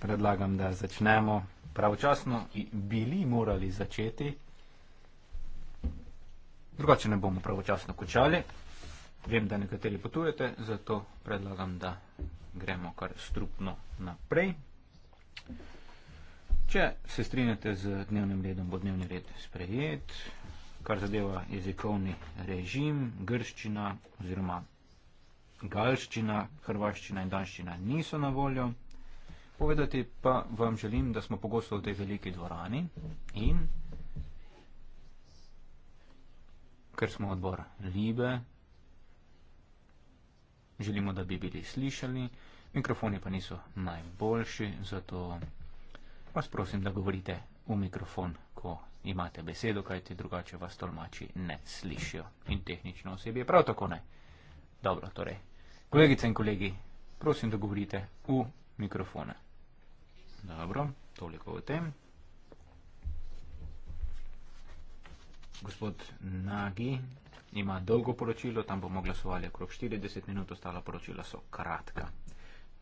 Predlagam, da začnemo pravočasno. Bili morali začeti, drugače ne bomo pravočasno končali. Vem, da nekateri potujete, zato predlagam, da gremo kar strupno naprej. Če se strinjate z dnevnim redom, bo dnevni red sprejet, kar zadeva jezikovni režim, grščina oziroma galščina, hrvaščina in danščina niso na voljo. Povedati pa vam želim, da smo pogosto v tej veliki dvorani in ker smo odbor Libe, želimo, da bi bili slišali, mikrofoni pa niso najboljši, zato vas prosim, da govorite v mikrofon, ko imate besedo, kajti drugače vas tolmači ne slišijo in tehnično osebje prav tako ne. Dobro, torej Kolegice in kolegi, prosim, da govorite v mikrofone. Dobro, toliko o tem. Gospod Nagi ima dolgo poročilo, tam bomo glasovali okrog 40 minut, ostala poročila so kratka.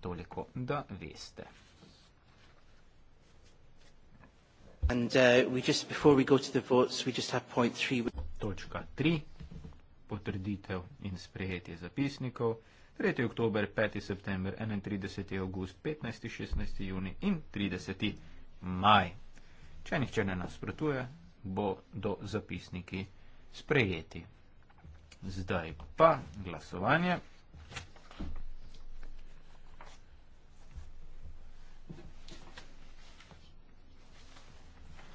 Toliko, da veste. And, uh, just, we go to the votes, we just have point three. Točka 3. Potrditev in sprejetje zapisnikov. 3. oktober, 5. september, 31. august, 15. 16. juni in 30. maj. Če nihče ne nasprotuje, bo do zapisniki sprejeti. Zdaj pa glasovanje.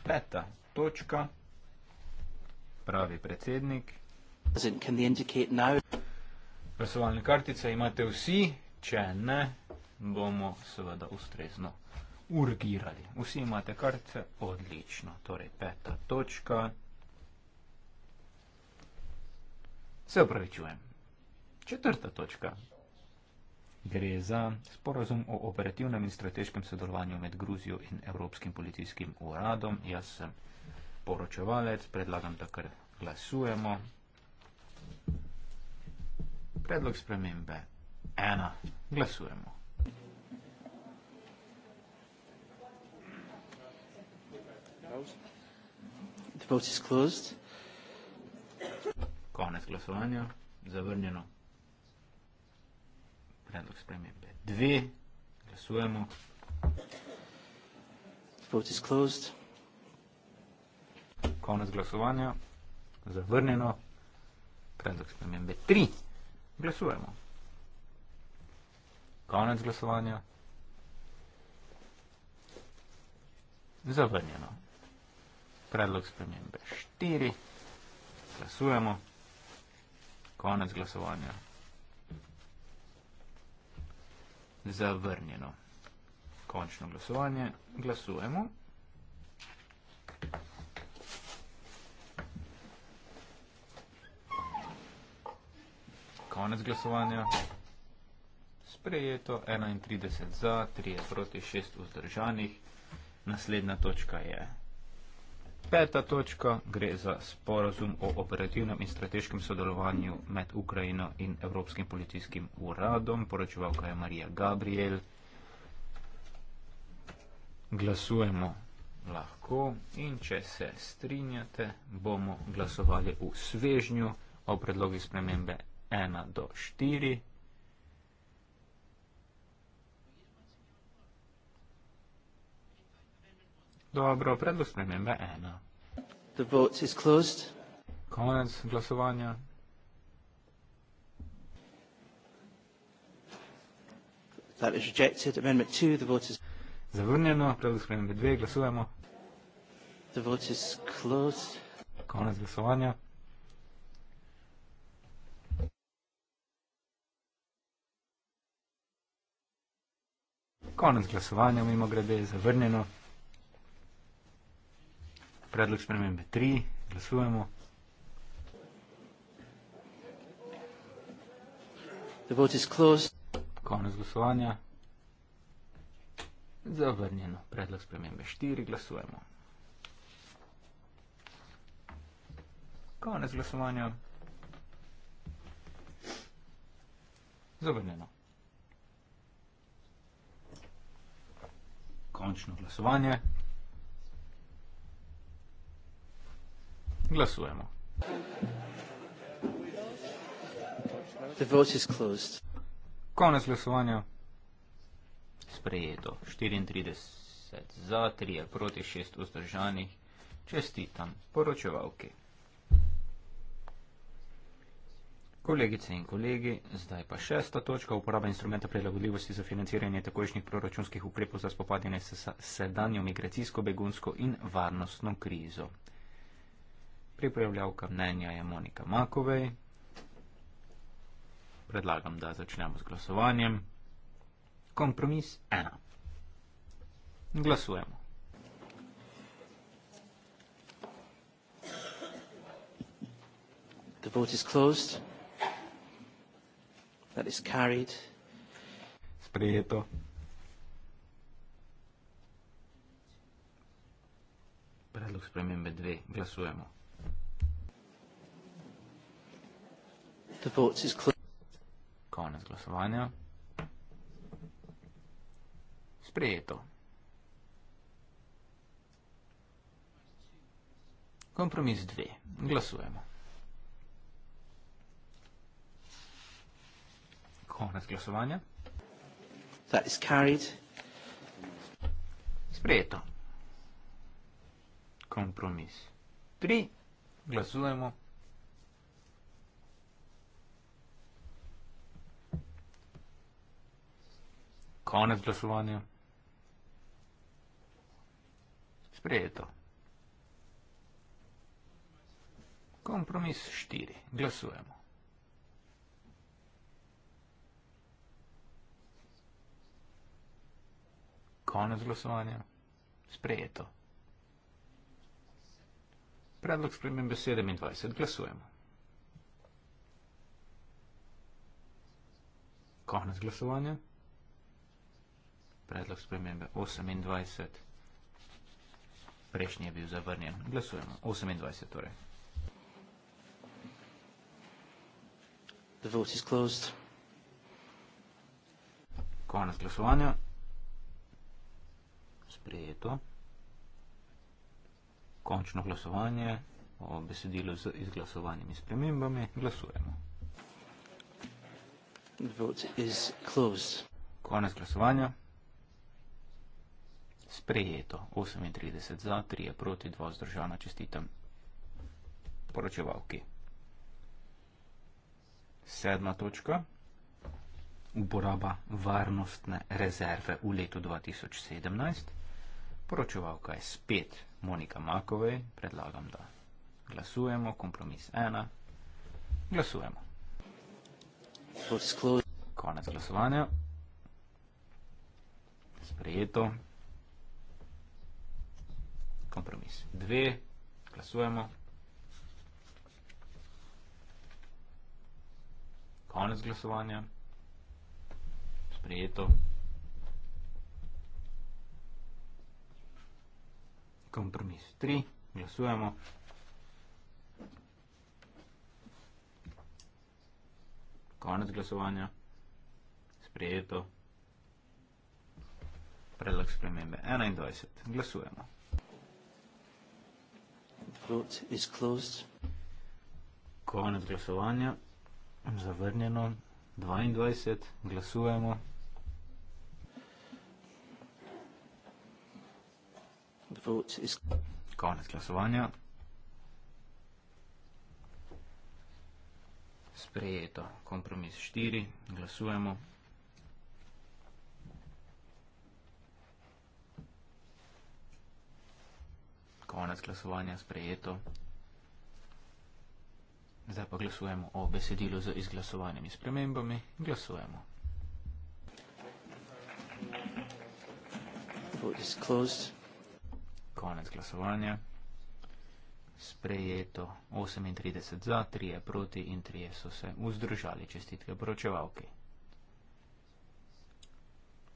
Peta točka, pravi predsednik. Now glasovalne kartice imate vsi, če ne, bomo seveda ustrezno urgirali. Vsi imate kartice, odlično. Torej, peta točka. Se upravičujem. Četrta točka. Gre za sporazum o operativnem in strateškem sodelovanju med Gruzijo in Evropskim policijskim uradom. Jaz sem poročevalec, predlagam, da kar glasujemo. Predlog spremembe ena. Glasujemo. Konec glasovanja. Zavrnjeno. Predlog spremembe dve. Glasujemo. Konec glasovanja. Zavrnjeno. Predlog spremembe tri. Glasujemo. Konec glasovanja. Zavrnjeno. Predlog spremembe 4. Glasujemo. Konec glasovanja. Zavrnjeno. Končno glasovanje. Glasujemo. konec glasovanja. Sprejeto 31 za, 3 proti, 6 vzdržanih. Naslednja točka je peta točka, gre za sporozum o operativnem in strateškem sodelovanju med Ukrajino in Evropskim policijskim uradom. Poročevalka je Marija Gabriel. Glasujemo lahko in če se strinjate, bomo glasovali v svežnju o predlogi spremembe 1 do 4. Dobro, predlog spremembe 1. The vote is closed. Konec glasovanja. That is rejected. Amendment 2, the vote is... Zavrnjeno, predlog spremembe 2, glasujemo. The vote is closed. Konec glasovanja. Konec glasovanja, mimo grede, je zavrnjeno. Predlog spremembe 3, glasujemo. Konec glasovanja. Zavrnjeno. Predlog spremembe 4, glasujemo. Konec glasovanja. Zavrnjeno. končno glasovanje. Glasujemo. The vote is closed. Konec glasovanja. Sprejeto. 34 za, 3 proti, 6 vzdržanih. Čestitam poročevalki. Okay. Kolegice in kolegi, zdaj pa šesta točka, uporaba instrumenta prilagodljivosti za financiranje takojšnjih proračunskih ukrepov za spopadanje s sedanjo migracijsko, begunsko in varnostno krizo. Pripravljavka mnenja je Monika Makovej. Predlagam, da začnemo z glasovanjem. Kompromis 1. Glasujemo. The vote is closed that is carried. Sprejeto. Predlog spremembe dve. Glasujemo. The vote is Konec glasovanja. Sprejeto. Kompromis dve. Glasujemo. konec glasovanja. Sprejeto. Kompromis. Tri. Glasujemo. Konec glasovanja. Sprejeto. Kompromis štiri. Glasujemo. konec glasovanja. Sprejeto. Predlog spremembe 27. Glasujemo. Konec glasovanja. Predlog spremembe 28. Prejšnji je bil zavrnjen. Glasujemo. 28 torej. The vote is closed. Konec glasovanja sprejeto. Končno glasovanje o besedilu z izglasovanimi spremembami. Glasujemo. Konec glasovanja. Sprejeto. 38 za, 3 je proti, 2 zdržana. Čestitam poročevalki. Sedma točka. Uporaba varnostne rezerve v letu 2017 poročevalka je spet Monika Makovej, predlagam, da glasujemo, kompromis ena, glasujemo. Konec glasovanja. Sprejeto. Kompromis dve, glasujemo. Konec glasovanja. Sprejeto. Компромис 3. Гласуваме. Конец гласуване. Сприето. Predlog spremembe 21. Glasujemo. Konec glasovanja. Zavrnjeno 22. Glasujemo. The vote is Konec glasovanja. Sprejeto. Kompromis 4. Glasujemo. Konec glasovanja. Sprejeto. Zdaj pa glasujemo o besedilu z izglasovanimi spremembami. Glasujemo. Vote is closed konec glasovanja. Sprejeto 38 za, 3 je proti in 3 so se vzdržali čestitke poročevalki.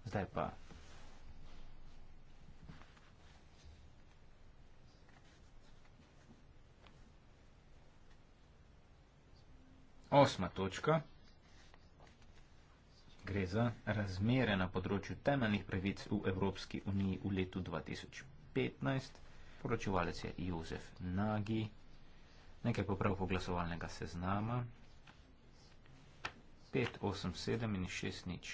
Zdaj pa. Osma točka. Gre za razmere na področju temeljnih pravic v Evropski uniji v letu 2015. 15, poročevalec je Jozef Nagi, nekaj poprav poglasovalnega seznama, 5, 8, 7 in 6 nič.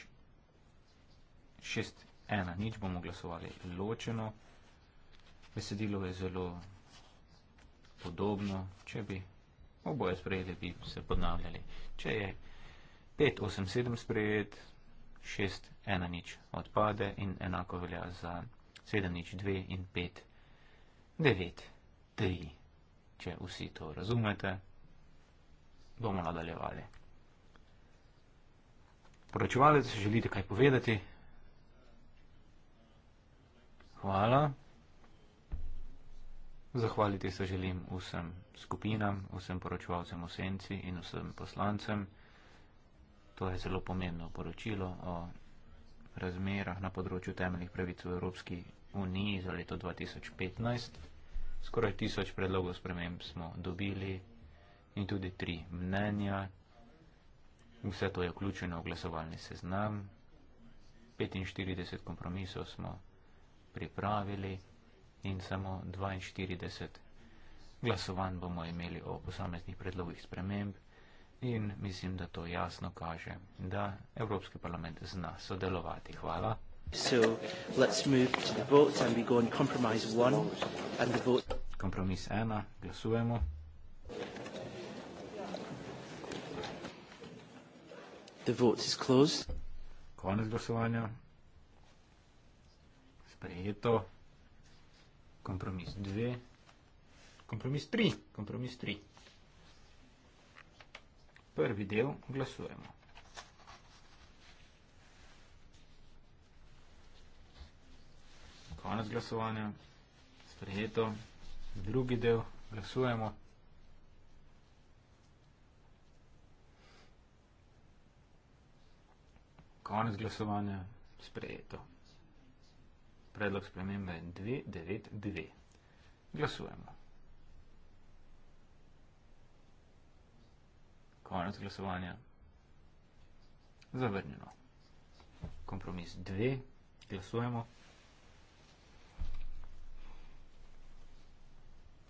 6, 1 nič bomo glasovali ločeno, besedilo je zelo podobno, če bi oboje sprejeli, bi se ponavljali. Če je 5, 8, 7 sprejet, 6, 1 nič odpade in enako velja za 7 nič 2 in 5, 9, 3. Če vsi to razumete, bomo nadaljevali. Poročevalec, želite kaj povedati? Hvala. Zahvaliti se želim vsem skupinam, vsem poročevalcem v senci in vsem poslancem. To je zelo pomembno poročilo o razmerah na področju temeljnih pravic v Evropski uniji za leto 2015. Skoraj tisoč predlogov sprememb smo dobili in tudi tri mnenja. Vse to je vključeno v glasovalni seznam. 45 kompromisov smo pripravili in samo 42 glasovanj bomo imeli o posameznih predlogih sprememb. In mislim, da to jasno kaže, da Evropski parlament zna sodelovati. Hvala. Kompromis ena, glasujemo. Konec glasovanja. Sprejeto. Kompromis dve. Kompromis tri. Kompromis tri prvi del glasujemo. Konec glasovanja, sprejeto, drugi del glasujemo. Konec glasovanja, sprejeto. Predlog spremembe 2.9.2. Glasujemo. konec glasovanja. Zavrnjeno. Kompromis dve. Glasujemo.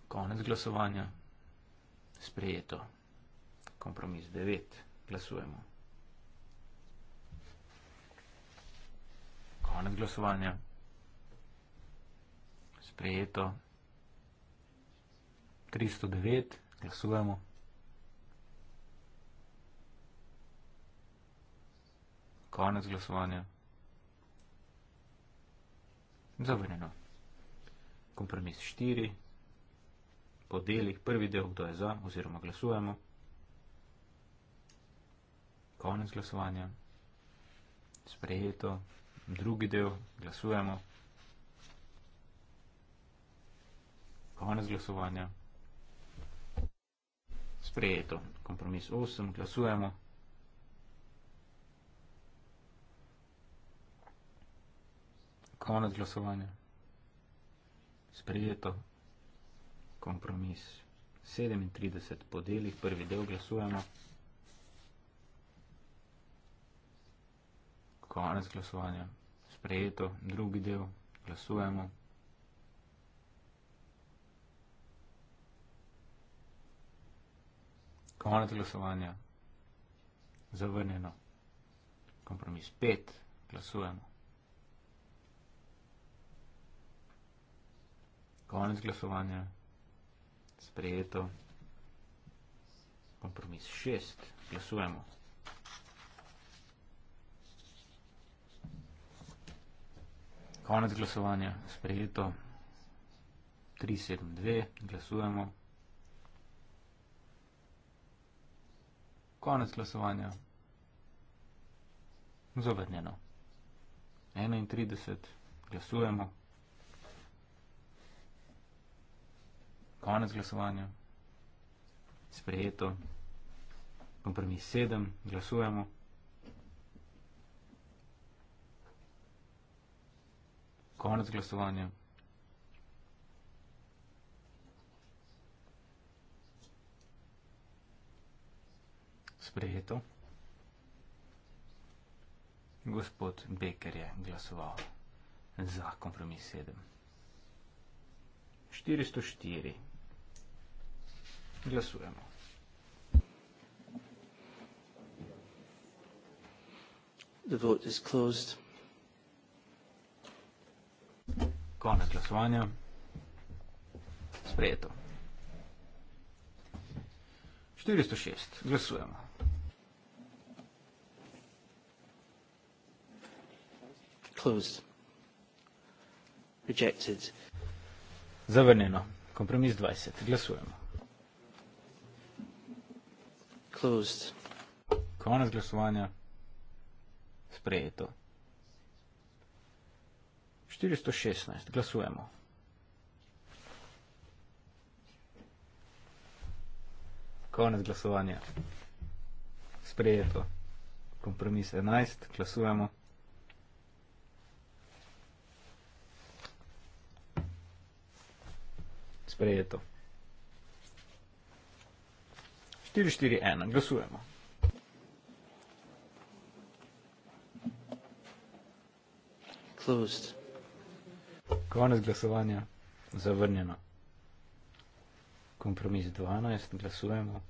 Konec glasovanja. Sprejeto. Kompromis devet. Glasujemo. Konec glasovanja. Sprejeto. 309. Glasujemo. Konec glasovanja. Zavrnjeno. Kompromis 4. Po delih prvi del, kdo je za, oziroma glasujemo. Konec glasovanja. Sprejeto. Drugi del, glasujemo. Konec glasovanja. Sprejeto. Kompromis 8, glasujemo. Konec glasovanja. Sprejeto. Kompromis. 37 podelih. Prvi del glasujemo. Konec glasovanja. Sprejeto. Drugi del glasujemo. Konec glasovanja. Zavrnjeno. Kompromis 5. Glasujemo. Konec glasovanja. Sprejeto. Kompromis šest. Glasujemo. Konec glasovanja. Sprejeto. 372. Glasujemo. Konec glasovanja. Zavrnjeno. 31. Glasujemo. konec glasovanja, sprejeto, kompromis sedem, glasujemo. Konec glasovanja. Sprejeto. Gospod Beker je glasoval za kompromis 7. 404. Glasujemo. The vote is closed. Konec glasovanja. Sprejeto. 406. Glasujemo. Closed. Rejected. Zavrnjeno. Kompromis 20. Glasujemo closed. Konec glasovanja. Sprejeto. 416. Glasujemo. Konec glasovanja. Sprejeto. Kompromis 11. Glasujemo. Sprejeto. 4-4-1, glasujemo. Closed. Konec glasovanja, zavrnjeno. Kompromis 12, glasujemo.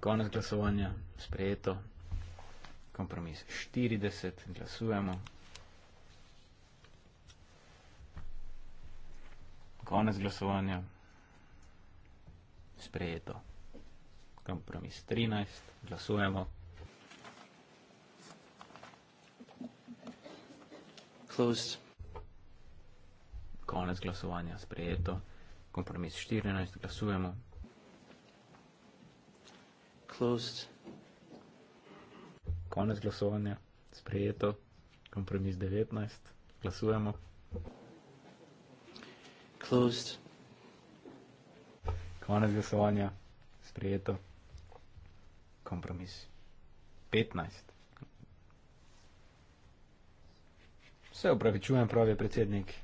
Konec glasovanja, sprejeto. Kompromis 40, glasujemo. Glasujemo. Konec glasovanja. Sprejeto. Kompromis 13. Glasujemo. Closed. Konec glasovanja. Sprejeto. Kompromis 14. Glasujemo. Closed. Konec glasovanja. Sprejeto. Kompromis 19. Glasujemo. Thank you. Closed. Konec glasovanja, sprejeto, kompromis. 15. Vse upravičujem, pravi predsednik.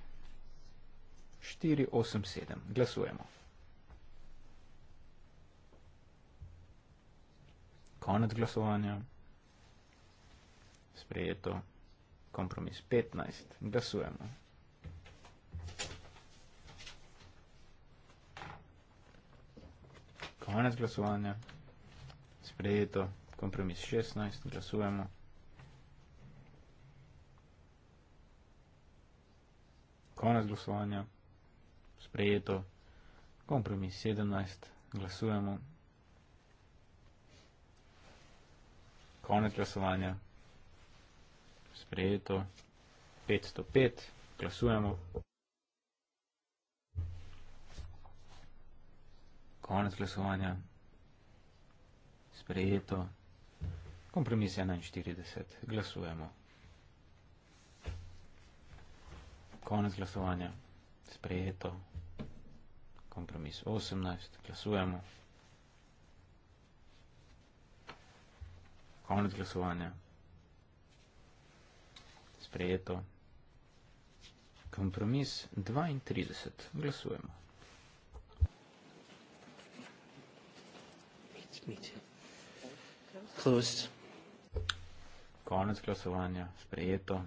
487. Glasujemo. Konec glasovanja, sprejeto, kompromis. 15. Glasujemo. Konec glasovanja. Sprejeto. Kompromis 16. Glasujemo. Konec glasovanja. Sprejeto. Kompromis 17. Glasujemo. Konec glasovanja. Sprejeto. 505. Glasujemo. konec glasovanja, sprejeto, kompromis 41, glasujemo. Konec glasovanja, sprejeto, kompromis 18, glasujemo. Konec glasovanja, sprejeto, kompromis 32, glasujemo. glasujemo. Me too. Closed. Konec glasovanja, sprejeto.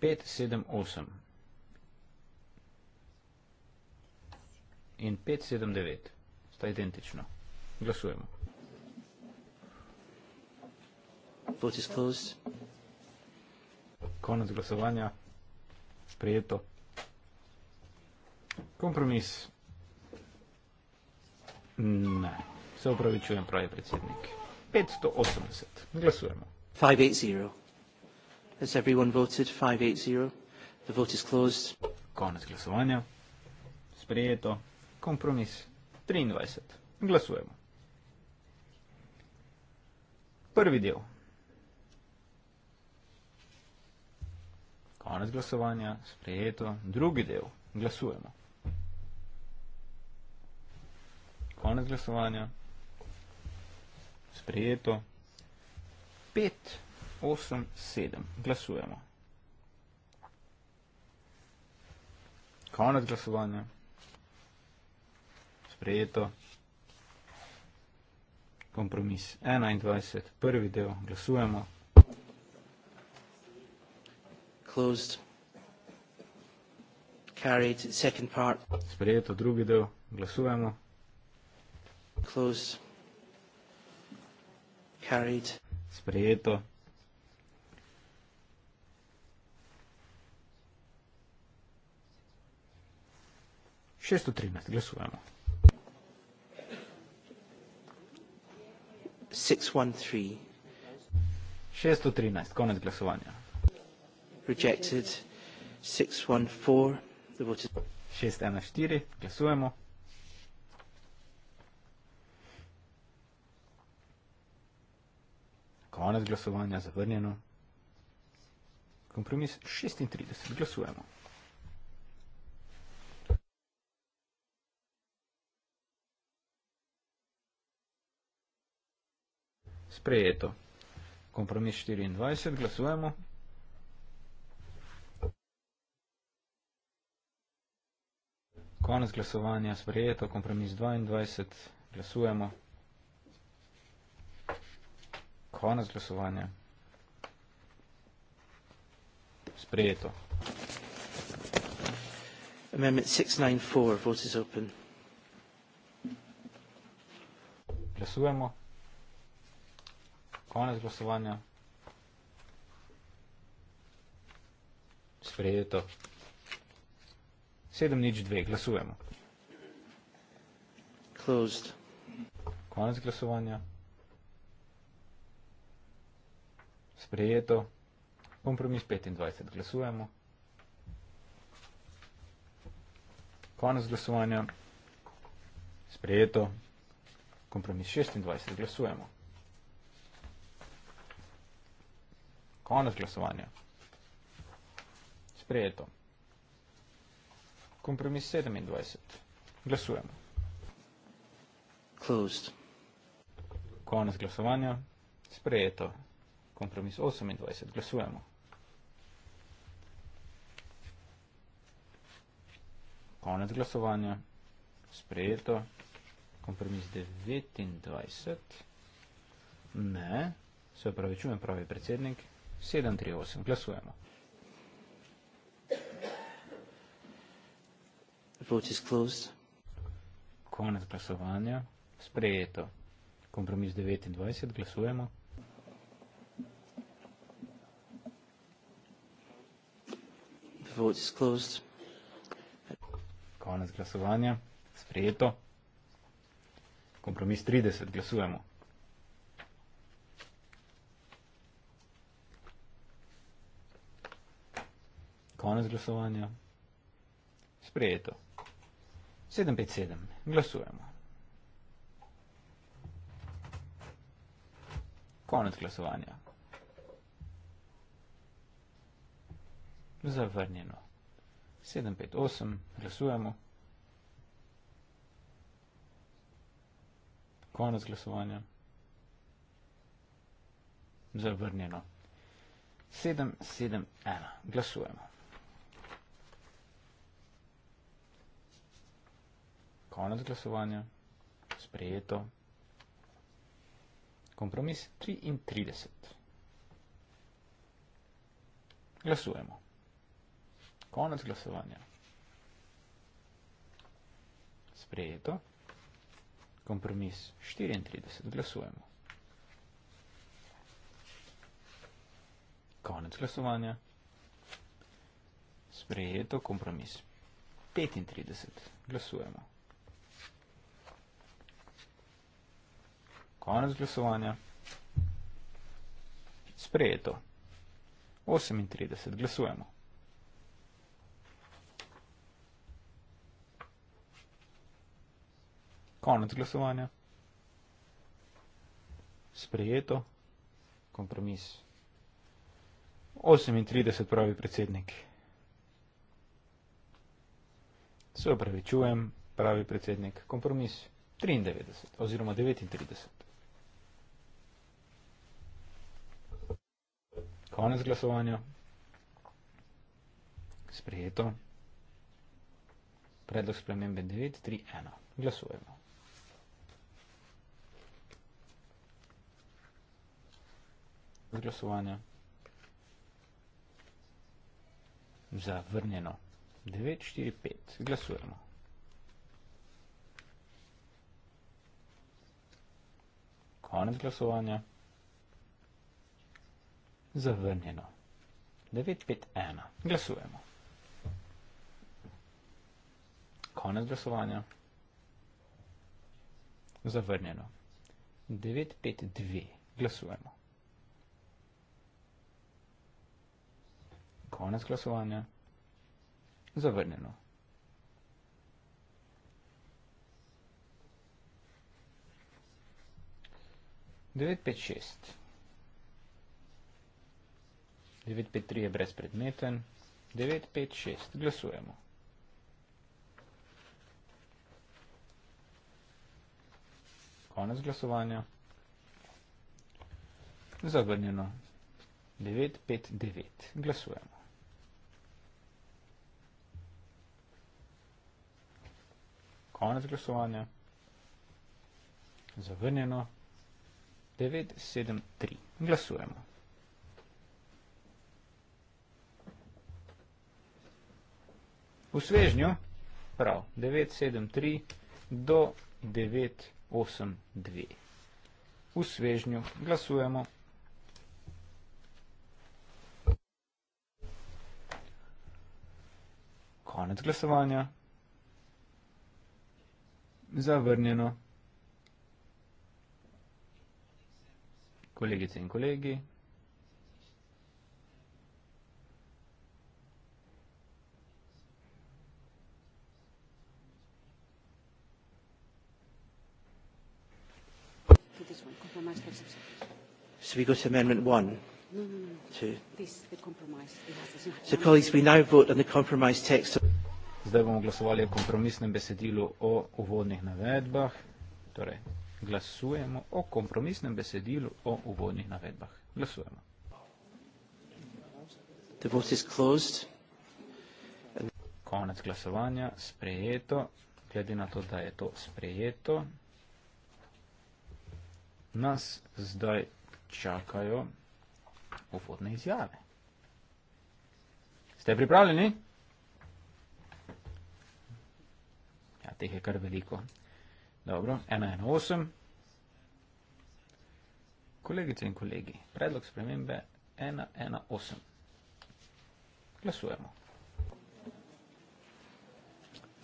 5, 7, 8. In 5, 7, 9. Sta identično. Glasujemo. Vote is closed. Konec glasovanja, sprejeto. Kompromis. Ne, se upravičujem, pravi predsednik. 580. Glasujemo. 580. Konec glasovanja. Sprejeto. Kompromis. 23. Glasujemo. Prvi del. Konec glasovanja. Sprejeto. Drugi del. Glasujemo. Konec glasovanja. Sprejeto. 5, 8, 7. Glasujemo. Konec glasovanja. Sprejeto. Kompromis 21, prvi del, glasujemo. Closed. Carried, second part. Sprejeto, drugi del, glasujemo closed, carried, sprejeto. Šesto trinajst, glasujemo. Šesto trinajst, konec glasovanja. Rejected, six one four, the vote is. Šest ena štiri, glasujemo. konec glasovanja, zavrnjeno. Kompromis 36, glasujemo. Sprejeto. Kompromis 24, glasujemo. Konec glasovanja, sprejeto. Kompromis 22, glasujemo. Glasujemo. Konec glasovanja. Sprejeto. Amendment 694, vote is open. Glasujemo. Konec glasovanja. Sprejeto. 7 nič 2, glasujemo. Closed. Konec glasovanja. Glasujemo. sprejeto. Kompromis 25. Glasujemo. Konec glasovanja. Sprejeto. Kompromis 26. Glasujemo. Konec glasovanja. Sprejeto. Kompromis 27. Glasujemo. Closed. Konec glasovanja. Sprejeto kompromis 28. Glasujemo. Konec glasovanja. Sprejeto. Kompromis 29. Ne. Se pravi, čujem pravi predsednik. 738. Glasujemo. Vote is closed. Konec glasovanja. Sprejeto. Kompromis 29. Glasujemo. vote is closed. Konec glasovanja. Sprejeto. Kompromis 30. Glasujemo. Konec glasovanja. Sprejeto. 757. Glasujemo. Konec glasovanja. zavrnjeno. 758, glasujemo. Konec glasovanja. Zavrnjeno. 771, glasujemo. Konec glasovanja. Sprejeto. Kompromis 33. Glasujemo. Konec glasovanja. Sprejeto. Kompromis 34. Glasujemo. Konec glasovanja. Sprejeto. Kompromis 35. Glasujemo. Konec glasovanja. Sprejeto. 38. Glasujemo. Konec glasovanja. Sprejeto. Kompromis. 38 pravi predsednik. Se upravičujem, pravi predsednik. Kompromis 93 oziroma 39. Konec glasovanja. Sprejeto. Predlog spremembe 9.3.1. Glasujemo. Zgrasovanja. Zavrnjeno. 9, 4, 5. Glasujemo. Konec glasovanja. Zavrnjeno. 9, 5, 1. Glasujemo. Konec glasovanja. Zavrnjeno. 9, 5, 2. Glasujemo. Konec glasovanja. Zavrnjeno. Devet pet šest. Devet pet tri je brezpredmeten. Devet pet šest. Glasujemo. Konec glasovanja. Zavrnjeno. Devet pet devet. Glasujemo. Konec glasovanja. Zavrnjeno. 973. Glasujemo. V svežnju, prav, 973 do 982. V svežnju glasujemo. Konec glasovanja. Zavrnjeno. Kolegice in kolegi. So we go to Amendment 1. No, no, no. Two. This, the compromise, it has a... The colleagues, we now vote on the compromise text. Of Zdaj bomo glasovali o kompromisnem besedilu o uvodnih navedbah. Torej, glasujemo o kompromisnem besedilu o uvodnih navedbah. Glasujemo. Konec glasovanja, sprejeto, glede na to, da je to sprejeto. Nas zdaj čakajo uvodne izjave. Ste pripravljeni? teh je kar veliko. Dobro, 1.1.8. Kolegice in kolegi, predlog spremembe 1.1.8. Glasujemo.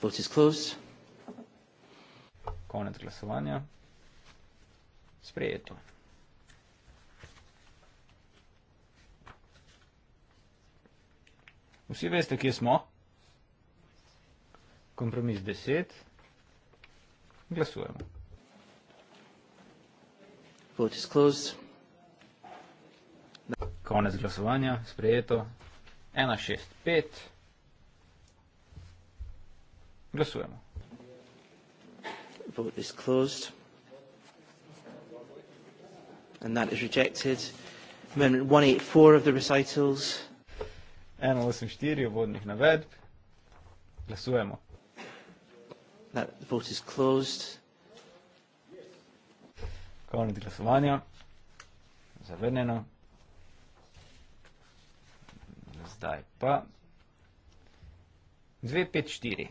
Vote is closed. Konec glasovanja. Sprejeto. Vsi veste, kje smo? kompromis 10. Glasujemo. Vote is closed. Konec glasovanja, sprejeto. 1, 6, 5. Glasujemo. Vote is closed. And that is rejected. Amendment 184 of the recitals. 184 vodnih navedb. Glasujemo. That, the vote is closed. Konec glasovanja. Zavrnjeno. Zdaj pa. 254.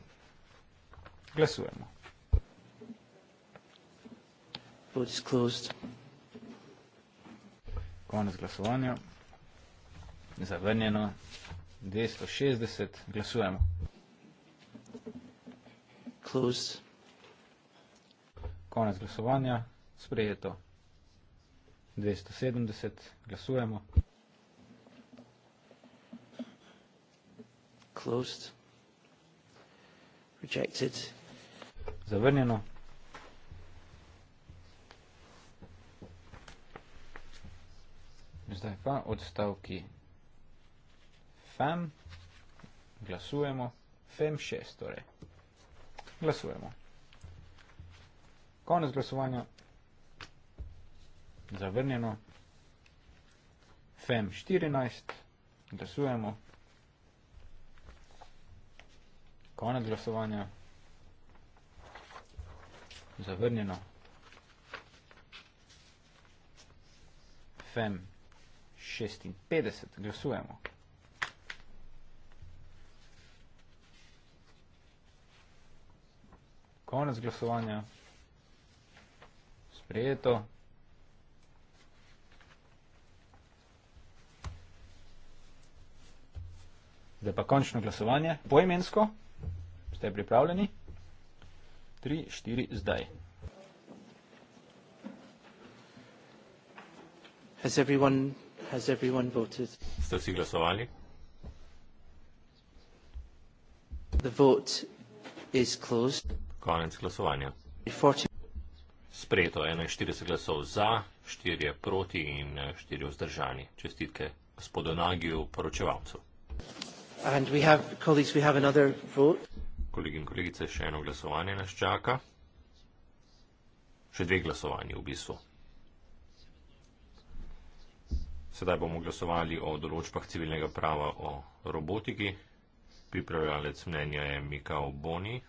Glasujemo. Vote is closed. Konec glasovanja. Zavrnjeno. 260. Glasujemo closed. Konec glasovanja, sprejeto 270, glasujemo. Closed. Rejected. Zavrnjeno. Zdaj pa odstavki FEM, glasujemo FEM 6 torej glasujemo. Konec glasovanja. Zavrnjeno. FEM 14. Glasujemo. Konec glasovanja. Zavrnjeno. FEM 56. Glasujemo. konec glasovanja. Sprejeto. Zdaj pa končno glasovanje. Poimensko. Ste pripravljeni? 3, 4, zdaj. Has everyone, has everyone voted? Ste vsi glasovali? The vote is closed. Konec glasovanja. Sprejeto 41 glasov za, 4 proti in 4 eh, vzdržani. Čestitke gospodu Nagiju, poročevalcu. Kolegi in kolegice, še eno glasovanje nas čaka. Še dve glasovanje v bistvu. Sedaj bomo glasovali o določbah civilnega prava o robotiki. Pripravljalec mnenja je Mikao Boni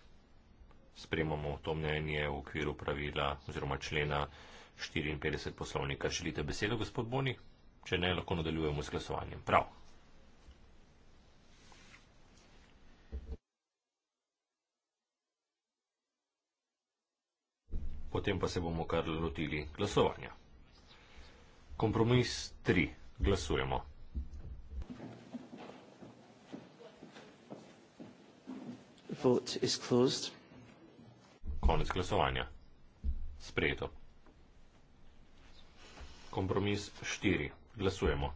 spremamo to mnenje v okviru pravila oziroma člena 54 poslovnika. Želite besedo, gospod Boni? Če ne, lahko nadaljujemo s glasovanjem. Prav. Potem pa se bomo kar lotili glasovanja. Kompromis 3. Glasujemo. Vote is closed. Konec glasovanja. Sprejeto. Kompromis 4. Glasujemo.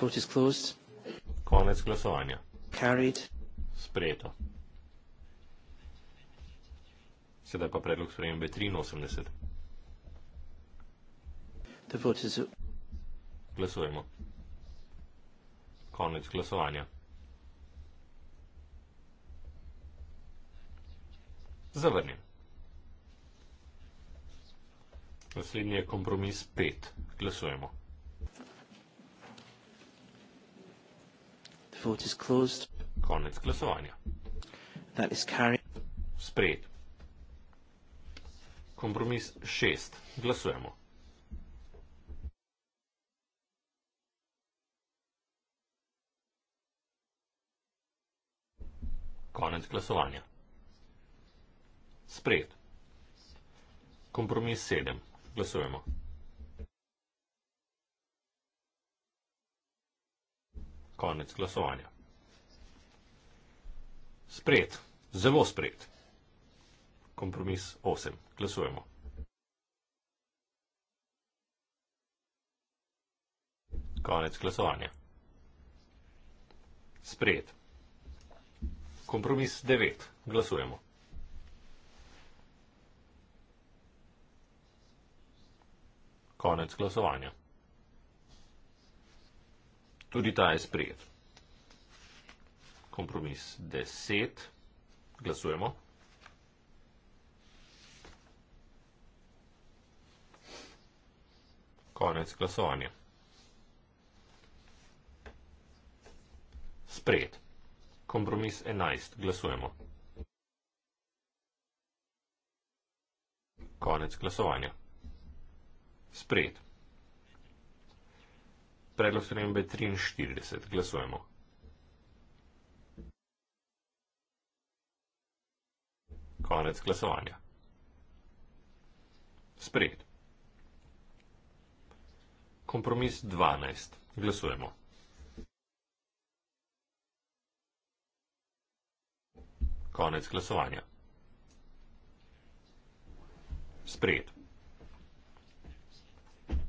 Vote is closed. Konec glasovanja. Carried. Sprejeto. Sedaj pa predlog sprejembe 83. The vote is... Glasujemo. Glasujemo konec glasovanja. Zavrnjen. Naslednji je kompromis 5. Glasujemo. Konec glasovanja. Sprejet. Kompromis 6. Glasujemo. Konec glasovanja. Sprejet. Kompromis 7. Glasujemo. Konec glasovanja. Sprejet. Zelo sprejet. Kompromis 8. Glasujemo. Konec glasovanja. Sprejet. Kompromis 9. Glasujemo. Konec glasovanja. Tudi ta je sprejet. Kompromis 10. Glasujemo. Konec glasovanja. Sprejet. Kompromis 11. Glasujemo. Konec glasovanja. Sprejet. Predlog spremembe 43. Glasujemo. Konec glasovanja. Sprejet. Kompromis 12. Glasujemo. Konec glasovanja. Sprejet.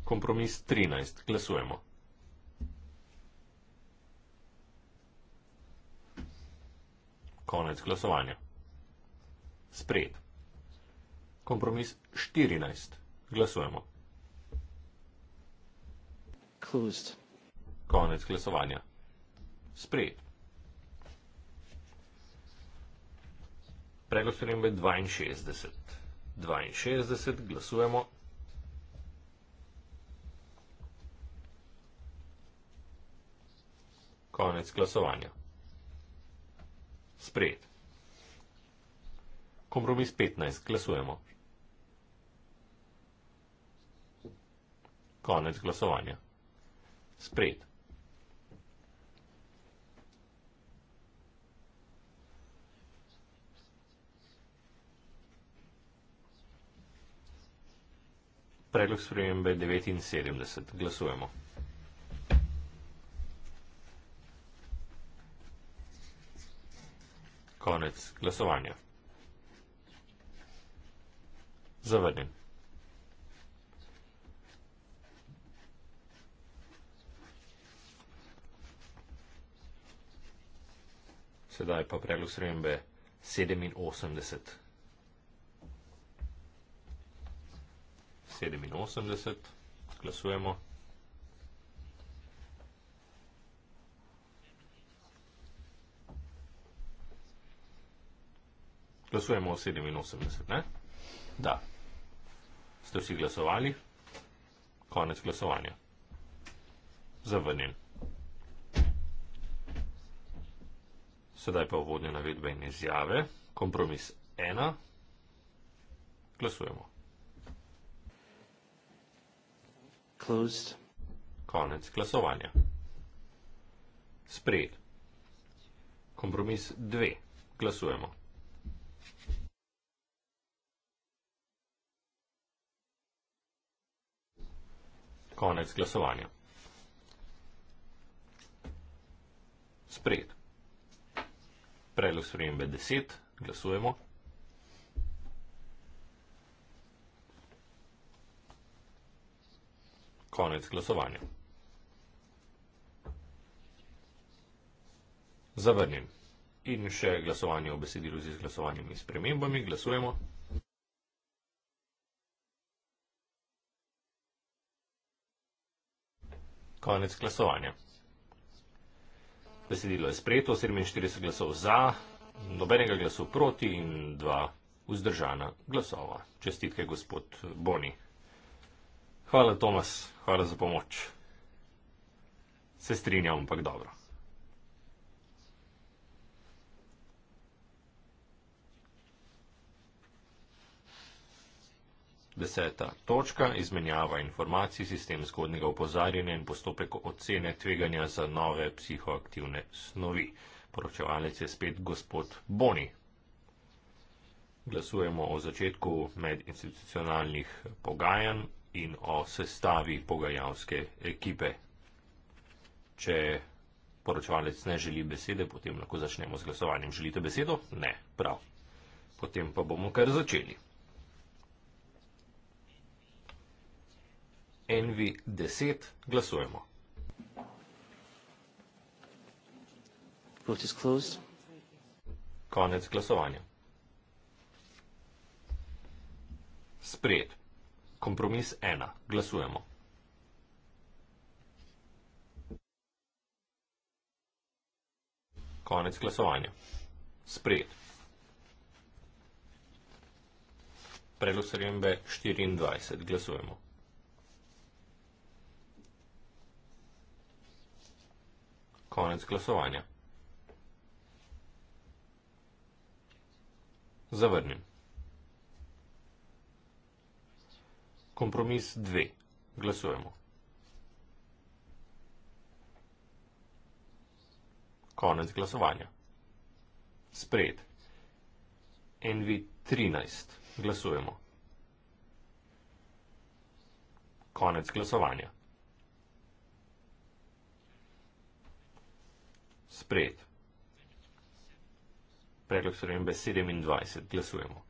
Kompromis 13. Glasujemo. Konec glasovanja. Sprejet. Kompromis 14. Glasujemo. Closed. Konec glasovanja. Sprejet. Predlog spremembe 62. 62 glasujemo. Konec glasovanja. Sprejet. Kompromis 15. Glasujemo. Konec glasovanja. Sprejet. predlog spremembe 79. Glasujemo. Konec glasovanja. Zavrnjen. Sedaj pa predlog spremembe 87. 87, glasujemo. Glasujemo o 87, ne? Da. Ste vsi glasovali? Konec glasovanja. Zavrnjen. Sedaj pa uvodne navedbe in izjave. Kompromis 1. Glasujemo. closed. Konec glasovanja. Sprejet. Kompromis 2. Glasujemo. Konec glasovanja. Sprejet. Predlog spremembe 10. Glasujemo. Konec glasovanja. Zavrnjen. In še glasovanje v besedilu z izglasovanjem in spremembami. Glasujemo. Konec glasovanja. Besedilo je sprejeto, 47 glasov za, nobenega glasu proti in dva vzdržana glasova. Čestitke, gospod Boni. Hvala, Tomas, hvala za pomoč. Se strinjam, ampak dobro. Deseta točka. Izmenjava informacij, sistem zgodnega upozarjanja in postopek ocene tveganja za nove psihoaktivne snovi. Poročevalec je spet gospod Boni. Glasujemo o začetku medinstitucionalnih pogajanj in o sestavi pogajalske ekipe. Če poročevalec ne želi besede, potem lahko začnemo z glasovanjem. Želite besedo? Ne, prav. Potem pa bomo kar začeli. Envi 10, glasujemo. Konec glasovanja. Sprejet. Kompromis ena. Glasujemo. Konec glasovanja. Sprejet. Predlog srembe 24. Glasujemo. Konec glasovanja. Zavrnim. Kompromis 2. Glasujemo. Konec glasovanja. Sprejet. NV 13. Glasujemo. Konec glasovanja. Sprejet. Predlog sprejembe 27. Glasujemo.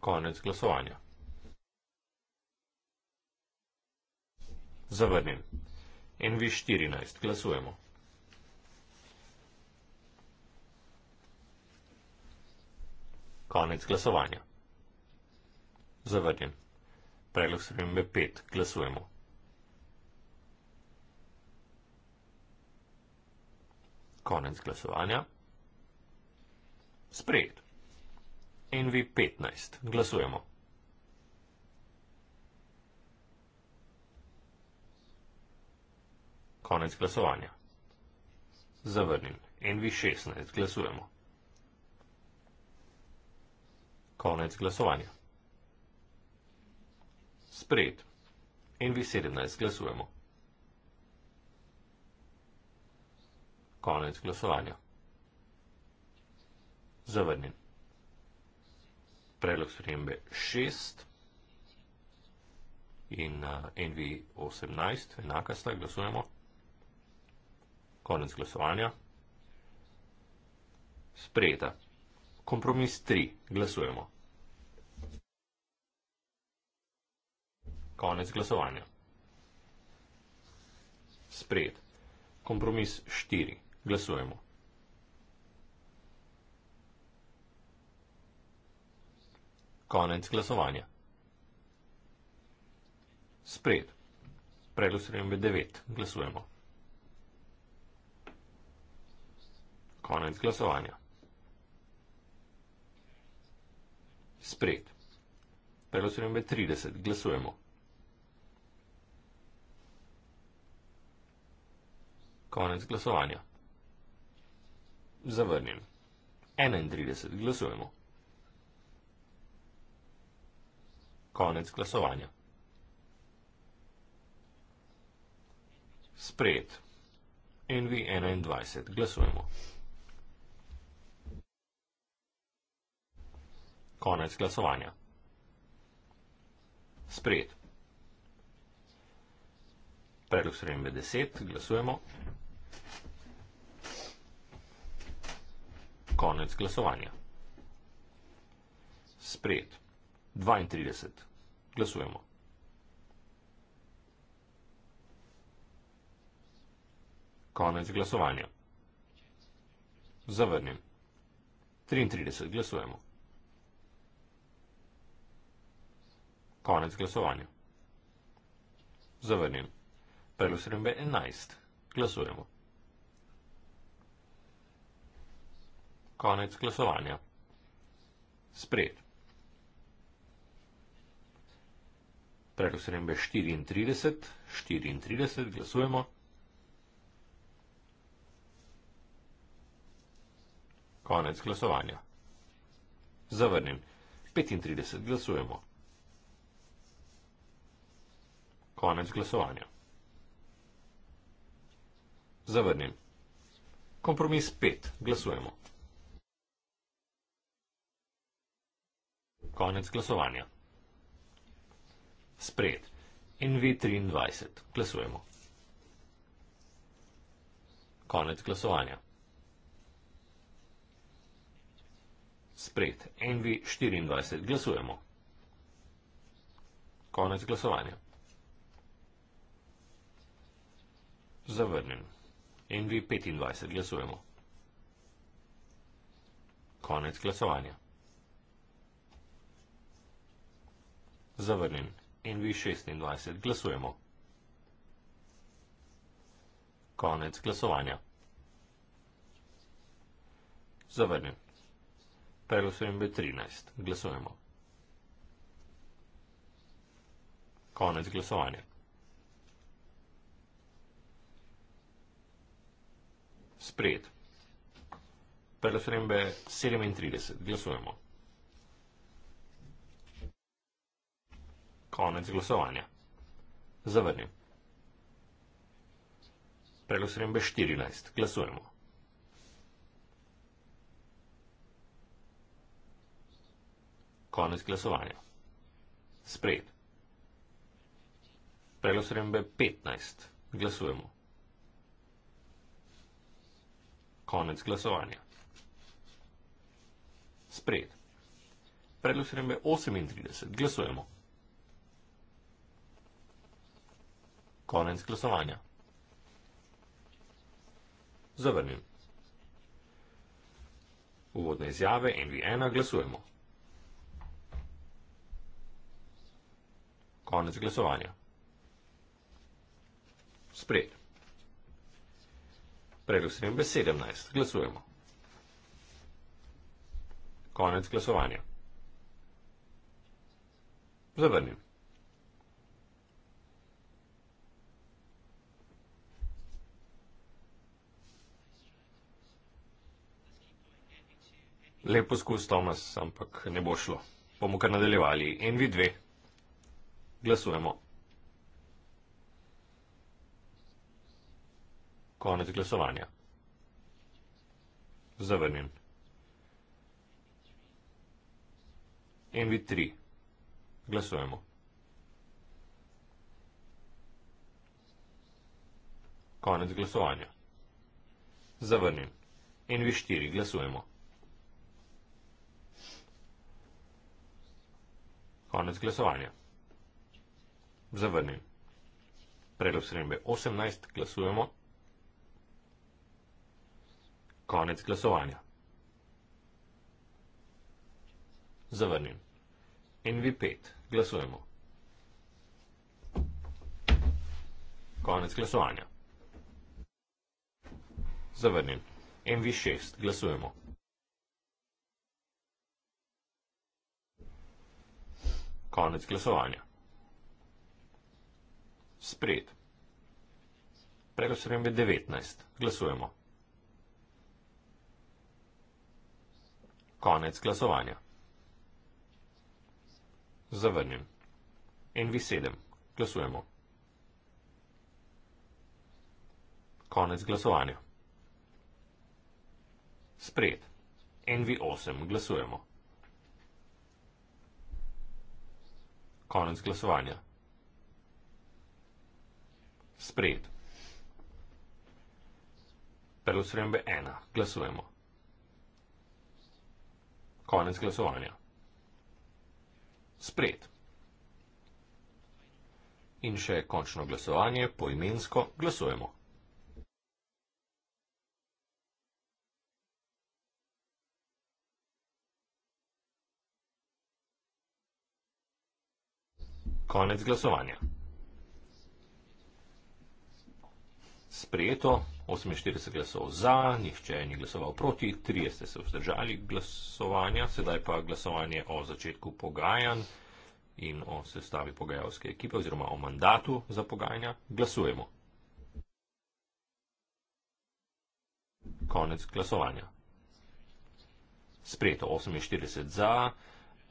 Konec glasovanja. Zavrnjen. NV14. Glasujemo. Konec glasovanja. Zavrnjen. Predlog spremembe 5. Glasujemo. Konec glasovanja. Sprejeto. NV15. Glasujemo. Konec glasovanja. Zavrnil. NV16. Glasujemo. Konec glasovanja. Sprejet. NV17. Glasujemo. Konec glasovanja. Zavrnil predlog spremembe 6 in uh, NV 18, enaka sta, glasujemo. Konec glasovanja. Sprejeta. Kompromis 3, glasujemo. Konec glasovanja. Sprejet. Kompromis 4. Glasujemo. Konec glasovanja. Spred. Predlog spremembe 9. Glasujemo. Konec glasovanja. Spred. Predlog spremembe 30. Glasujemo. Konec glasovanja. Zavrnjen. 31. Glasujemo. Konec glasovanja. Sprejet. NV21. Glasujemo. Konec glasovanja. Sprejet. Predlog sprejembe 10. Glasujemo. Konec glasovanja. Sprejet. 32. Glasujemo. Konec glasovanja. Zavrnim. 33 glasujemo. Konec glasovanja. Zavrnim. Predlog srembe 11. Glasujemo. Konec glasovanja. Sprejet. predlog spremembe 34, 34, glasujemo. Konec glasovanja. Zavrnjen. 35 glasujemo. Konec glasovanja. Zavrnjen. Kompromis 5. Glasujemo. Konec glasovanja. Sprejet. NV23. Glasujemo. Konec glasovanja. Sprejet. NV24. Glasujemo. Konec glasovanja. Zavrnjen. NV25. Glasujemo. Konec glasovanja. Zavrnjen in vi 26 glasujemo. Konec glasovanja. Zavrnjen. Preglasujem B13. Glasujemo. Konec glasovanja. Sprejet. Preglasujem B37. Glasujemo. Glasujemo. konec glasovanja. Zavrnil. Preglasujem B14. Glasujemo. Konec glasovanja. Sprejet. Preglasujem B15. Glasujemo. Konec glasovanja. Sprejet. Preglasujem B38. Glasujemo. Glasujemo. Konec glasovanja. Zavrnim. Uvodne izjave NVN-a glasujemo. Konec glasovanja. Spred. Predlog srembe 17. Glasujemo. Konec glasovanja. Zavrnim. Lep poskus, Tomas, ampak ne bo šlo. Bomo kar nadaljevali. En vi dve. Glasujemo. Konec glasovanja. Zavrnjen. NV3. Glasujemo. Konec glasovanja. Zavrnjen. NV4. Glasujemo. Konec glasovanja. Zavrnjen. Predlog srednje 18 glasujemo. Konec glasovanja. Zavrnjen. NV5. Glasujemo. Konec glasovanja. Zavrnjen. NV6. Glasujemo. Konec glasovanja. Sprejet. Predlog spremembe 19. Glasujemo. Konec glasovanja. Zavrnjen. NV7. Glasujemo. Konec glasovanja. Sprejet. NV8. Glasujemo. Konec glasovanja. Sprejet. Prelosrembe 1. Glasujemo. Konec glasovanja. Sprejet. In še končno glasovanje, poimensko glasujemo. Konec glasovanja. Sprejeto, 48 glasov za, nihče ni glasoval proti, 30 so vzdržali glasovanja, sedaj pa glasovanje o začetku pogajanj in o sestavi pogajalske ekipe oziroma o mandatu za pogajanja. Glasujemo. Konec glasovanja. Sprejeto, 48 za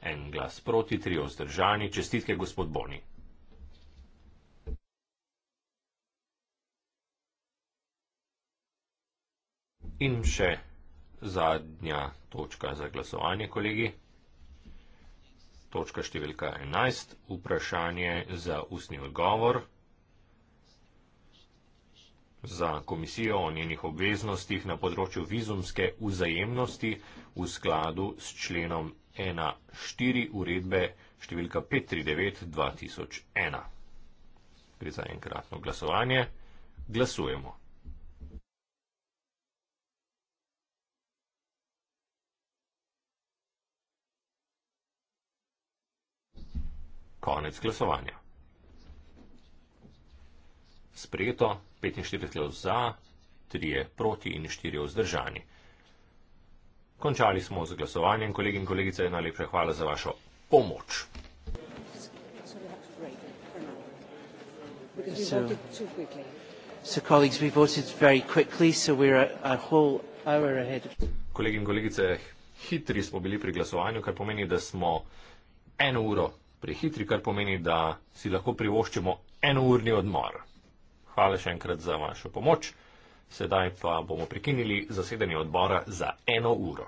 en glas proti, tri ozdržani, čestitke gospod Boni. In še zadnja točka za glasovanje, kolegi. Točka številka 11, vprašanje za ustni odgovor za komisijo o njenih obveznostih na področju vizumske vzajemnosti v skladu s členom 1.4 uredbe številka 539-2001. Gre za enkratno glasovanje. Glasujemo. Konec glasovanja. Sprejeto 45 za, 3 proti in 4 vzdržani. Končali smo z glasovanjem. Kolegi in kolegice, najlepša hvala za vašo pomoč. Kolegi in kolegice, hitri smo bili pri glasovanju, kar pomeni, da smo eno uro prehitri, kar pomeni, da si lahko privoščimo enourni odmor. Hvala še enkrat za vašo pomoč. Sedaj pa bomo prekinili zasedanje odbora za eno uro.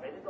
没得做。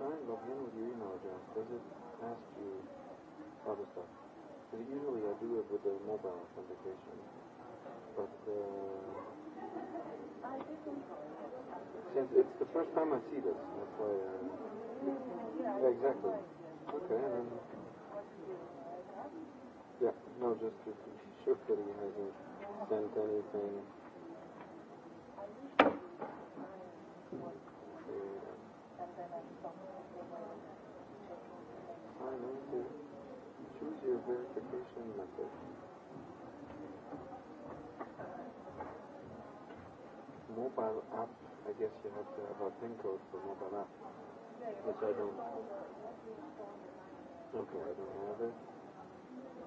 try and log in with your email address, does it ask you other stuff? Because usually I do it with the mobile authentication. But uh, since it's the first time I see this, that's why. Uh, yeah, exactly. Okay. Um, yeah. No, just to be sure that he hasn't sent anything. Choose your verification method. Mobile app, I guess you have to have a PIN code for mobile app. Which I don't. Okay, I don't have it.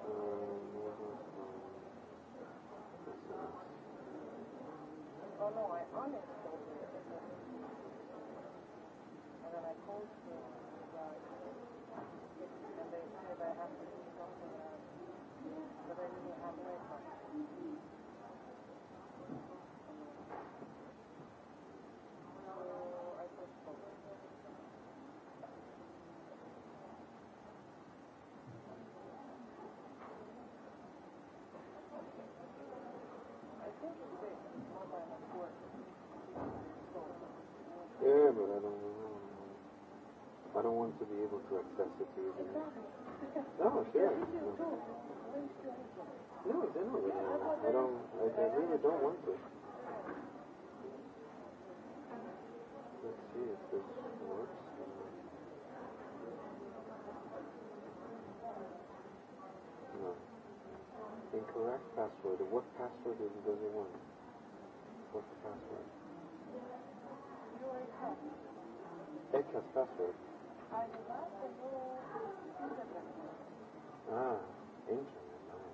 Um, what was, um, oh no, I honestly that I called. one to be able to access it to you. Exactly. No, sure. No, generally, I don't. I, I really don't want to. Let's see if this works. No. Incorrect password. What password does it want? What password? Echo's password. Ah, ancient. Ah.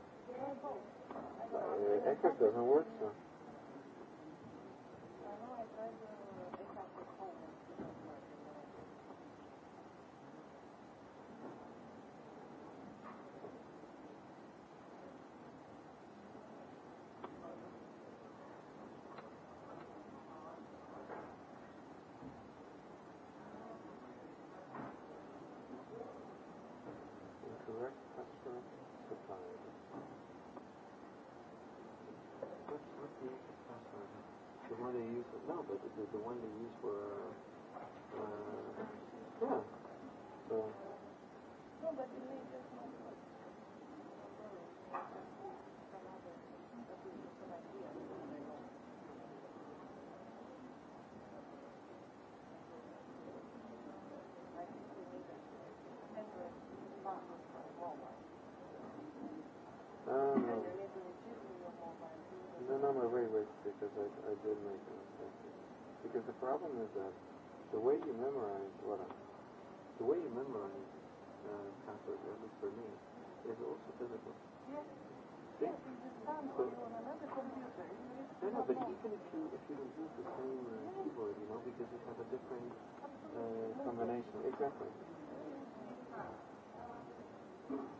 Uh, it just doesn't work, so. I know, I tried to. No, but the, the, the one they use for, uh, uh, yeah, so. No, but you need to. is that the way you memorize what well, the way you memorize uh, Catholic, at least for me, is also physical. Yes. Yes, it's the same on another computer. No, no, but even if you, if you use the same uh, yes. keyboard, you know, because it has a different uh, combination. Exactly. Mm -hmm.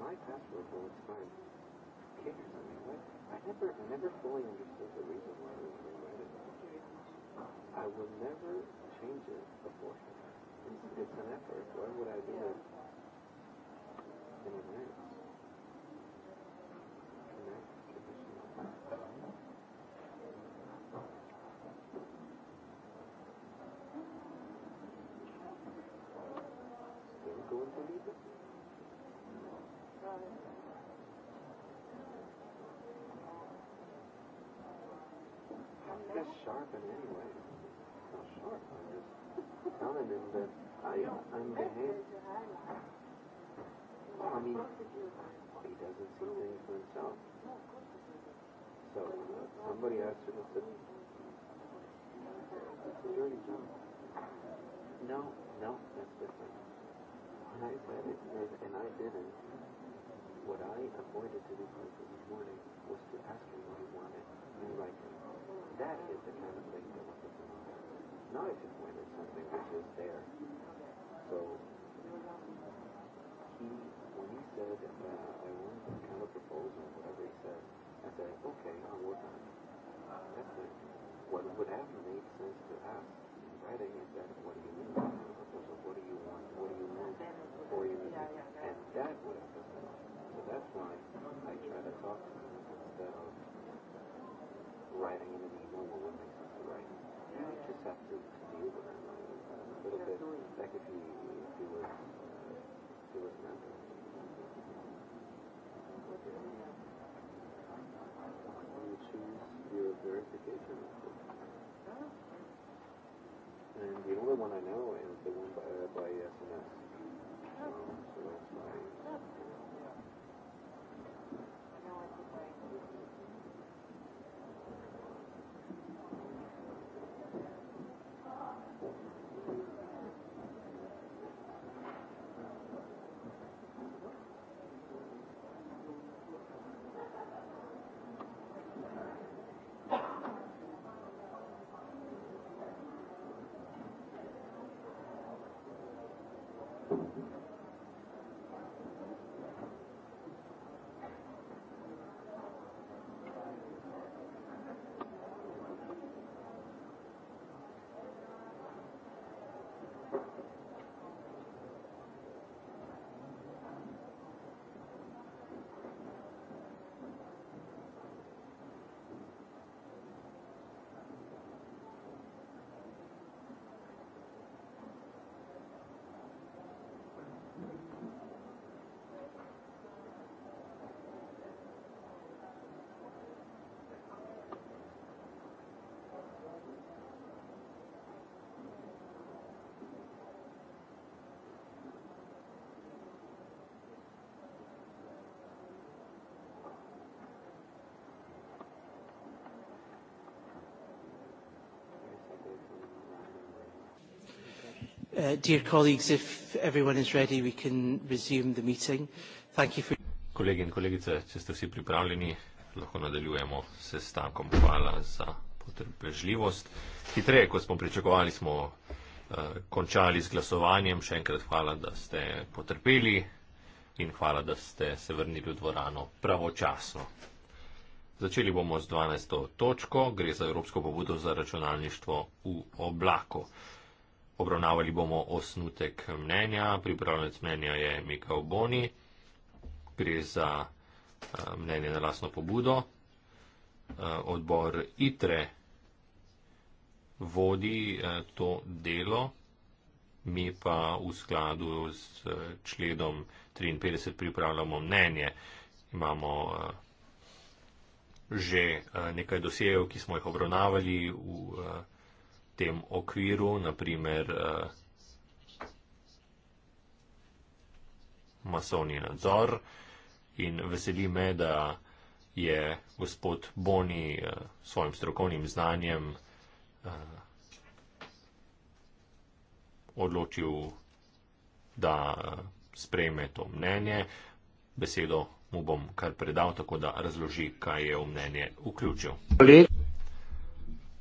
my pastor of all time kicks me. I never, I never fully understood the reason why I was rewriting I will never change it beforehand. It's, it's an effort. Why would I do it in advance? avoided sitting for this morning was to ask him what he wanted in writing. That is the kind of thing that was the Not if you pointed something which is there. So, he, when he said, uh, I want some kind of proposal, whatever he said, I said, okay, I'll work on it. Uh, that's it. What would have made sense to ask in writing? And talk about um, writing in an email or what makes sense to write. You yeah, yeah. just have to deal with that uh, a little bit. Like if you if you were uh, if you were not doing you choose your verification report. Oh, and the only one I know is the one by, uh, by uh, Uh, dear colleagues, if everyone is ready, we can resume the meeting. Thank you for... Kolegi in kolegice, če ste vsi pripravljeni, lahko nadaljujemo s sestankom. Hvala za potrpežljivost. Hitreje, kot smo pričakovali, smo uh, končali s glasovanjem. Še enkrat hvala, da ste potrpeli in hvala, da ste se vrnili v dvorano pravočasno. Začeli bomo z 12. točko, gre za Evropsko pobudo za računalništvo v oblaku. Uh, Obravnavali bomo osnutek mnenja. Pripravljenec mnenja je Mikael Boni. Gre za eh, mnenje na lasno pobudo. Eh, odbor ITRE vodi eh, to delo. Mi pa v skladu s členom 53 pripravljamo mnenje. Imamo že nekaj dosejev, ki smo jih obravnavali v tem okviru, naprimer eh, masovni nadzor. In veseli me, da je gospod Boni eh, s svojim strokovnim znanjem eh, odločil, da sprejme to mnenje. Besedo mu bom kar predal, tako da razloži, kaj je v mnenje vključil. Lep.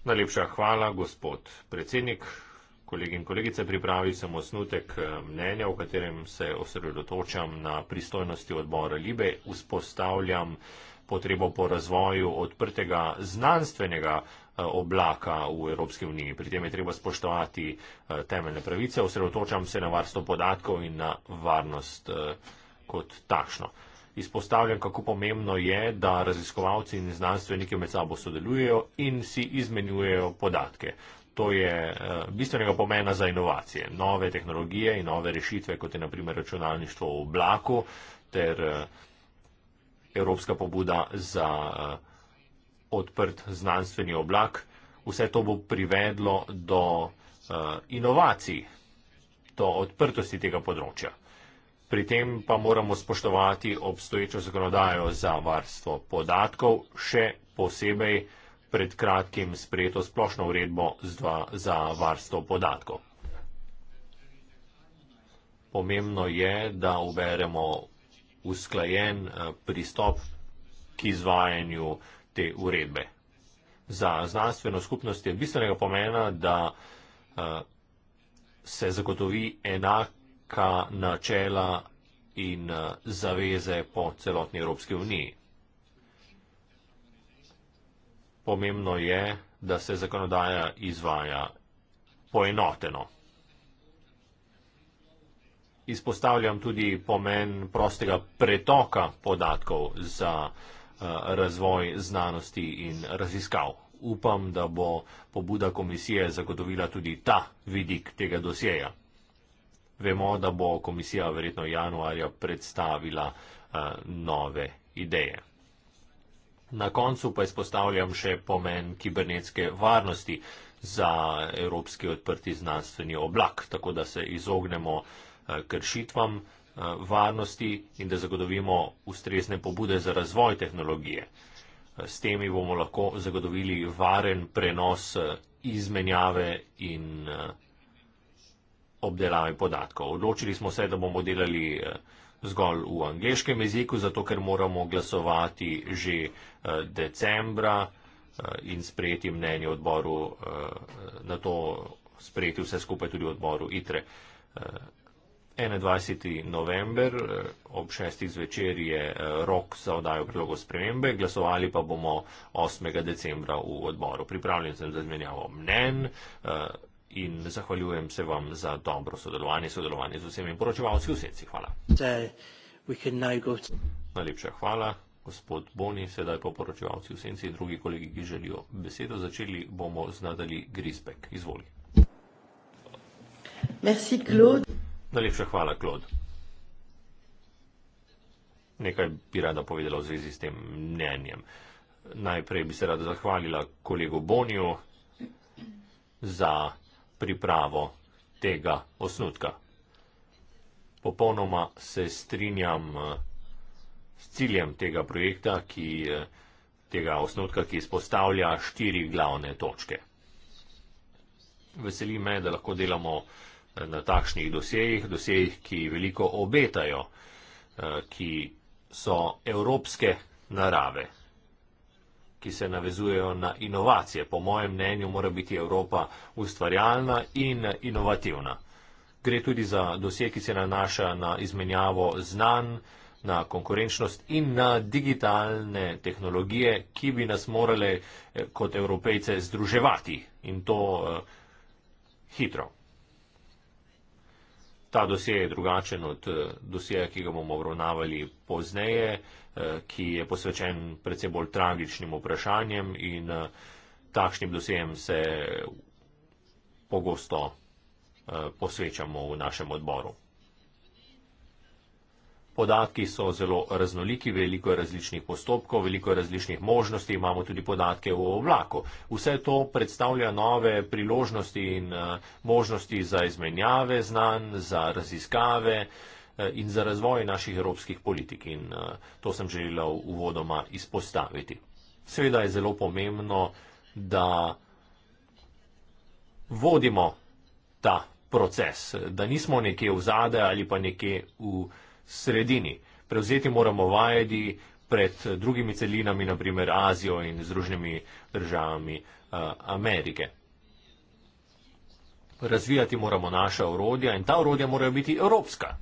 Najlepša hvala, gospod predsednik. Kolegi in kolegice, pripravil sem osnutek eh, mnenja, v katerem se osredotočam na pristojnosti odbora Libe. Vzpostavljam potrebo po razvoju odprtega znanstvenega eh, oblaka v Evropski uniji. Pri tem je treba spoštovati eh, temeljne pravice. Osredotočam se na varstvo podatkov in na varnost kot takšno izpostavljam, kako pomembno je, da raziskovalci in znanstveniki med sabo sodelujejo in si izmenjujejo podatke. To je eh, bistvenega pomena za inovacije. Nove tehnologije in nove rešitve, kot je naprimer računalništvo v oblaku ter eh, evropska pobuda za eh, odprt znanstveni oblak, vse to bo privedlo do inovacij, do odprtosti tega področja. Pri tem pa moramo spoštovati obstoječo zakonodajo za varstvo podatkov, še posebej pred kratkim sprejeto splošno uredbo za varstvo podatkov. Pomembno je, da uberemo usklajen eh, pristop k izvajanju te uredbe. Za znanstveno skupnost je bistvenega pomena, da eh, se zagotovi enak neka načela in eh, zaveze po celotni Evropski uniji. Pomembno je, da se zakonodaja izvaja poenoteno. Izpostavljam tudi pomen prostega pretoka podatkov za eh, razvoj znanosti in raziskav. Upam, da bo pobuda komisije zagotovila tudi ta vidik tega dosjeja. Vemo, da bo komisija verjetno januarja predstavila eh, nove ideje. Na koncu pa izpostavljam še pomen kibernetske varnosti za evropski odprti znanstveni oblak, tako da se izognemo eh, kršitvam eh, varnosti in da zagotovimo ustrezne pobude za razvoj tehnologije. S temi bomo lahko zagotovili varen prenos izmenjave in obdelavi podatkov. Odločili smo se, da bomo delali eh, zgolj v angliškem jeziku, zato ker moramo glasovati že eh, decembra eh, in sprejeti mnenje odboru, na to sprejeti vse skupaj tudi odboru ITRE. 21. november ob 6. zvečer je rok za odajo predlogov spremembe, glasovali pa bomo 8. decembra v odboru. Pripravljen sem za izmenjavo mnen, in zahvaljujem se vam za dobro sodelovanje, sodelovanje z vsemi poročevalci v senci. Hvala. Najlepša hvala, gospod Boni, sedaj po poročevalci v senci in drugi kolegi, ki želijo besedo. Začeli bomo z nadali Grisbek. Izvoli. Merci, Najlepša hvala, Klod. Nekaj bi rada povedala v zvezi s tem mnenjem. Najprej bi se rada zahvalila kolegu Boniju za pripravo tega osnutka. Popolnoma se strinjam eh, s ciljem tega projekta, ki, eh, tega osnutka, ki izpostavlja štiri glavne točke. Veseli me, da lahko delamo eh, na takšnih dosejih, dosejih, ki veliko obetajo, ki so evropske narave ki se navezujejo na inovacije. Po mojem mnenju mora biti Evropa ustvarjalna in inovativna. Gre tudi za dosje, ki se nanaša na izmenjavo znanj, na konkurenčnost in na digitalne tehnologije, ki bi nas morale eh, kot evropejce združevati in to eh, hitro. Ta dosje je drugačen od eh, dosjeja, ki ga bomo obravnavali pozneje. Eh, ki je posvečen predvsem bolj tragičnim vprašanjem in eh, takšnim dosjem se pogosto eh, posvečamo v našem odboru. Podatki so zelo raznoliki, veliko je različnih postopkov, veliko je različnih možnosti, imamo tudi podatke v oblaku. Vse to predstavlja nove priložnosti in možnosti za izmenjave znanj, za raziskave, Eh, in za razvoj naših evropskih politik. In eh, to sem želela uvodoma izpostaviti. Seveda je zelo pomembno, da vodimo ta proces, da nismo nekje v zade ali pa nekje v sredini. Prevzeti moramo vajedi pred drugimi celinami, naprimer Azijo in združnimi državami eh, Amerike. Razvijati moramo naša orodja in ta orodja morajo biti evropska.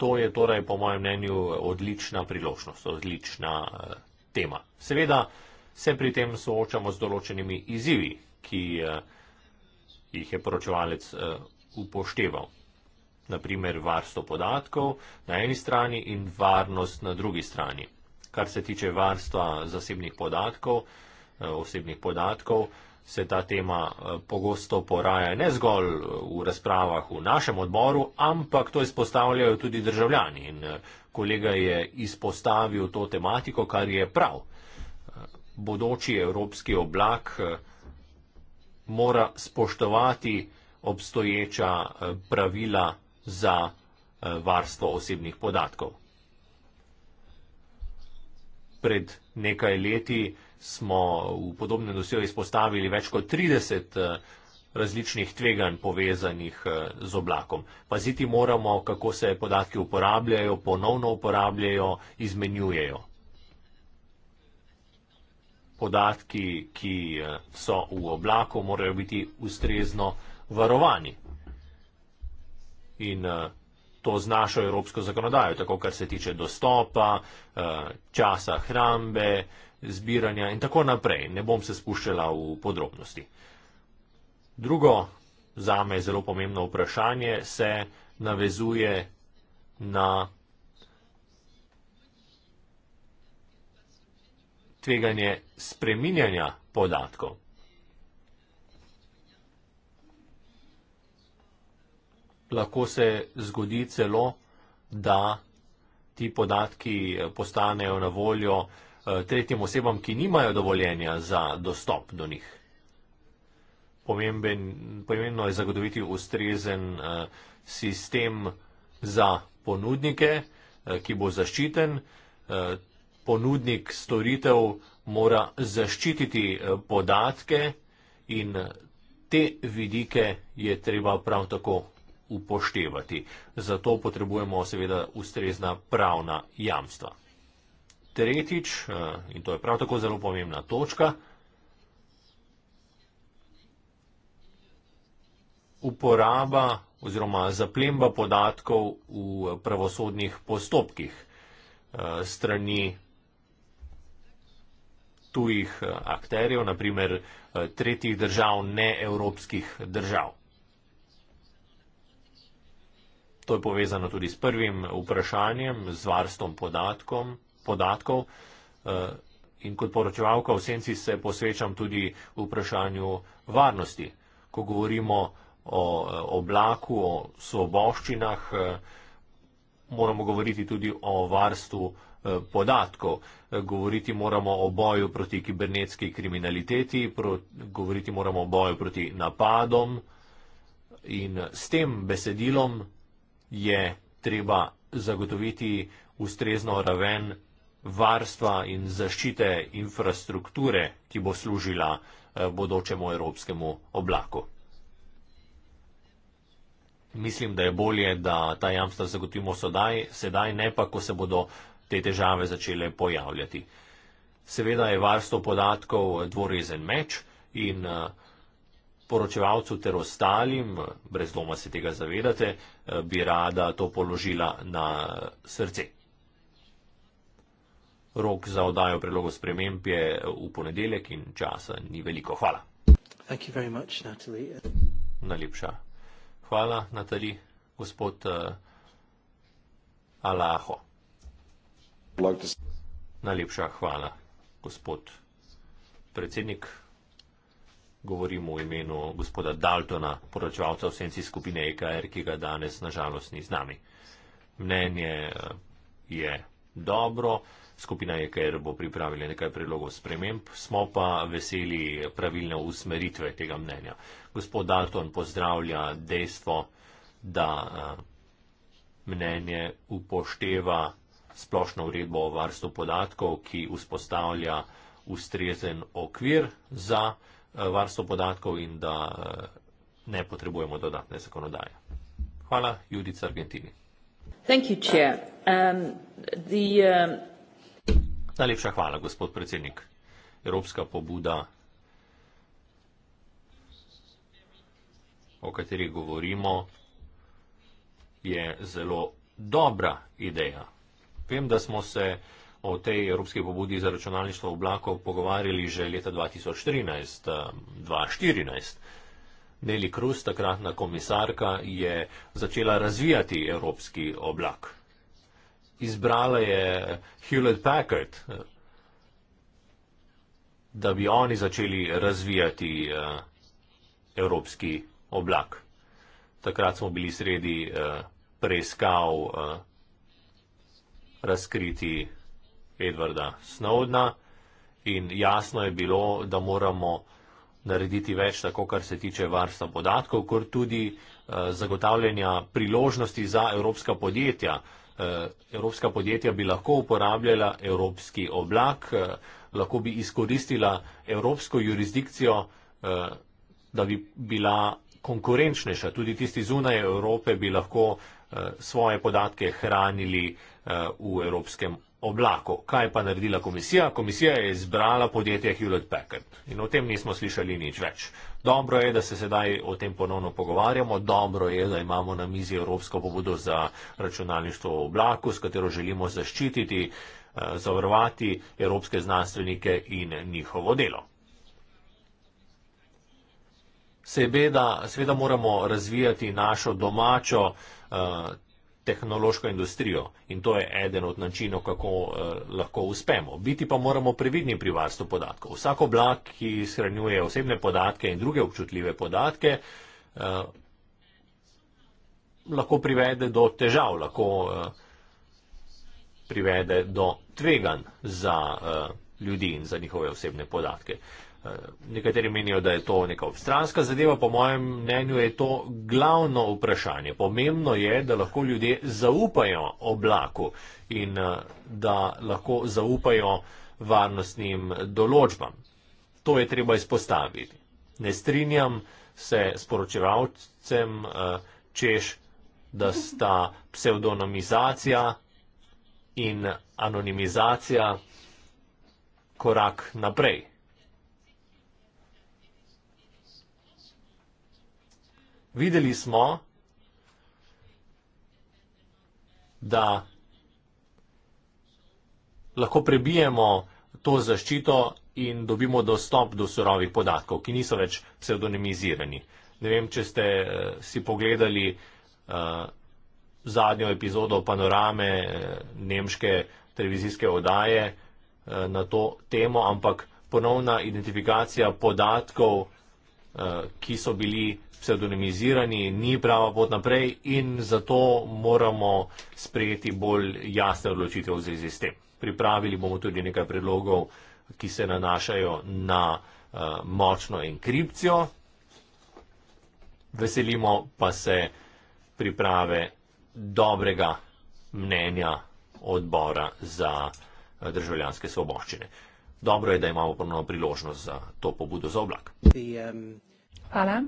To je torej, po mojem mnenju, odlična priložnost, odlična eh, tema. Seveda se pri tem soočamo z določenimi izzivi, ki eh, jih je poročevalec eh, upošteval. Naprimer, varstvo podatkov na eni strani in varnost na drugi strani. Kar se tiče varstva zasebnih podatkov, osebnih podatkov, se ta tema eh, pogosto poraja ne zgolj eh, v razpravah v našem odboru, ampak to izpostavljajo tudi državljani. In eh, kolega je izpostavil to tematiko, kar je prav. Bodoči evropski oblak mora spoštovati obstoječa pravila za varstvo osebnih podatkov. Pred nekaj leti smo v podobnem dosju izpostavili več kot 30 eh, različnih tveganj povezanih eh, z oblakom. Paziti moramo, kako se podatki uporabljajo, ponovno uporabljajo, izmenjujejo. Podatki, ki eh, so v oblaku, morajo biti ustrezno varovani. In to z našo evropsko zakonodajo, tako kar se tiče dostopa, časa hrambe, zbiranja in tako naprej. Ne bom se spuščala v podrobnosti. Drugo za me zelo pomembno vprašanje se navezuje na tveganje spreminjanja podatkov. Lahko se zgodi celo, da ti podatki postanejo na voljo Eh, tretjim osebam, ki nimajo dovoljenja za dostop do njih. Pomemben, pomembno je zagotoviti ustrezen uh, sistem za ponudnike, uh, ki bo zaščiten. Uh, ponudnik storitev mora zaščititi uh, podatke in te vidike je treba prav tako upoštevati. Zato potrebujemo seveda ustrezna pravna jamstva tretjič, eh, in to je prav tako zelo pomembna točka, uporaba oziroma zaplemba podatkov v pravosodnih postopkih eh, strani tujih eh, akterjev, naprimer tretjih držav, ne evropskih držav. To je povezano tudi s prvim vprašanjem, z varstvom podatkom podatkov. Eh, in kot poročevalka v senci se posvečam tudi vprašanju varnosti. Ko govorimo o eh, oblaku, o svoboščinah, eh, moramo govoriti tudi o varstvu podatkov. Govoriti moramo o boju proti kibernetski kriminaliteti, govoriti moramo o boju proti napadom in s tem besedilom je treba zagotoviti ustrezno raven varstva in zaščite infrastrukture, ki bo služila eh, bodočemu evropskemu oblaku. Mislim, da je bolje, da ta jamstva zagotovimo sedaj, sedaj ne pa, ko se bodo te težave začele pojavljati. Seveda je varstvo podatkov dvorezen meč in eh, poročevalcu ter ostalim, brez doma se tega zavedate, eh, bi rada to položila na srce. Rok za odajo predlogov sprememb je eh, v ponedeljek in časa ni veliko. Hvala. Much, Najlepša. Hvala, Natali. Gospod uh, Alaho. Like Najlepša hvala, gospod predsednik. Govorim v imenu gospoda Daltona, poročevalca v senci skupine EKR, ki ga danes nažalost ni z nami. Mnenje eh, je dobro. Skupina je, ker bo pripravila nekaj predlogov sprememb, smo pa veseli pravilne usmeritve tega mnenja. Gospod Dalton pozdravlja dejstvo, da eh, mnenje upošteva splošno uredbo o varstvu podatkov, ki vzpostavlja ustrezen okvir za eh, varstvo podatkov in da eh, ne potrebujemo dodatne zakonodaje. Hvala, Judica Argentini. Hvala, predsednik. Najlepša hvala, gospod predsednik. Evropska pobuda, o kateri govorimo, je zelo dobra ideja. Vem, da smo se o tej Evropski pobudi za računalništvo oblakov pogovarjali že leta 2013-2014. Eh, Neli Krus, takratna komisarka, je začela razvijati Evropski oblak izbrala je Hewlett Packard, da bi oni začeli razvijati eh, evropski oblak. Takrat smo bili sredi eh, preiskav eh, razkriti Edwarda Snowdna in jasno je bilo, da moramo narediti več tako, kar se tiče varstva podatkov, kot tudi eh, zagotavljanja priložnosti za evropska podjetja, eh, Eh, evropska podjetja bi lahko uporabljala evropski oblak, eh, lahko bi izkoristila evropsko jurisdikcijo, eh, da bi bila konkurenčnejša. Tudi tisti zunaj Evrope bi lahko svoje podatke hranili v evropskem oblaku. Kaj pa naredila komisija? Komisija je izbrala podjetje Hewlett Packard in o tem nismo slišali nič več. Dobro je, da se sedaj o tem ponovno pogovarjamo, dobro je, da imamo na mizi Evropsko pobudo za računalništvo v oblaku, s katero želimo zaščititi, eh, zavrvati evropske znanstvenike in njihovo delo. Sebeda, seveda moramo razvijati našo domačo eh, tehnološko industrijo in to je eden od načinov, kako eh, lahko uspemo. Biti pa moramo previdni pri varstvu podatkov. Vsako blag, ki shranjuje osebne podatke in druge občutljive podatke, eh, lahko privede do težav, lahko eh, privede do tveganj za ljudi in za njihove osebne podatke. Eh, nekateri menijo, da je to neka obstranska zadeva, po mojem mnenju je to glavno vprašanje. Pomembno je, da lahko ljudje zaupajo oblaku in eh, da lahko zaupajo varnostnim določbam. To je treba izpostaviti. Ne strinjam se s poročevalcem, eh, češ, da sta pseudonimizacija in anonimizacija korak naprej. videli smo, da lahko prebijemo to zaščito in dobimo dostop do surovih podatkov, ki niso več pseudonimizirani. Ne vem, če ste eh, si pogledali uh, zadnjo epizodo panorame uh, nemške televizijske odaje uh, na to temo, ampak ponovna identifikacija podatkov, uh, ki so bili pseudonimizirani, ni prava pot naprej in zato moramo sprejeti bolj jasne odločitev v zvezi s tem. Pripravili bomo tudi nekaj predlogov, ki se nanašajo na uh, močno enkripcijo. Veselimo pa se priprave dobrega mnenja odbora za eh, državljanske svoboščine. Dobro je, da imamo ponovno priložnost za to pobudo za oblak. The, um... Hvala.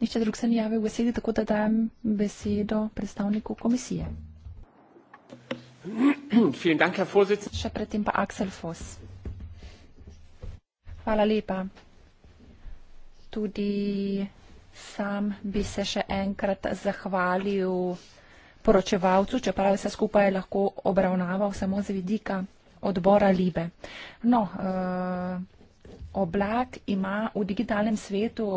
Nihče drug se ni javil v besedi, tako da dajem besedo predstavniku komisije. Še predtem pa Aksel Fos. Hvala lepa. Tudi sam bi se še enkrat zahvalil poročevalcu, čeprav se skupaj lahko obravnaval samo z vidika odbora Libe. No, uh, oblak ima v digitalnem svetu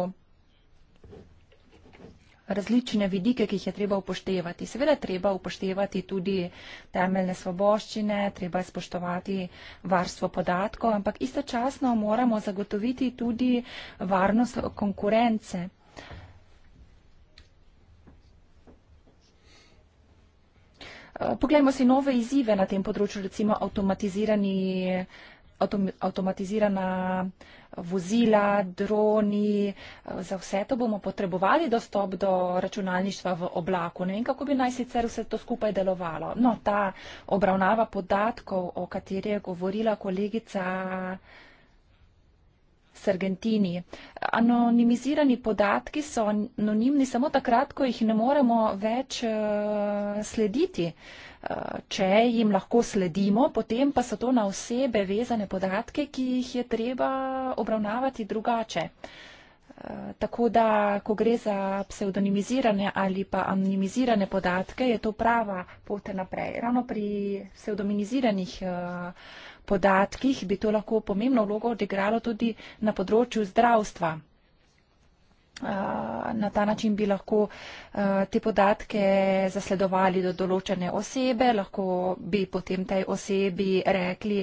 različne vidike, ki jih je treba upoštevati. Seveda treba upoštevati tudi temeljne svoboščine, treba je spoštovati varstvo podatkov, ampak istočasno moramo zagotoviti tudi varnost konkurence. Eh, poglejmo si nove izzive na tem področju, recimo avtomatizirani, avtom, avtomatizirana vozila, droni, eh, za vse to bomo potrebovali dostop do računalništva v oblaku. Ne vem, kako bi naj sicer vse to skupaj delovalo. No, ta obravnava podatkov, o kateri je govorila kolegica. Sargentini. Anonimizirani podatki so anonimni samo takrat, ko jih ne moremo več uh, slediti. Eh, če jim lahko sledimo, potem pa so to na osebe vezane podatke, ki jih je treba obravnavati drugače. Eh, tako da, ko gre za pseudonimizirane ali pa anonimizirane podatke, je to prava pot naprej. Ravno pri pseudonimiziranih podatkih podatkih bi to lahko pomembno vlogo odigralo tudi na področju zdravstva. Na ta način bi lahko te podatke zasledovali do določene osebe, lahko bi potem tej osebi rekli,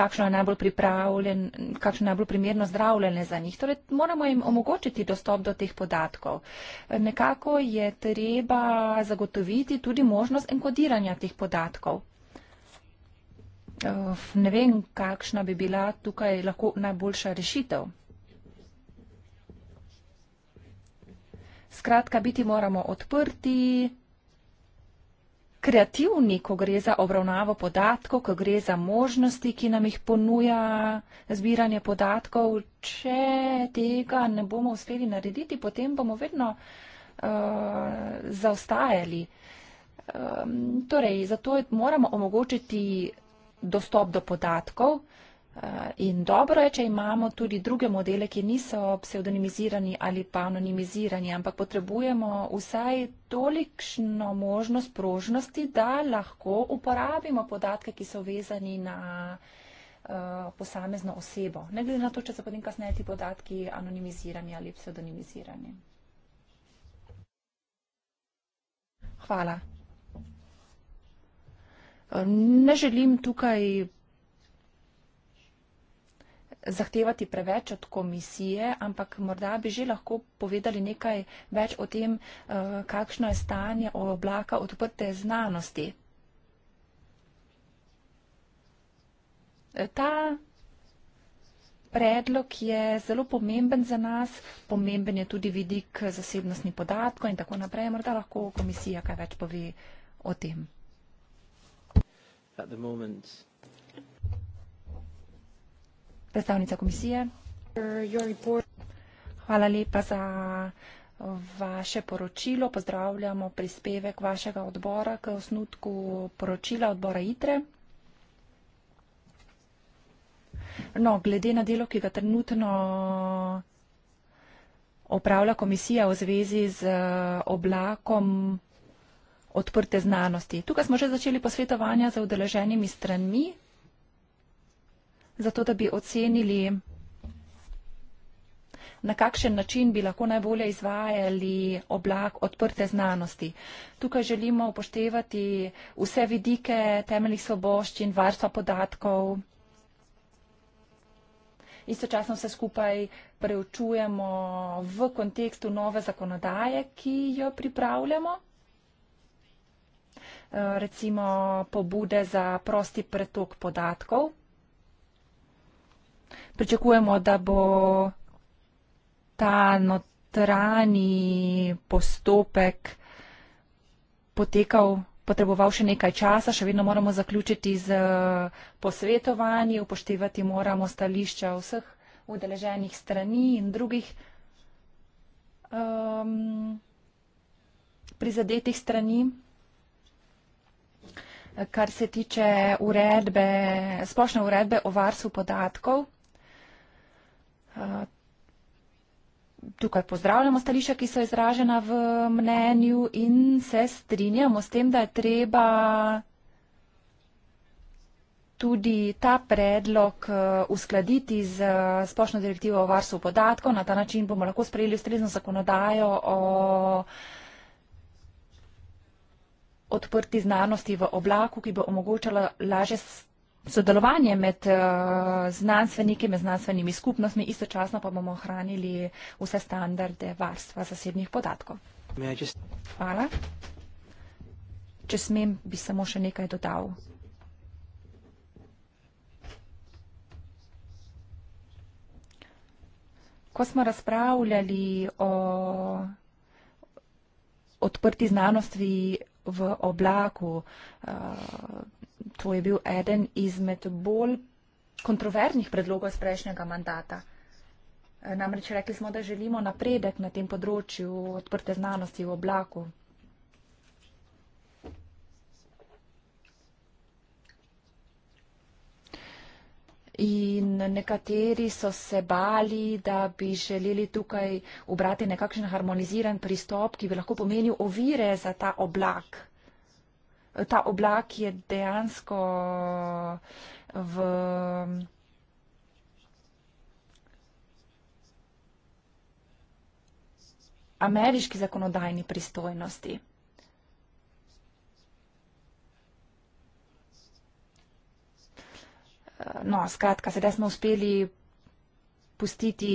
kakšno je najbolj pripravljen, kakšno je najbolj primerno zdravljene za njih. Torej, moramo jim omogočiti dostop do teh podatkov. Nekako je treba zagotoviti tudi možnost enkodiranja teh podatkov. Eh, ne vem, kakšna bi bila tukaj lahko najboljša rešitev. Skratka, biti moramo odprti, kreativni, ko gre za obravnavo podatkov, ko gre za možnosti, ki nam jih ponuja zbiranje podatkov. Če tega ne bomo uspeli narediti, potem bomo vedno uh, zaostajali. Um, torej, zato moramo omogočiti dostop do podatkov. Eh, in dobro je, če imamo tudi druge modele, ki niso pseudonimizirani ali pa anonimizirani, ampak potrebujemo vsaj tolikšno možnost prožnosti, da lahko uporabimo podatke, ki so vezani na eh, posamezno osebo. Ne glede na to, če so potem kasneje ti podatki anonimizirani ali pseudonimizirani. Hvala. Ne želim tukaj zahtevati preveč od komisije, ampak morda bi že lahko povedali nekaj več o tem, eh, kakšno je stanje oblaka odprte znanosti. Ta predlog je zelo pomemben za nas, pomemben je tudi vidik zasebnostni podatko in tako naprej. Morda lahko komisija kaj več pove o tem at the moment. Predstavnica komisije. Hvala lepa za vaše poročilo. Pozdravljamo prispevek vašega odbora k osnutku poročila odbora ITRE. No, glede na delo, ki ga trenutno opravlja komisija v zvezi z oblakom odprte znanosti. Tukaj smo že začeli posvetovanja za udeleženimi stranmi, zato da bi ocenili, na kakšen način bi lahko najbolje izvajali oblak odprte znanosti. Tukaj želimo upoštevati vse vidike temeljih svoboščin, varstva podatkov. Istočasno se skupaj preučujemo v kontekstu nove zakonodaje, ki jo pripravljamo recimo pobude za prosti pretok podatkov. Pričakujemo, da bo ta notrani postopek potekal, potreboval še nekaj časa, še vedno moramo zaključiti z eh, posvetovanji, upoštevati moramo stališča vseh udeleženih strani in drugih um, prizadetih strani kar se tiče uredbe, splošne uredbe o varstvu podatkov. Eh, tukaj pozdravljamo stališča, ki so izražena v mnenju in se strinjamo s tem, da je treba tudi ta predlog eh, uskladiti z eh, splošno direktivo o varstvu podatkov. Na ta način bomo lahko sprejeli ustrezno zakonodajo o odprti znanosti v oblaku, ki bo omogočala laže sodelovanje med eh, znanstveniki, med znanstvenimi skupnostmi, istočasno pa bomo ohranili vse standarde varstva zasebnih podatkov. Hvala. Če smem, bi samo še nekaj dodal. Ko smo razpravljali o odprti znanosti v oblaku. Eh, to je bil eden izmed bolj kontroverznih predlogov iz prejšnjega mandata. Eh, namreč rekli smo, da želimo napredek na tem področju odprte znanosti v oblaku. In nekateri so se bali, da bi želeli tukaj obrati nekakšen harmoniziran pristop, ki bi lahko pomenil ovire za ta oblak. Ta oblak je dejansko v. ameriški zakonodajni pristojnosti. No, skratka, sedaj smo uspeli pustiti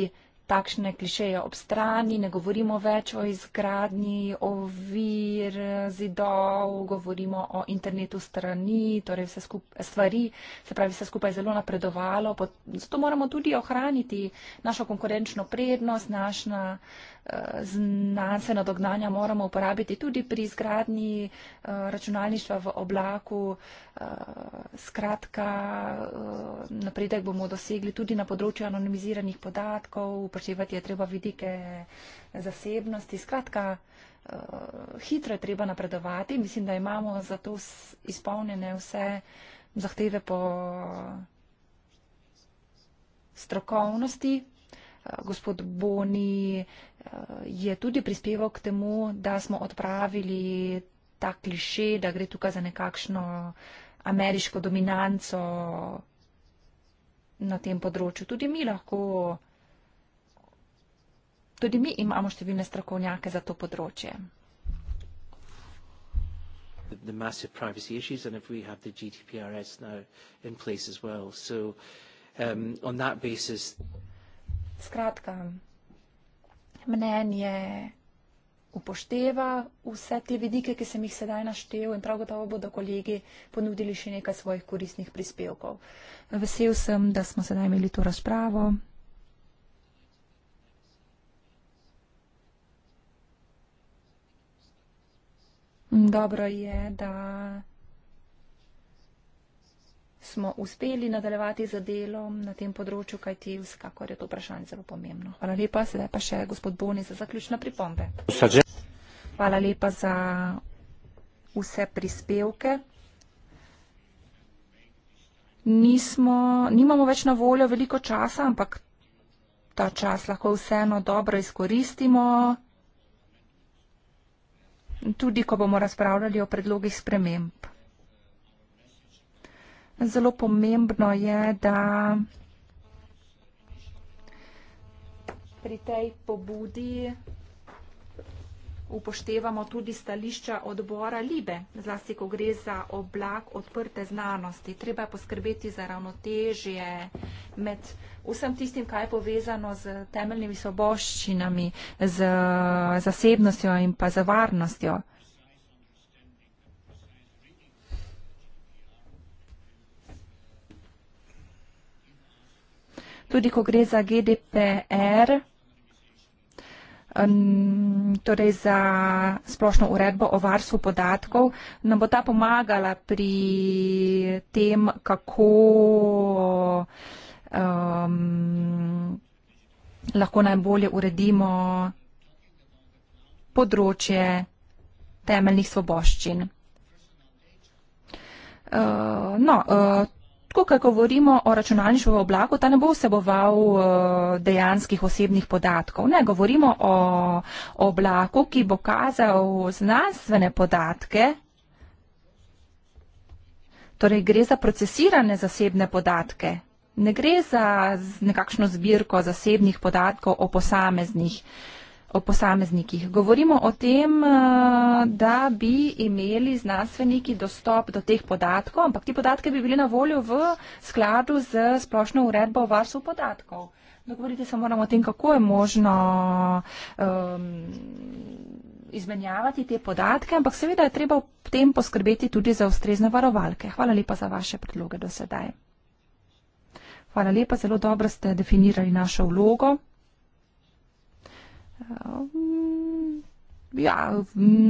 takšne klišeje ob strani, ne govorimo več o izgradnji, o vir, zidov, govorimo o internetu strani, torej vse stvari, se pravi, vse skupaj je zelo napredovalo, pot, zato moramo tudi ohraniti našo konkurenčno prednost, našna uh, eh, znanstvena dognanja moramo uporabiti tudi pri izgradnji uh, računalništva v oblaku. Uh, skratka, uh, napredek bomo dosegli tudi na področju anonimiziranih podatkov, spoštovati je treba vidike zasebnosti. Skratka, eh, hitro je treba napredovati. Mislim, da imamo za to izpolnjene vse zahteve po eh, strokovnosti. Eh, gospod Boni je tudi prispeval k temu, da smo odpravili ta kliše, da gre tukaj za nekakšno ameriško dominanco na tem področju. Tudi mi lahko Tudi mi imamo številne strokovnjake za to področje. The massive privacy issues, and if we have the GDPRS now in place as well. So, um, on that basis. Skratka, mnenje upošteva vse te vidike, ki sem jih sedaj naštel, in prav gotovo bodo kolegi ponudili še nekaj svojih koristnih prispevkov. Vesel sem, da smo sedaj imeli to razpravo. dobro je, da smo uspeli nadaljevati za delom na tem področju, kajti vsekakor je to vprašanje zelo pomembno. Hvala lepa, sedaj pa še gospod Boni za zaključne pripombe. Hvala lepa za vse prispevke. Nismo, nimamo več na voljo veliko časa, ampak ta čas lahko vseeno dobro izkoristimo tudi ko bomo razpravljali o predlogih sprememb. Zelo pomembno je, da pri tej pobudi upoštevamo tudi stališča odbora Libe, zlasti ko gre za oblak odprte znanosti. Treba je poskrbeti za ravnotežje med vsem tistim, kaj je povezano z temeljnimi soboščinami, z zasebnostjo in pa za varnostjo. Tudi ko gre za GDPR torej za splošno uredbo o varstvu podatkov. Nam bo ta pomagala pri tem, kako um, lahko najbolje uredimo področje temeljnih svoboščin. Uh, no, uh, trenutku, ko govorimo o računalništvu v oblaku, ta ne bo vseboval eh, dejanskih osebnih podatkov. Ne, govorimo o oblaku, ki bo kazal znanstvene podatke. Torej, gre za procesirane zasebne podatke. Ne gre za nekakšno zbirko zasebnih podatkov o posameznih podatkov o posameznikih. Govorimo o tem, eh, da bi imeli znanstveniki dostop do teh podatkov, ampak ti podatke bi bili na voljo v skladu z splošno uredbo o varstvu podatkov. Dogovorite se moramo o tem, kako je možno um, izmenjavati te podatke, ampak seveda je treba v tem poskrbeti tudi za ustrezne varovalke. Hvala lepa za vaše predloge do sedaj. Hvala lepa, zelo dobro ste definirali našo vlogo. Eh, ja,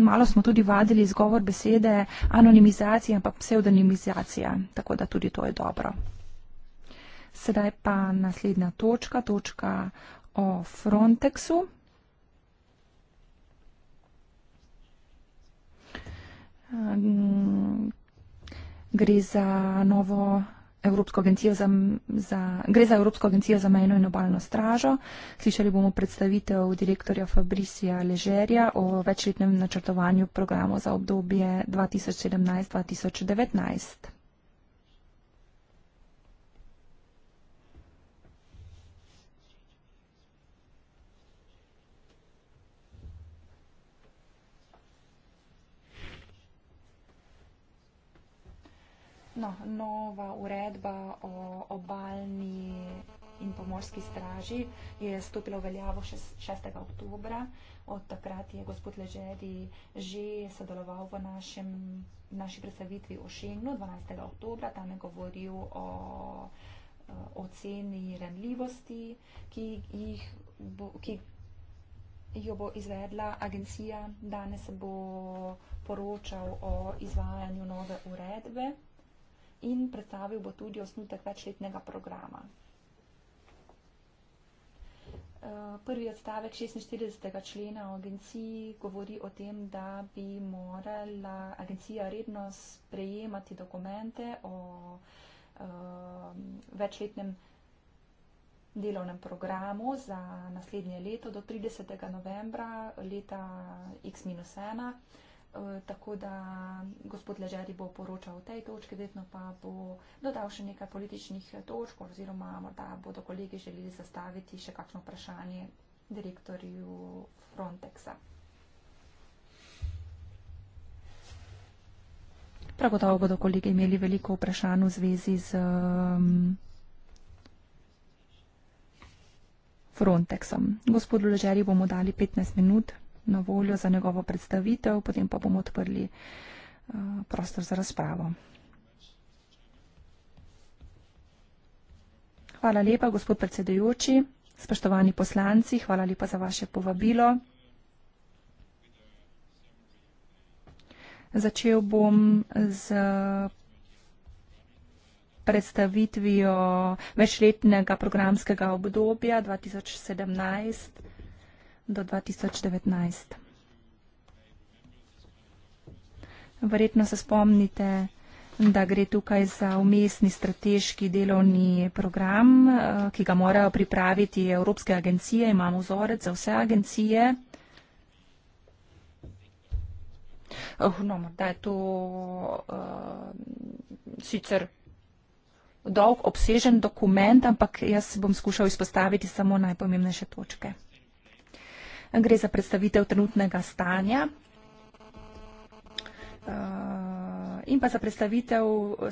malo smo tudi vadili izgovor besede anonimizacija, ampak pseudonimizacija, tako da tudi to je dobro. Sedaj pa naslednja točka, točka o Frontexu. Eh, gre za novo Evropsko agencijo za, za, gre za Evropsko agencijo za mejno in obalno stražo. Slišali bomo predstavitev direktorja Fabricija Ležerja o večletnem načrtovanju programov za obdobje 2017-2019. no, nova uredba o obaljni in pomorski straži je stopila v veljavo 6. oktober. Od takrat je gospod Ležedi že sodeloval v našem, naši predstavitvi o Šengnu 12. oktober. Tam je govoril o oceni renljivosti, ki jih bo, ki jo bo izvedla agencija. Danes bo poročal o izvajanju nove uredbe in predstavil bo tudi osnutek večletnega programa. Eh, prvi odstavek 46. člena o agenciji govori o tem, da bi morala agencija redno sprejemati dokumente o uh, večletnem delovnem programu za naslednje leto do 30. novembra leta X-1. Uh, Eh, tako da gospod Ležeri bo poročal o tej točki, vedno pa bo dodal še nekaj političnih točk oziroma morda bodo kolegi želeli zastaviti še kakšno vprašanje direktorju Frontexa. Prav gotovo bodo kolegi imeli veliko vprašanj v zvezi z um, Frontexom. Gospodu Ležeri bomo dali 15 minut na voljo za njegovo predstavitev, potem pa bomo odprli eh, prostor za razpravo. Hvala lepa, gospod predsedujoči, spoštovani poslanci, hvala lepa za vaše povabilo. Začel bom z predstavitvijo večletnega programskega obdobja 2017 do 2019. Verjetno se spomnite, da gre tukaj za umestni strateški delovni program, eh, ki ga morajo pripraviti Evropske agencije. Imamo vzorec za vse agencije. Oh, no, morda je to uh, sicer dolg, obsežen dokument, ampak jaz bom skušal izpostaviti samo najpomembnejše točke gre za predstavitev trenutnega stanja eh, in pa za predstavitev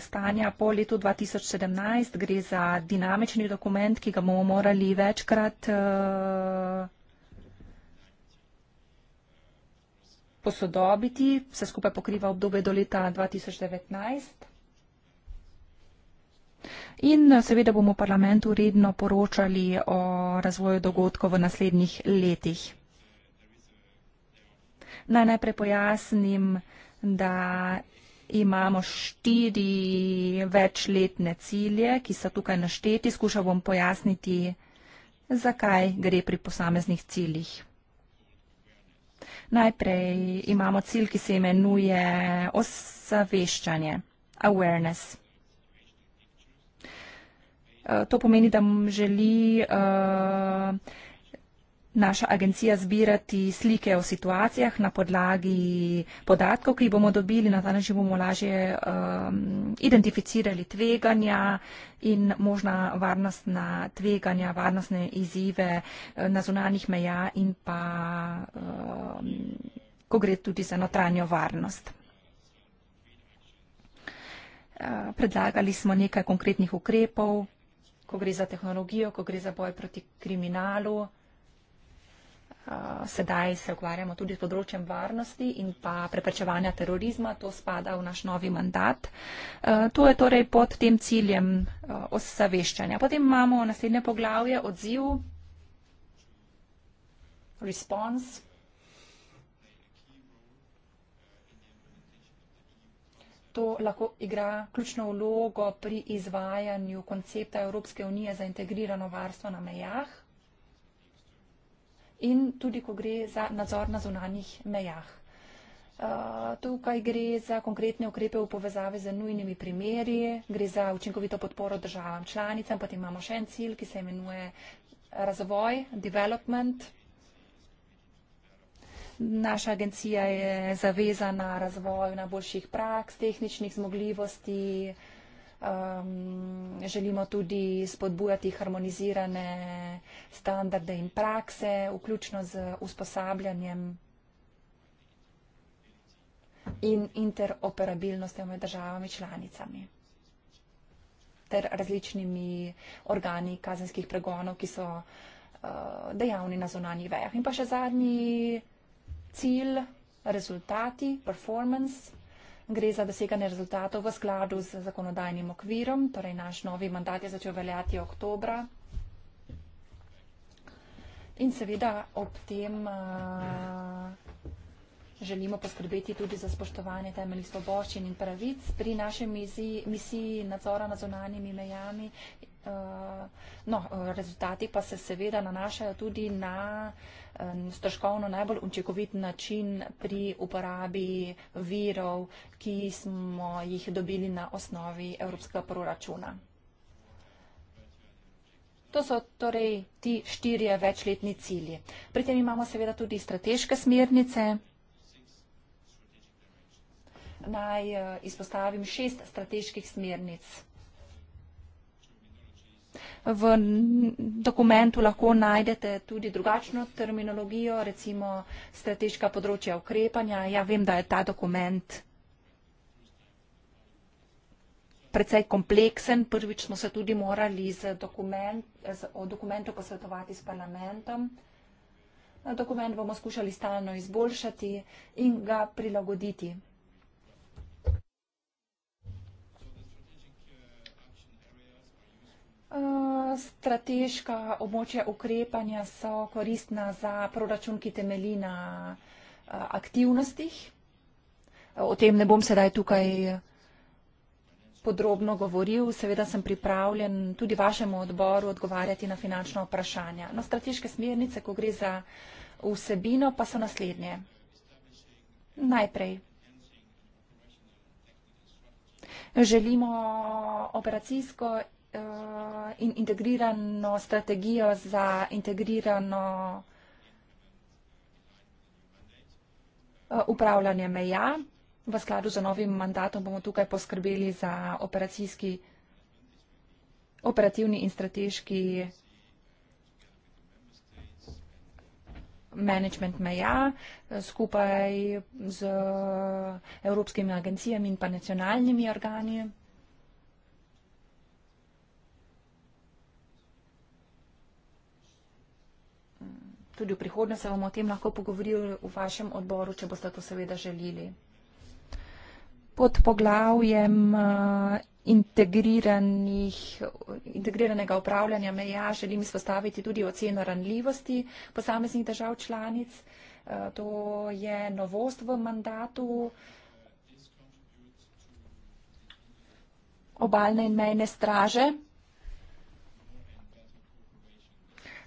stanja po letu 2017. Gre za dinamični dokument, ki ga bomo morali večkrat eh, posodobiti. Vse skupaj pokriva obdobje do leta 2019. In eh, seveda bomo parlamentu redno poročali o razvoju dogodkov v naslednjih letih. Naj najprej pojasnim, da imamo štiri večletne cilje, ki so tukaj našteti. Skušal bom pojasniti, zakaj gre pri posameznih ciljih. Najprej imamo cilj, ki se imenuje osaveščanje, awareness. Eh, to pomeni, da želi uh, naša agencija zbirati slike o situacijah na podlagi podatkov, ki jih bomo dobili. Na ta način bomo lažje um, identificirali tveganja in možna varnostna tveganja, varnostne izzive eh, na zunanjih meja in pa, um, ko gre tudi za notranjo varnost. Eh, predlagali smo nekaj konkretnih ukrepov, ko gre za tehnologijo, ko gre za boj proti kriminalu. Eh, sedaj se ukvarjamo tudi s področjem varnosti in pa preprečevanja terorizma. To spada v naš novi mandat. Eh, to je torej pod tem ciljem eh, osaveščanja. Potem imamo naslednje poglavje, odziv, response. To lahko igra ključno vlogo pri izvajanju koncepta Evropske unije za integrirano varstvo na mejah in tudi, ko gre za nadzor na zunanjih mejah. Uh, tukaj gre za konkretne ukrepe v povezave z nujnimi primeri, gre za učinkovito podporo državam članicam, potem imamo še en cilj, ki se imenuje razvoj, development. Naša agencija je zavezana razvoju najboljših praks, tehničnih zmogljivosti, um, želimo tudi spodbujati harmonizirane standarde in prakse, vključno z usposabljanjem in interoperabilnostjo med državami članicami ter različnimi organi kazenskih pregonov, ki so uh, dejavni na zonanjih vejah. In pa še zadnji cilj, rezultati, performance gre za doseganje rezultatov v skladu z zakonodajnim okvirom. Torej, naš novi mandat je začel veljati oktobra. In seveda ob tem. Uh, Želimo poskrbeti tudi za spoštovanje temeljnih svoboščin in pravic. Pri naši miziji, misiji nadzora nad zonanimi mejami eh, no, rezultati pa se seveda nanašajo tudi na eh, stroškovno najbolj učinkovit način pri uporabi virov, ki smo jih dobili na osnovi evropskega proračuna. To so torej ti štirje večletni cilji. Pri tem imamo seveda tudi strateške smernice naj eh, izpostavim šest strateških smernic. V dokumentu lahko najdete tudi drugačno terminologijo, recimo strateška področja ukrepanja. Ja, vem, da je ta dokument precej kompleksen. Prvič smo se tudi morali z dokument, z, o dokumentu posvetovati s parlamentom. Dokument bomo skušali stalno izboljšati in ga prilagoditi. Eh, strateška območja ukrepanja so koristna za proračun, ki temelji na eh, aktivnostih. O tem ne bom sedaj tukaj podrobno govoril, seveda sem pripravljen tudi vašemu odboru odgovarjati na finančno vprašanje. No, strateške smernice, ko gre za vsebino, pa so naslednje. Najprej. Želimo operacijsko uh, in integrirano strategijo za integrirano uh, upravljanje meja. V skladu z novim mandatom bomo tukaj poskrbeli za operacijski, operativni in strateški management meja eh, skupaj z evropskimi agencijami in pa nacionalnimi organi. tudi v prihodnje se bomo o tem lahko pogovorili v vašem odboru, če boste to seveda želeli. Pod poglavjem eh, integriranega upravljanja meja želim izpostaviti tudi oceno ranljivosti posameznih držav članic. Eh, to je novost v mandatu obaljne in mejne straže.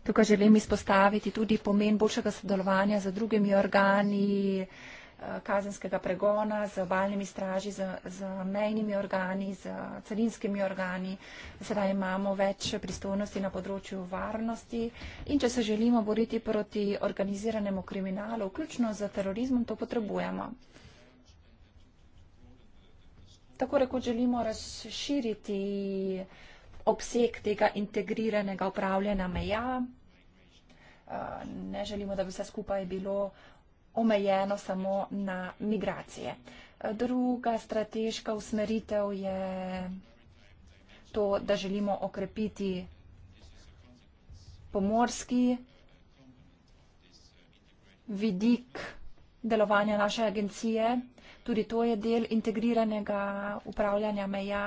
Tukaj želim izpostaviti tudi pomen boljšega sodelovanja z drugimi organi eh, kazenskega pregona, z obaljnimi straži, z, z mejnimi organi, z carinskimi organi. Sedaj imamo več pristojnosti na področju varnosti in če se želimo boriti proti organiziranemu kriminalu, vključno z terorizmom, to potrebujemo. Tako rekoč želimo razširiti obseg tega integriranega upravljanja meja, ne želimo, da bi vse skupaj bilo omejeno samo na migracije. Druga strateška usmeritev je to, da želimo okrepiti pomorski vidik delovanja naše agencije. Tudi to je del integriranega upravljanja meja.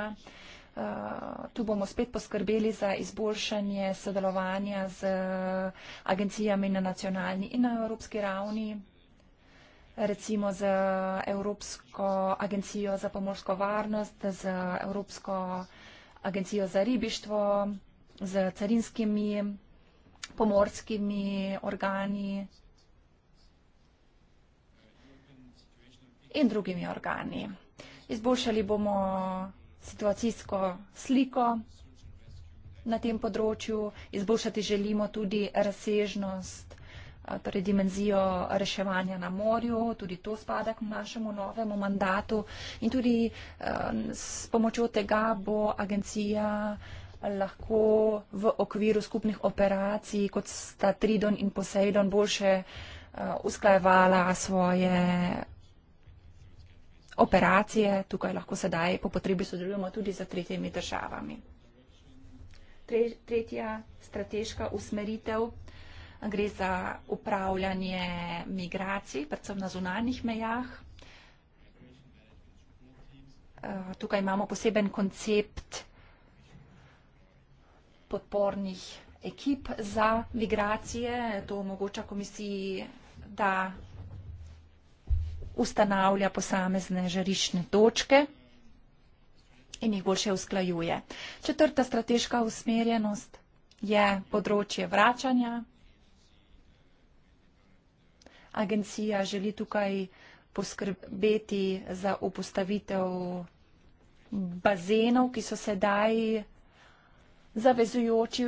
Eh, tu bomo spet poskrbeli za izboljšanje sodelovanja z eh, agencijami na nacionalni in na evropski ravni, recimo z Evropsko agencijo za pomorsko varnost, z Evropsko agencijo za ribištvo, z carinskimi pomorskimi organi in drugimi organi. Izboljšali bomo situacijsko sliko na tem področju. Izboljšati želimo tudi razsežnost, torej dimenzijo reševanja na morju. Tudi to spada k našemu novemu mandatu. In tudi s pomočjo tega bo agencija lahko v okviru skupnih operacij, kot sta Tridon in Poseidon, boljše usklajevala svoje operacije, tukaj lahko sedaj po potrebi sodelujemo tudi za tretjimi državami. Tretja strateška usmeritev eh, gre za upravljanje migracij, predvsem na zunanjih mejah. Eh, tukaj imamo poseben koncept podpornih ekip za migracije. To omogoča komisiji, da ustanavlja posamezne žarišne točke in jih boljše usklajuje. Četrta strateška usmerjenost je področje vračanja. Agencija želi tukaj poskrbeti za upostavitev bazenov, ki so sedaj zavezujoči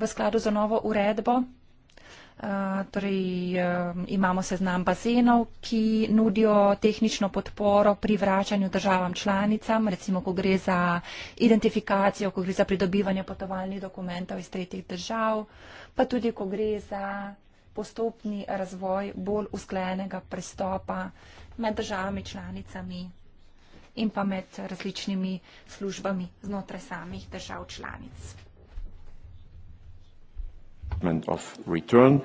v skladu za novo uredbo. Eh, torej, eh, imamo seznam bazenov, ki nudijo tehnično podporo pri vračanju državam članicam, recimo, ko gre za identifikacijo, ko gre za pridobivanje potovalnih dokumentov iz tretjih držav, pa tudi, ko gre za postopni razvoj bolj usklenega prestopa med državami članicami in pa med različnimi službami znotraj samih držav članic. Department of Return.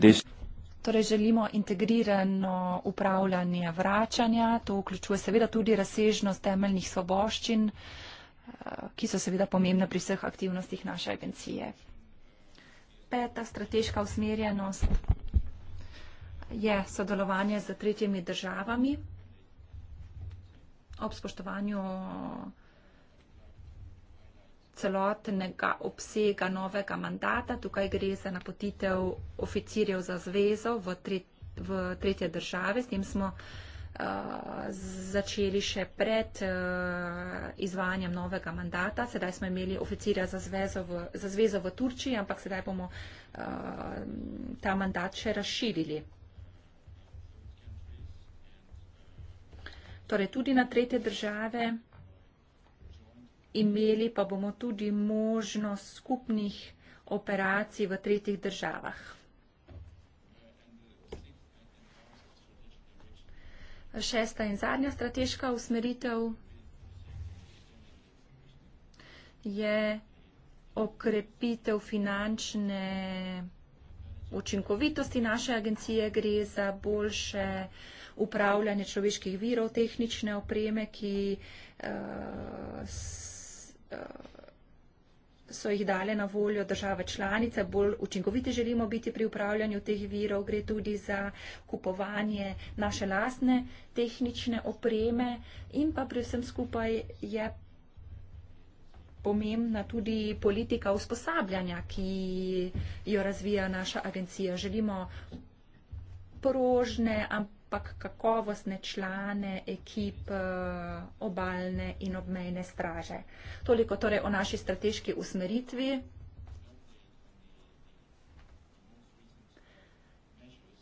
This Torej želimo integrirano upravljanje vračanja, to vključuje seveda tudi razsežnost temeljnih svoboščin, eh, ki so seveda pomembne pri vseh aktivnostih naše agencije. Peta strateška usmerjenost je sodelovanje z tretjimi državami ob spoštovanju celotnega obsega novega mandata. Tukaj gre za napotitev oficirjev za zvezo v, tre, v tretje države. S tem smo eh, začeli še pred eh, izvajanjem novega mandata. Sedaj smo imeli oficirja za zvezo, v, za zvezo v Turčiji, ampak sedaj bomo eh, ta mandat še razširili. Torej tudi na tretje države imeli pa bomo tudi možnost skupnih operacij v tretjih državah. Šesta in zadnja strateška usmeritev je okrepitev finančne učinkovitosti naše agencije. Gre za boljše upravljanje človeških virov, tehnične opreme, ki uh, Eh, so jih dale na voljo države članice, bolj učinkoviti želimo biti pri upravljanju teh virov, gre tudi za kupovanje naše lastne tehnične opreme in pa pri vsem skupaj je pomembna tudi politika usposabljanja, ki jo razvija naša agencija. Želimo porožne, ampak ampak kakovostne člane ekip eh, obalne in obmejne straže. Toliko torej o naši strateški usmeritvi.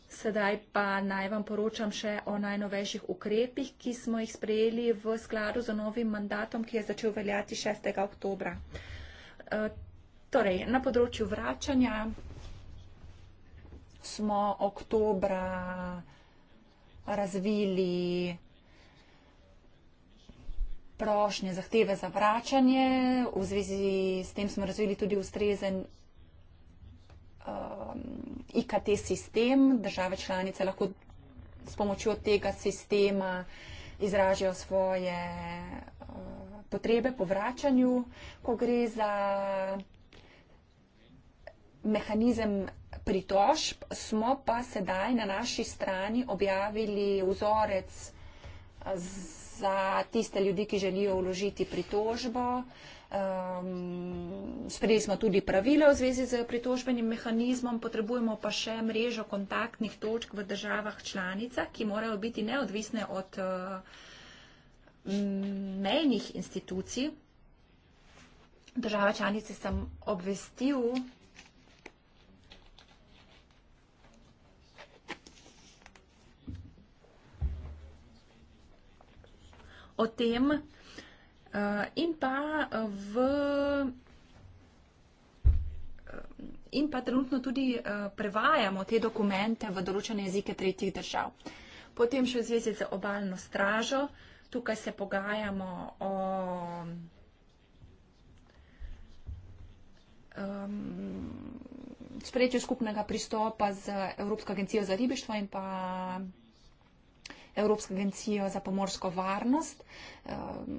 Sedaj pa naj vam poročam še o najnovejših ukrepih, ki smo jih sprejeli v skladu z novim mandatom, ki je začel veljati 6. oktobra. Eh, torej, na področju vračanja smo oktobra razvili prošnje, zahteve za vračanje. V zvezi s tem smo razvili tudi ustrezen um, IKT sistem. Države članice lahko s pomočjo tega sistema izražajo svoje uh, potrebe po vračanju, ko gre za mehanizem pritožb, smo pa sedaj na naši strani objavili vzorec eh, za tiste ljudi, ki želijo vložiti pritožbo. Um, sprejeli smo tudi pravila v zvezi z pritožbenim mehanizmom, potrebujemo pa še mrežo kontaktnih točk v državah članica, ki morajo biti neodvisne od uh, mejnih institucij. Država članice sem obvestil, o tem. Eh, in pa eh, v. Eh, in pa trenutno tudi prevajamo te dokumente v določene jezike tretjih držav. Potem še v zvezi z obaljno stražo, tukaj se pogajamo o. Um, sprejetju skupnega pristopa z Evropsko agencijo za ribištvo in pa Evropsko agencijo za pomorsko varnost.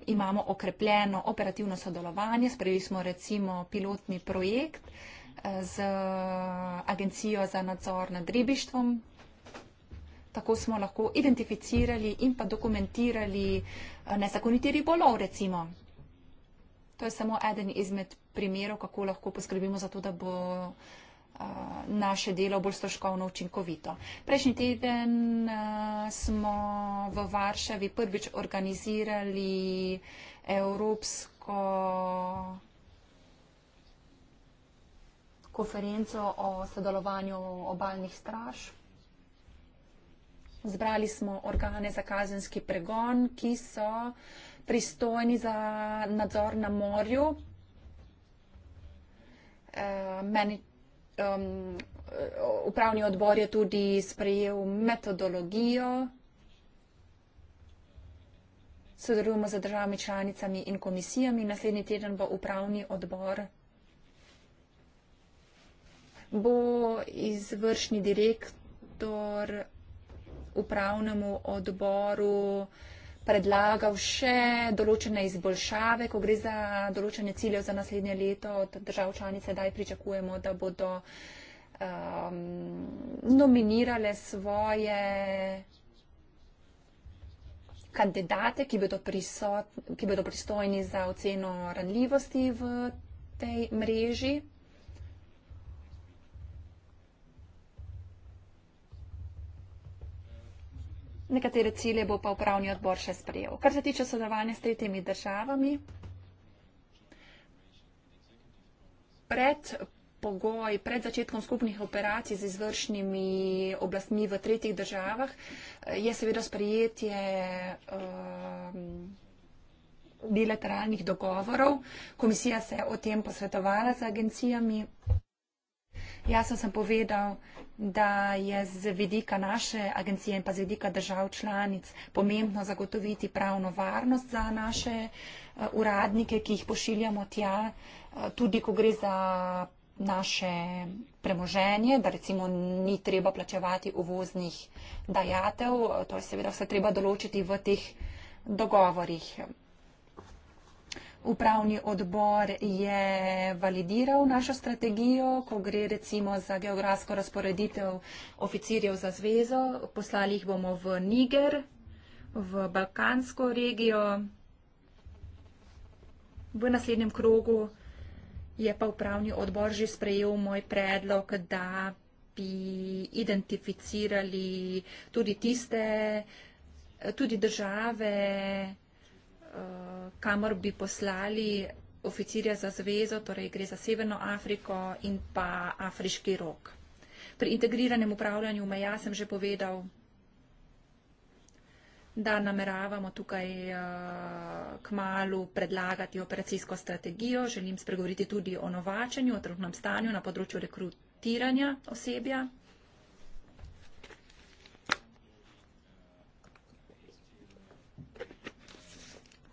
Imamo okrepljeno operativno sodelovanje, sprejeli smo recimo pilotni projekt eh, z agencijo za nadzor nad ribištvom. Tako smo lahko identificirali in pa dokumentirali eh, nezakoniti ribolov recimo. To je samo eden izmed primerov, kako lahko poskrbimo za to, da bo Eh, naše delo bolj stroškovno učinkovito. Prejšnji teden eh, smo v Varšavi prvič organizirali evropsko konferenco o sodelovanju obalnih straž. Zbrali smo organe za kazenski pregon, ki so pristojni za nadzor na morju. Uh, um, upravni odbor je tudi sprejel metodologijo. Sodelujemo z državami članicami in komisijami. Naslednji teden bo upravni odbor. Bo izvršni direktor upravnemu odboru predlagal še določene izboljšave, ko gre za določene cilje za naslednje leto. Od držav članice daj pričakujemo, da bodo um, nominirale svoje kandidate, ki bodo, prisot, ki bodo pristojni za oceno ranljivosti v tej mreži. Nekatere cilje bo pa upravni odbor še sprejel. Kar se tiče sodelovanja s tretjimi državami, pred pogoj, pred začetkom skupnih operacij z izvršnimi oblastmi v tretjih državah eh, je seveda sprejetje um, bilateralnih dogovorov. Komisija se je o tem posvetovala z agencijami. Jasno sem povedal, da je z vidika naše agencije in pa z vidika držav članic pomembno zagotoviti pravno varnost za naše eh, uradnike, ki jih pošiljamo tja, eh, tudi ko gre za naše premoženje, da recimo ni treba plačevati uvoznih dajatev. Eh, to je seveda vse treba določiti v teh dogovorih. Upravni odbor je validiral našo strategijo, ko gre recimo za geografsko razporeditev oficirjev za zvezo. Poslali jih bomo v Niger, v Balkansko regijo. V naslednjem krogu je pa upravni odbor že sprejel moj predlog, da bi identificirali tudi tiste, tudi države, Eh, kamor bi poslali oficirja za zvezo, torej gre za Severno Afriko in pa Afriški rok. Pri integriranem upravljanju meja sem že povedal, da nameravamo tukaj eh, k malu predlagati operacijsko strategijo. Želim spregovoriti tudi o novačenju, o trgnem stanju na področju rekrutiranja osebja.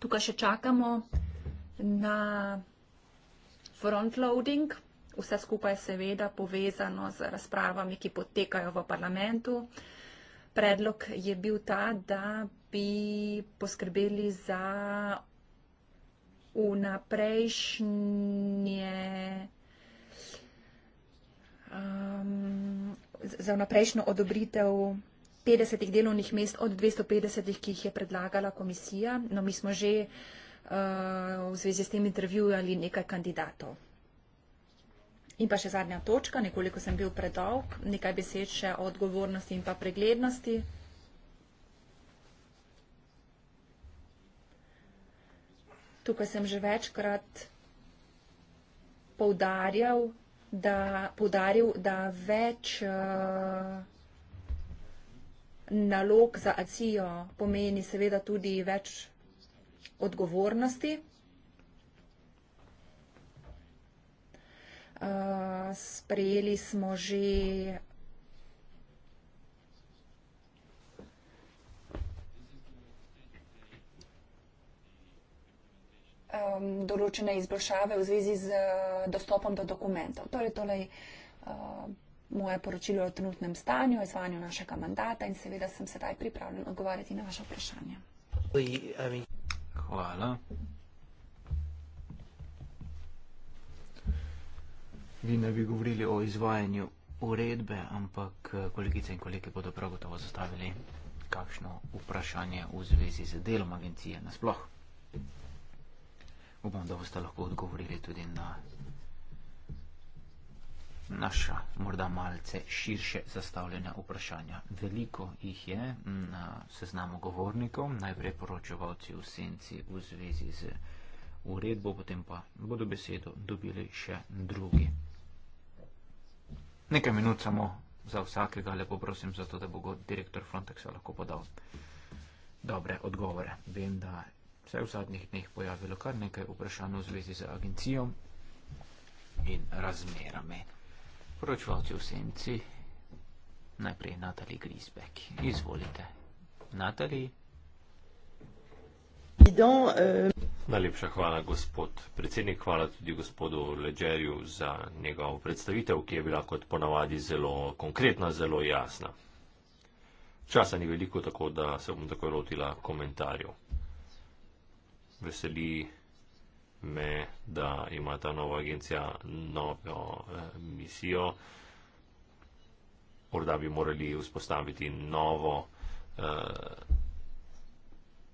Tukaj še čakamo na front loading. Vse skupaj je seveda povezano z razpravami, ki potekajo v parlamentu. Predlog je bil ta, da bi poskrbeli za vnaprejšnje um, za vnaprejšnjo odobritev 50 delovnih mest od 250, ki jih je predlagala komisija. No, mi smo že uh, v zvezi s tem intervjujali nekaj kandidatov. In pa še zadnja točka, nekoliko sem bil predolg, nekaj besed še o odgovornosti in pa preglednosti. Tukaj sem že večkrat poudarjal, da, poudarjal, da več. Uh, nalog za ACIO pomeni seveda tudi več odgovornosti. Uh, sprejeli smo že um, določene izboljšave v zvezi z uh, dostopom do dokumentov. Torej, tole je uh, moje poročilo o trenutnem stanju, o izvanju našega mandata in seveda sem sedaj pripravljen odgovarjati na vaše vprašanje. Hvala. Vi ne bi govorili o izvajanju uredbe, ampak eh, kolegice in kolege bodo prav gotovo zastavili kakšno vprašanje v zvezi z delom agencije nasploh. Upam, da boste lahko odgovorili tudi na naša morda malce širše zastavljena vprašanja. Veliko jih je na seznamu govornikov, najprej poročevalci v senci v zvezi z uredbo, potem pa bodo besedo dobili še drugi. Nekaj minut samo za vsakega, lepo prosim, zato da bo direktor Frontexa lahko podal dobre odgovore. Vem, da se je v zadnjih dneh pojavilo kar nekaj vprašanj v zvezi z agencijo in razmerami. Sporočevalci v senci, najprej Natali Grisbek. Izvolite. Natali. Najlepša hvala, gospod predsednik. Hvala tudi gospodu Ledžerju za njegovo predstavitev, ki je bila kot ponavadi zelo konkretna, zelo jasna. Časa ni veliko, tako da se bom tako rotila komentarjev. Veseli me, da ima ta nova agencija novo eh, misijo. Morda bi morali vzpostaviti novo eh,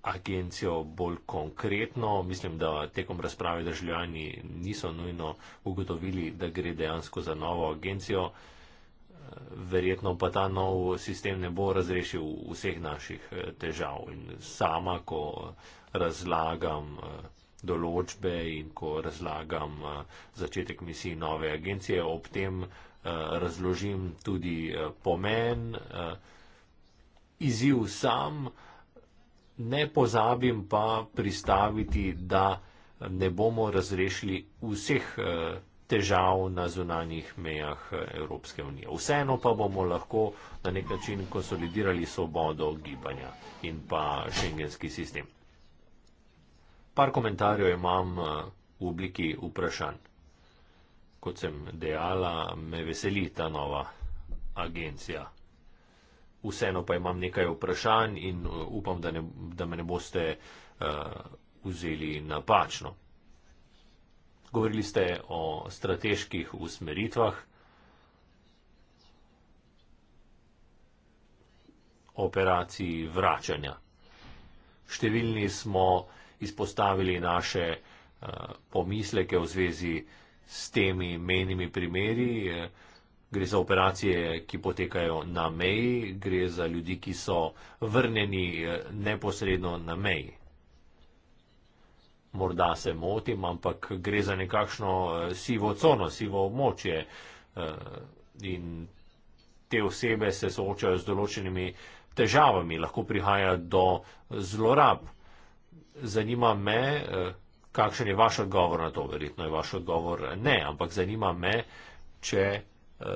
agencijo bolj konkretno. Mislim, da tekom razprave državljani niso nujno ugotovili, da gre dejansko za novo agencijo. Eh, verjetno pa ta nov sistem ne bo razrešil vseh naših težav. In sama, ko razlagam določbe in ko razlagam eh, začetek misij nove agencije, ob tem eh, razložim tudi eh, pomen, izziv sam, ne pozabim pa pristaviti, da ne bomo razrešili vseh težav na zunanjih mejah Evropske unije. Vseeno pa bomo lahko na nek način konsolidirali svobodo gibanja in pa šengenski sistem. Par komentarjev imam eh, v obliki vprašanj. Kot sem dejala, me veseli ta nova agencija. Vseeno pa imam nekaj vprašanj in eh, upam, da, ne, da me ne boste uh, vzeli napačno. Govorili ste o strateških usmeritvah, operaciji vračanja. Številni smo izpostavili naše eh, pomisleke v zvezi s temi menimi primeri. Eh, gre za operacije, ki potekajo na meji, gre za ljudi, ki so vrneni eh, neposredno na meji. Morda se motim, ampak gre za nekakšno sivo cono, sivo območje in te osebe se soočajo z določenimi težavami, lahko prihaja do zlorab, zanima me, eh, kakšen je vaš odgovor na to, verjetno je vaš odgovor eh, ne, ampak zanima me, če eh,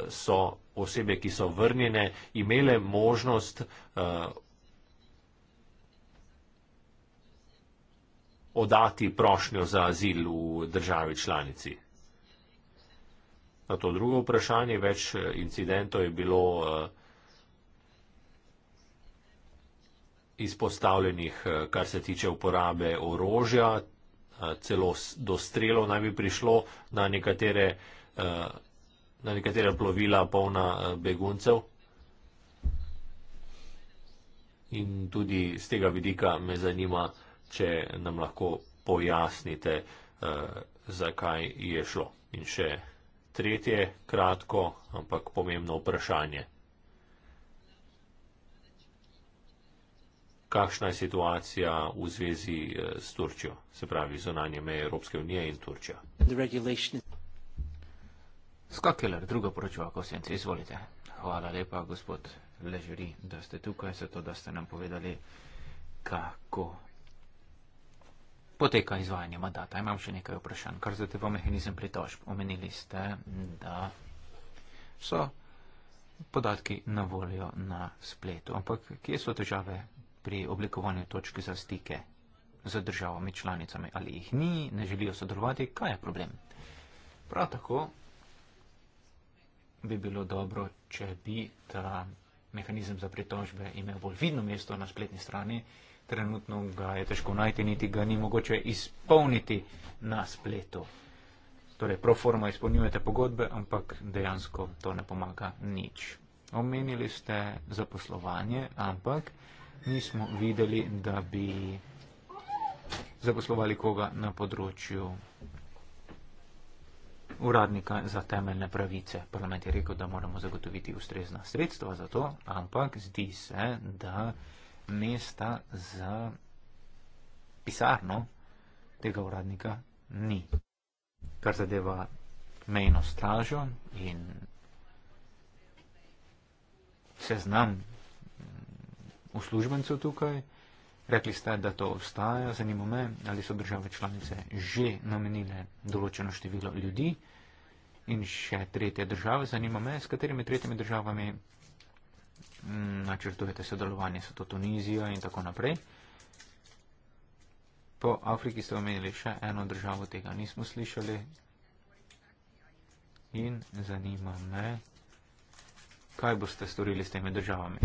so osebe, ki so vrnjene, imele možnost uh, odati prošnjo za azil v državi članici. Na to drugo vprašanje, več incidentov je bilo. Uh, izpostavljenih, eh, kar se tiče uporabe orožja, eh, celo do strelov naj bi prišlo na nekatere, eh, na nekatere plovila polna beguncev. In tudi z tega vidika me zanima, če nam lahko pojasnite, zakaj je šlo. In še tretje, kratko, ampak pomembno vprašanje. kakšna je situacija v zvezi eh, s Turčjo, se pravi zonanje meje Evropske unije in Turčja. Skakeler, druga poročila, ko se izvolite. Hvala lepa, gospod Ležeri, da ste tukaj, zato da ste nam povedali, kako poteka izvajanje mandata. Imam še nekaj vprašanj, kar zate pa mehanizem pritožb. Omenili ste, da so podatki na voljo na spletu, ampak kje so težave pri oblikovanju točk za stike z državami članicami ali jih ni, ne želijo sodelovati, kaj je problem. Prav tako bi bilo dobro, če bi ta mehanizem za pritožbe imel bolj vidno mesto na spletni strani. Trenutno ga je težko najti, niti ga ni mogoče izpolniti na spletu. Torej, pro forma izpolnjujete pogodbe, ampak dejansko to ne pomaga nič. Omenili ste zaposlovanje, ampak nismo videli, da bi zaposlovali koga na področju uradnika za temeljne pravice. Parlament je rekel, da moramo zagotoviti ustrezna sredstva za to, ampak zdi se, da mesta za pisarno tega uradnika ni. Kar zadeva mejno stražo in seznam uslužbencev tukaj. Rekli ste, da to obstaja. Zanima me, ali so države članice že namenile določeno število ljudi. In še tretje države, zanima me, s katerimi tretjimi državami mm, načrtujete sodelovanje, so to Tunizija in tako naprej. Po Afriki ste omenili še eno državo, tega nismo slišali. In zanima me, Kaj boste storili s temi državami?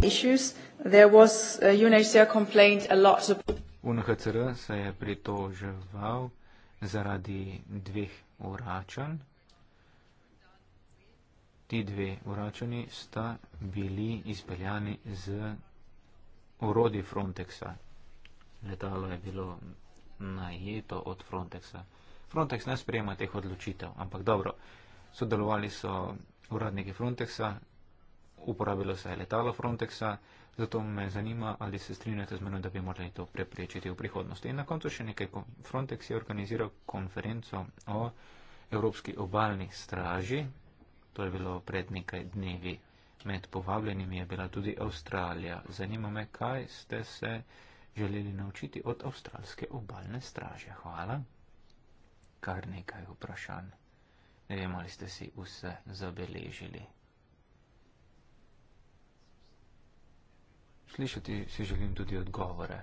Uh, UNHCR se je pritoževal zaradi dveh uračanj. Ti dve uračani sta bili izpeljani z orodi Frontexa. Letalo je bilo najeto od Frontexa. Frontex ne sprejema teh odločitev, ampak dobro, sodelovali so uradniki Frontexa uporabilo se je letalo Frontexa, zato me zanima, ali se strinjate z menoj, da bi morali to preprečiti v prihodnosti. In na koncu še nekaj. Frontex je organiziral konferenco o Evropski obalni straži. To je bilo pred nekaj dnevi. Med povabljenimi je bila tudi Avstralija. Zanima me, kaj ste se želeli naučiti od avstralske obalne straže. Hvala. Kar nekaj vprašanj. Ne vem, ali ste si vse zabeležili. Slišati si želim tudi odgovore.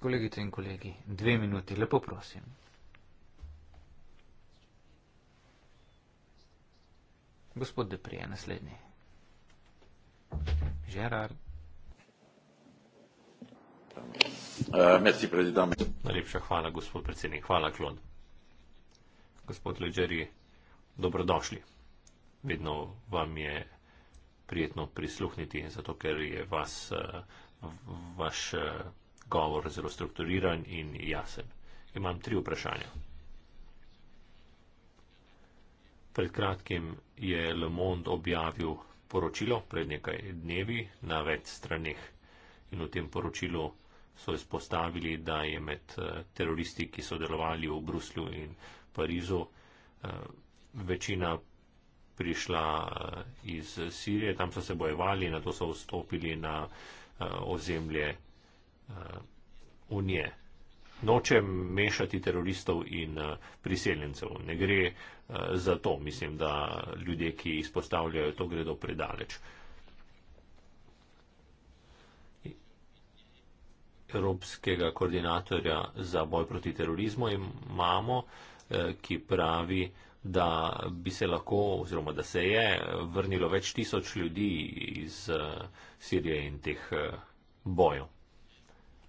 Kolegice in kolegi, dve minuti, lepo prosim. Gospod Deprije, naslednji. Žerar. Eh, merci, predsednik. Najlepša hvala, gospod predsednik. Hvala, klon. Gospod Leđeri, dobrodošli. Vedno vam je prijetno prisluhniti, zato ker je vas, eh, vaš eh, govor zelo strukturiran in jasen. Imam tri vprašanja. Pred kratkim je Le Monde objavil poročilo pred nekaj dnevi na več straneh in v tem poročilu so izpostavili, da je med eh, teroristi, ki so delovali v Bruslju in Parizu, večina prišla eh, iz Sirije, tam so se bojevali, na to so vstopili na eh, ozemlje eh, Unije. Noče mešati teroristov in priseljencev. Ne gre za to. Mislim, da ljudje, ki izpostavljajo to, gredo predaleč. Evropskega koordinatorja za boj proti terorizmu imamo, ki pravi, da da bi se lahko oziroma da se je vrnilo več tisoč ljudi iz eh, Sirije in teh eh, bojev.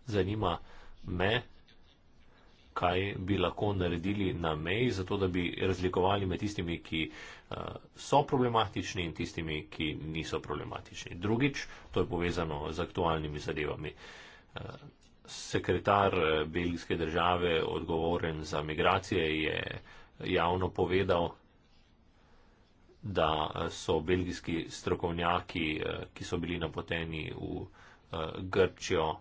Zanima me, kaj bi lahko naredili na meji, zato da bi razlikovali med tistimi, ki eh, so problematični in tistimi, ki niso problematični. Drugič, to je povezano z aktualnimi zadevami. Sekretar belgijske države, odgovoren za migracije, je javno povedal, da so belgijski strokovnjaki, eh, ki so bili napoteni v eh, Grčijo,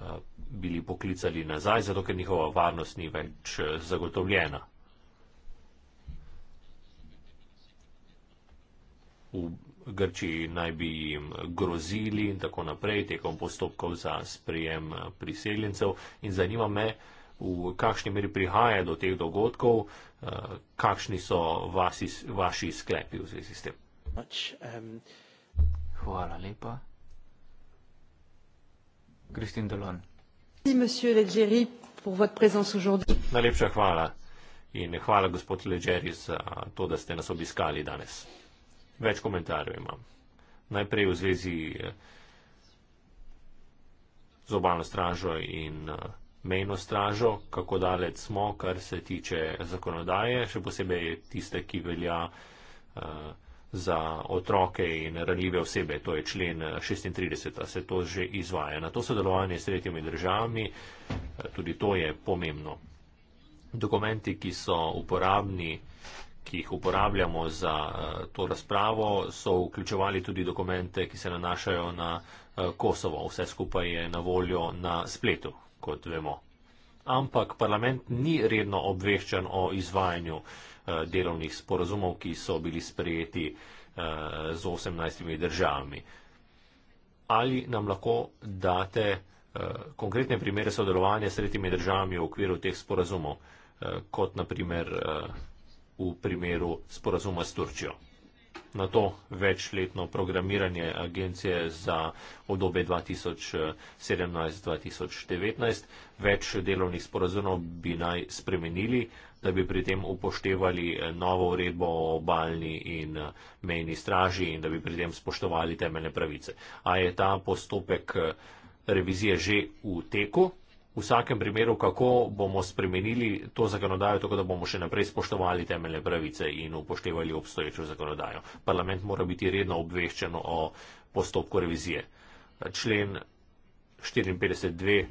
eh, bili poklicali nazaj, zato ker njihova varnost ni več zagotovljena. V Grčiji naj bi jim grozili in tako naprej tekom postopkov za sprejem priseljencev in zanima me, v kakšni meri prihaja do teh dogodkov, eh, kakšni so vasi, vaši sklepi v zvezi s tem. Um, hvala lepa. Kristin Dolan. Najlepša hvala in hvala gospod Leđeri za to, da ste nas obiskali danes. Več komentarjev imam. Najprej v zvezi eh, z obalno stražo in uh, mejno stražo, kako daleč smo, kar se tiče zakonodaje, še posebej tiste, ki velja uh, za otroke in ranljive osebe, to je člen 36, eh, se to že izvaja. Na to sodelovanje s tretjimi državami, eh, tudi to je pomembno. Dokumenti, ki so uporabni, ki jih uporabljamo za to razpravo, so vključevali tudi dokumente, ki se nanašajo na Kosovo. Vse skupaj je na voljo na spletu kot vemo. Ampak parlament ni redno obveščen o izvajanju eh, delovnih sporozumov, ki so bili sprejeti eh, z 18 državami. Ali nam lahko date eh, konkretne primere sodelovanja s tretjimi državami v okviru teh sporozumov, eh, kot naprimer eh, v primeru sporozuma s Turčijo? na to večletno programiranje agencije za obdobje 2017-2019. Več delovnih sporazumov bi naj spremenili, da bi pri tem upoštevali eh, novo uredbo o obaljni in eh, mejni straži in da bi pri tem spoštovali temeljne pravice. A je ta postopek eh, revizije že v teku? V vsakem primeru, kako bomo spremenili to zakonodajo, tako da bomo še naprej spoštovali temeljne pravice in upoštevali obstoječo zakonodajo. Parlament mora biti redno obveščen o postopku revizije. Člen 54.2 eh,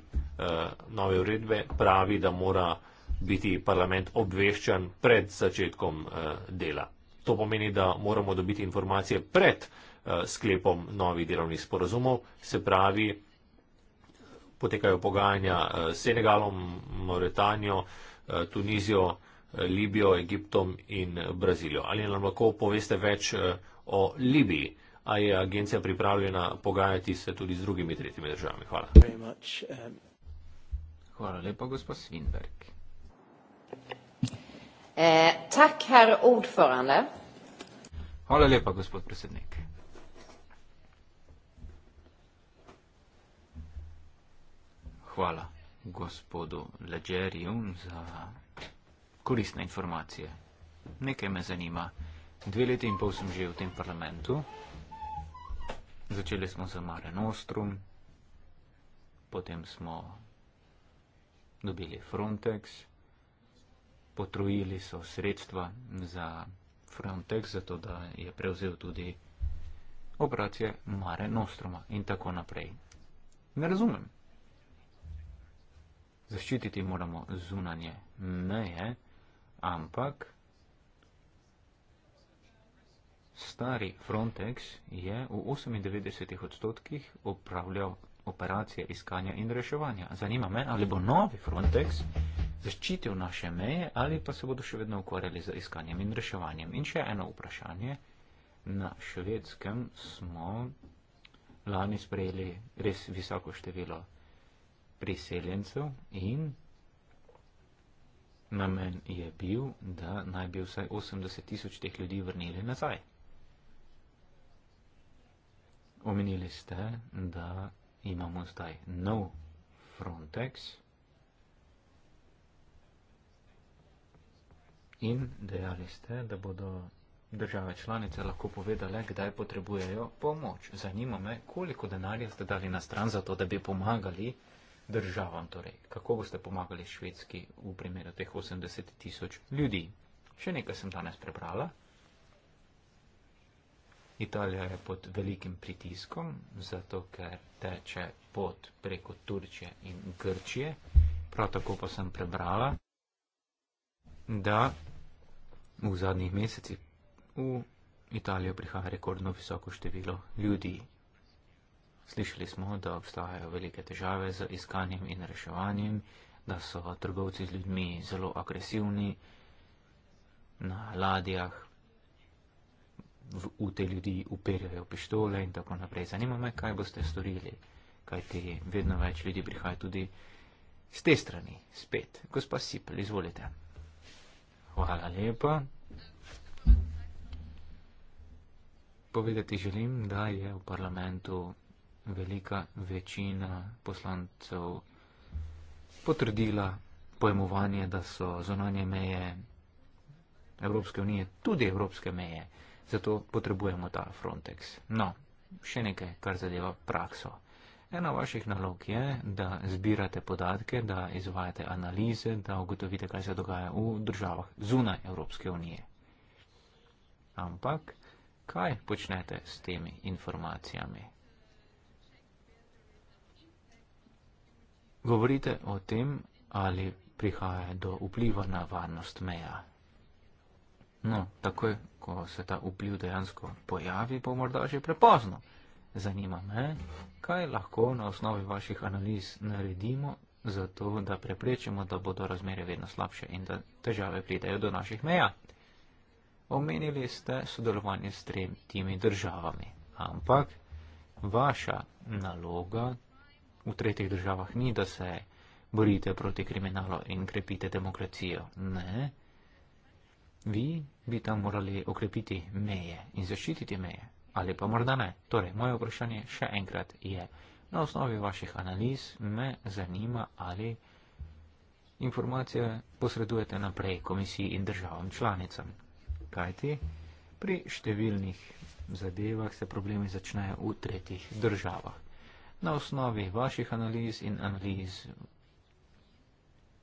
nove uredbe pravi, da mora biti parlament obveščen pred začetkom eh, dela. To pomeni, da moramo dobiti informacije pred eh, sklepom novih delovnih sporozumov, se pravi, potekajo pogajanja eh, s Senegalom, Mauretanijo, eh, Tunizijo, eh, Libijo, Egiptom in Brazilijo. Ali nam lahko poveste več o Libiji? A je agencija pripravljena pogajati se tudi z drugimi tretjimi državami? Hvala. Um, Hvala lepa, gospod Svinberg. Eh, tak, Hvala lepa, gospod predsednik. hvala gospodu Leđeriju za korisne informacije. Nekaj me zanima. Dve leti in pol sem že v tem parlamentu. Začeli smo z Mare Nostrum, potem smo dobili Frontex, potrojili so sredstva za Frontex, zato da je prevzel tudi operacije Mare Nostruma in tako naprej. Ne razumem zaščititi moramo zunanje meje, ampak stari Frontex je v 98 odstotkih upravljal operacije iskanja in reševanja. Zanima me, ali bo novi Frontex zaščitil naše meje ali pa se bodo še vedno ukvarjali z iskanjem in reševanjem. In še eno vprašanje. Na švedskem smo lani sprejeli res visoko število priseljencev in namen je bil, da naj bi vsaj 80 tisoč teh ljudi vrnili nazaj. Omenili ste, da imamo zdaj nov Frontex in dejali ste, da bodo države članice lahko povedale, kdaj potrebujejo pomoč. Zanima me, koliko denarja ste dali na stran za to, da bi pomagali državam. Torej. Kako boste pomagali švedski v primeru teh 80 tisoč ljudi? Še nekaj sem danes prebrala. Italija je pod velikim pritiskom, zato ker teče pot preko Turčije in Grčije. Prav tako pa sem prebrala, da v zadnjih mesecih v Italijo prihaja rekordno visoko število ljudi Slišali smo, da obstajajo velike težave z iskanjem in reševanjem, da so trgovci z ljudmi zelo agresivni na ladjah, v, v te ljudi uperjajo pištole in tako naprej. Zanima me, kaj boste storili, kajti vedno več ljudi prihaja tudi s te strani, spet. Gospa Sipel, izvolite. Hvala lepa. Povedati želim, da je v parlamentu velika večina poslancev potrdila pojmovanje, da so zonanje meje Evropske unije tudi evropske meje. Zato potrebujemo ta Frontex. No, še nekaj, kar zadeva prakso. Ena vaših nalog je, da zbirate podatke, da izvajate analize, da ugotovite, kaj se dogaja v državah zunaj Evropske unije. Ampak, kaj počnete s temi informacijami? Govorite o tem, ali prihaja do vpliva na varnost meja. No, takoj, ko se ta vpliv dejansko pojavi, bo morda že prepozno. Zanima me, kaj lahko na osnovi vaših analiz naredimo, zato da preprečimo, da bodo razmere vedno slabše in da težave pridejo do naših meja. Omenili ste sodelovanje s tremi državami, ampak vaša naloga v tretjih državah ni, da se borite proti kriminalu in krepite demokracijo. Ne. Vi bi tam morali okrepiti meje in zaščititi meje. Ali pa morda ne. Torej, moje vprašanje še enkrat je, na osnovi vaših analiz me zanima, ali informacije posredujete naprej komisiji in državam članicam. Kajti, pri številnih zadevah se problemi začnejo v tretjih državah na osnovi vaših analiz in analiz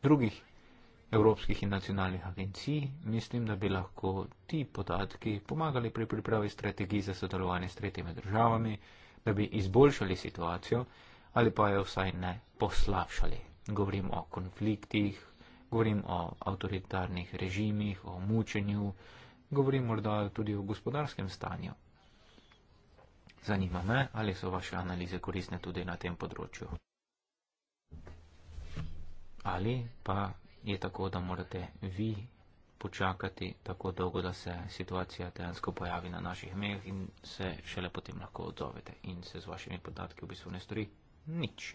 drugih evropskih in nacionalnih agencij, mislim, da bi lahko ti podatki pomagali pri pripravi strategij za sodelovanje s tretjimi državami, da bi izboljšali situacijo ali pa jo vsaj ne poslavšali. Govorim o konfliktih, govorim o avtoritarnih režimih, o mučenju, govorim morda tudi o gospodarskem stanju. Zanima me, ali so vaše analize koristne tudi na tem področju. Ali pa je tako, da morate vi počakati tako dolgo, da se situacija dejansko pojavi na naših mejah in se šele potem lahko odzovete in se z vašimi podatki v bistvu ne stori nič.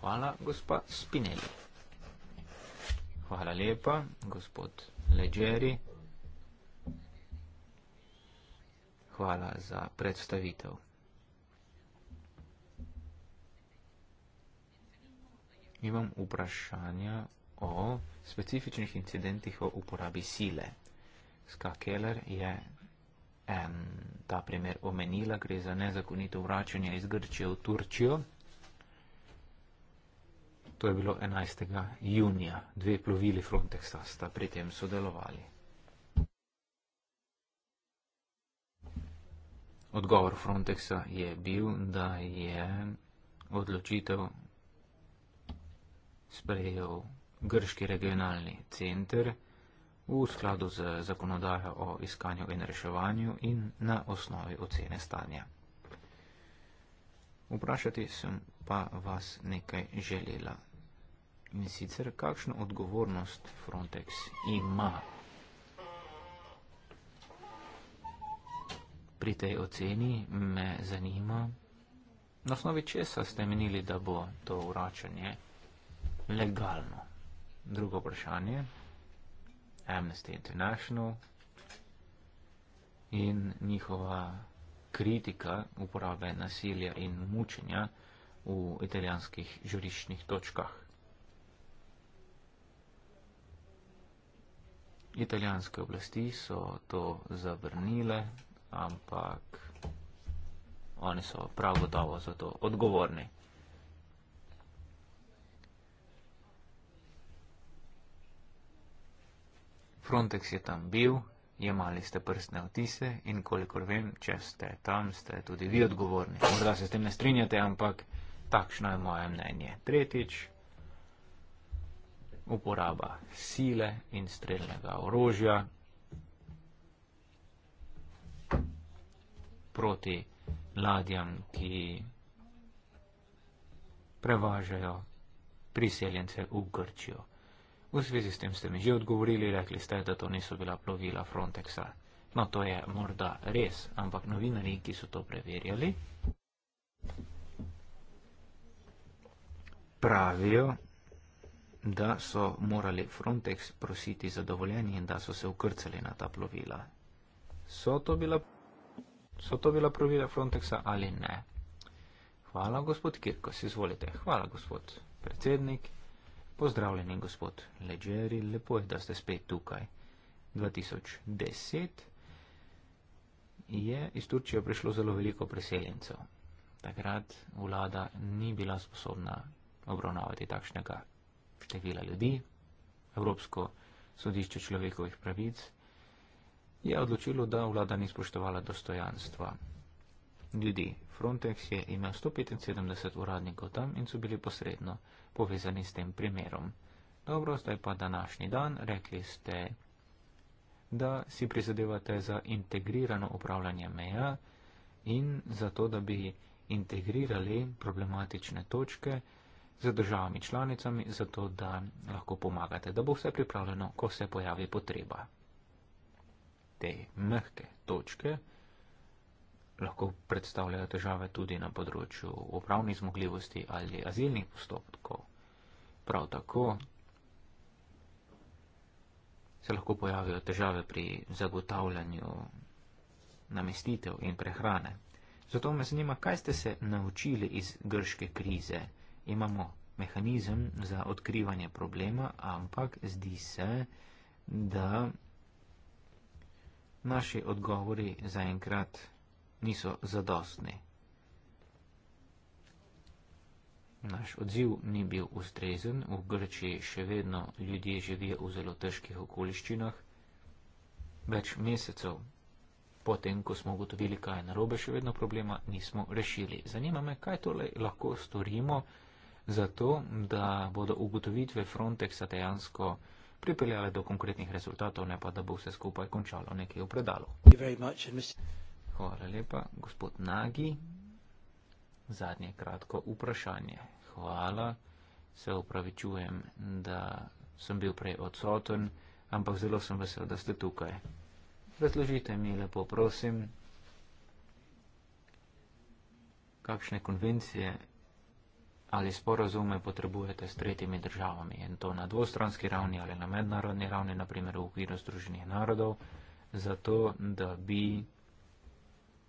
Hvala, gospa Spinelli. Hvala lepa, gospod Leggeri. Hvala. Hvala za predstavitev. Imam vprašanja o specifičnih incidentih o uporabi sile. Ska Keller je en, ta primer omenila, gre za nezakonito vračanje iz Grčije v Turčijo. To je bilo 11. junija. Dve plovili Frontexa sta pri tem sodelovali. odgovor Frontexa je bil, da je odločitev sprejel Grški regionalni center v skladu z zakonodajo o iskanju in reševanju in na osnovi ocene stanja. Vprašati sem pa vas nekaj želela. In sicer, kakšno odgovornost Frontex ima pri tej oceni me zanima, na osnovi česa ste menili, da bo to vračanje legalno. Drugo vprašanje, Amnesty International in njihova kritika uporabe nasilja in mučenja v italijanskih žuriščnih točkah. Italijanske oblasti so to zavrnile ampak oni so prav gotovo za to odgovorni. Frontex je tam bil, jemali ste prstne otise in kolikor vem, če ste tam, ste tudi vi odgovorni. Morda se s tem ne strinjate, ampak takšno je moje mnenje. Tretjič, uporaba sile in streljnega orožja proti ladjam, ki prevažajo priseljence v Grčijo. V zvezi s tem ste mi že odgovorili, rekli ste, da to niso bila plovila Frontexa. No, to je morda res, ampak novinari, ki so to preverjali, pravijo, da so morali Frontex prositi za dovoljenje in da so se ukrcali na ta plovila. So to bila plovila? so to bila pravila Frontexa ali ne. Hvala, gospod Kirkos, izvolite. Hvala, gospod predsednik. Pozdravljeni, gospod Leđeri, lepo je, da ste spet tukaj. 2010 je iz Turčije prišlo zelo veliko preseljencev. Takrat vlada ni bila sposobna obravnavati takšnega števila ljudi. Evropsko sodišče človekovih pravic je odločilo, da vlada ni spoštovala dostojanstva ljudi. Frontex je imel 175 uradnikov tam in so bili posredno povezani s tem primerom. Dobro, zdaj pa današnji dan. Rekli ste, da si prizadevate za integrirano upravljanje meja in za to, da bi integrirali problematične točke z državami članicami, zato da lahko pomagate, da bo vse pripravljeno, ko se pojavi potreba te mehke točke lahko predstavljajo težave tudi na področju upravnih zmogljivosti ali azilnih postopkov. Prav tako se lahko pojavijo težave pri zagotavljanju namestitev in prehrane. Zato me zanima, kaj ste se naučili iz grške krize. Imamo mehanizem za odkrivanje problema, ampak zdi se, da naši odgovori zaenkrat niso zadostni. Naš odziv ni bil ustrezen, v Grčiji še vedno ljudje živijo v zelo težkih okoliščinah. Več mesecev potem, ko smo ugotovili, kaj je narobe, še vedno problema nismo rešili. Zanima me, kaj tole lahko storimo, zato da bodo ugotovitve Frontexa dejansko pripeljale do konkretnih rezultatov, ne pa da bo vse skupaj končalo nekaj v predalu. Hvala lepa, gospod Nagi. Zadnje kratko vprašanje. Hvala, se upravičujem, da sem bil prej odsoten, ampak zelo sem vesel, da ste tukaj. Razložite mi lepo, prosim, kakšne konvencije ali sporozume potrebujete s tretjimi državami in to na dvostranski ravni ali na mednarodni ravni, naprimer v okviru Združenih narodov, zato da bi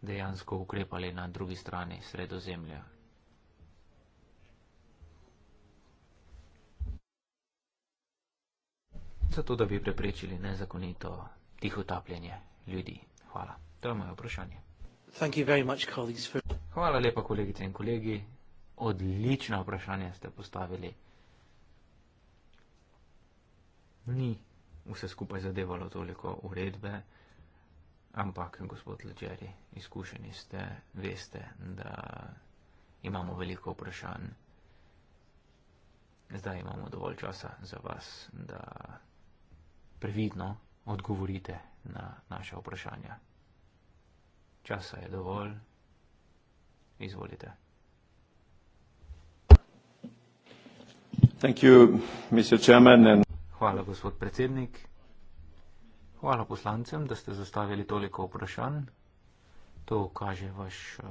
dejansko ukrepali na drugi strani sredozemlja. Zato, da bi preprečili nezakonito tihotapljenje ljudi. Hvala. To je moje vprašanje. Hvala lepa, kolegice in kolegi, Odlično vprašanje ste postavili. Ni vse skupaj zadevalo toliko uredbe, ampak, gospod Ločeri, izkušeni ste, veste, da imamo veliko vprašanj. Zdaj imamo dovolj časa za vas, da previdno odgovorite na naše vprašanja. Časa je dovolj, izvolite. Hvala, gospod predsednik. Hvala poslancem, da ste zastavili toliko vprašanj. To kaže vaš uh,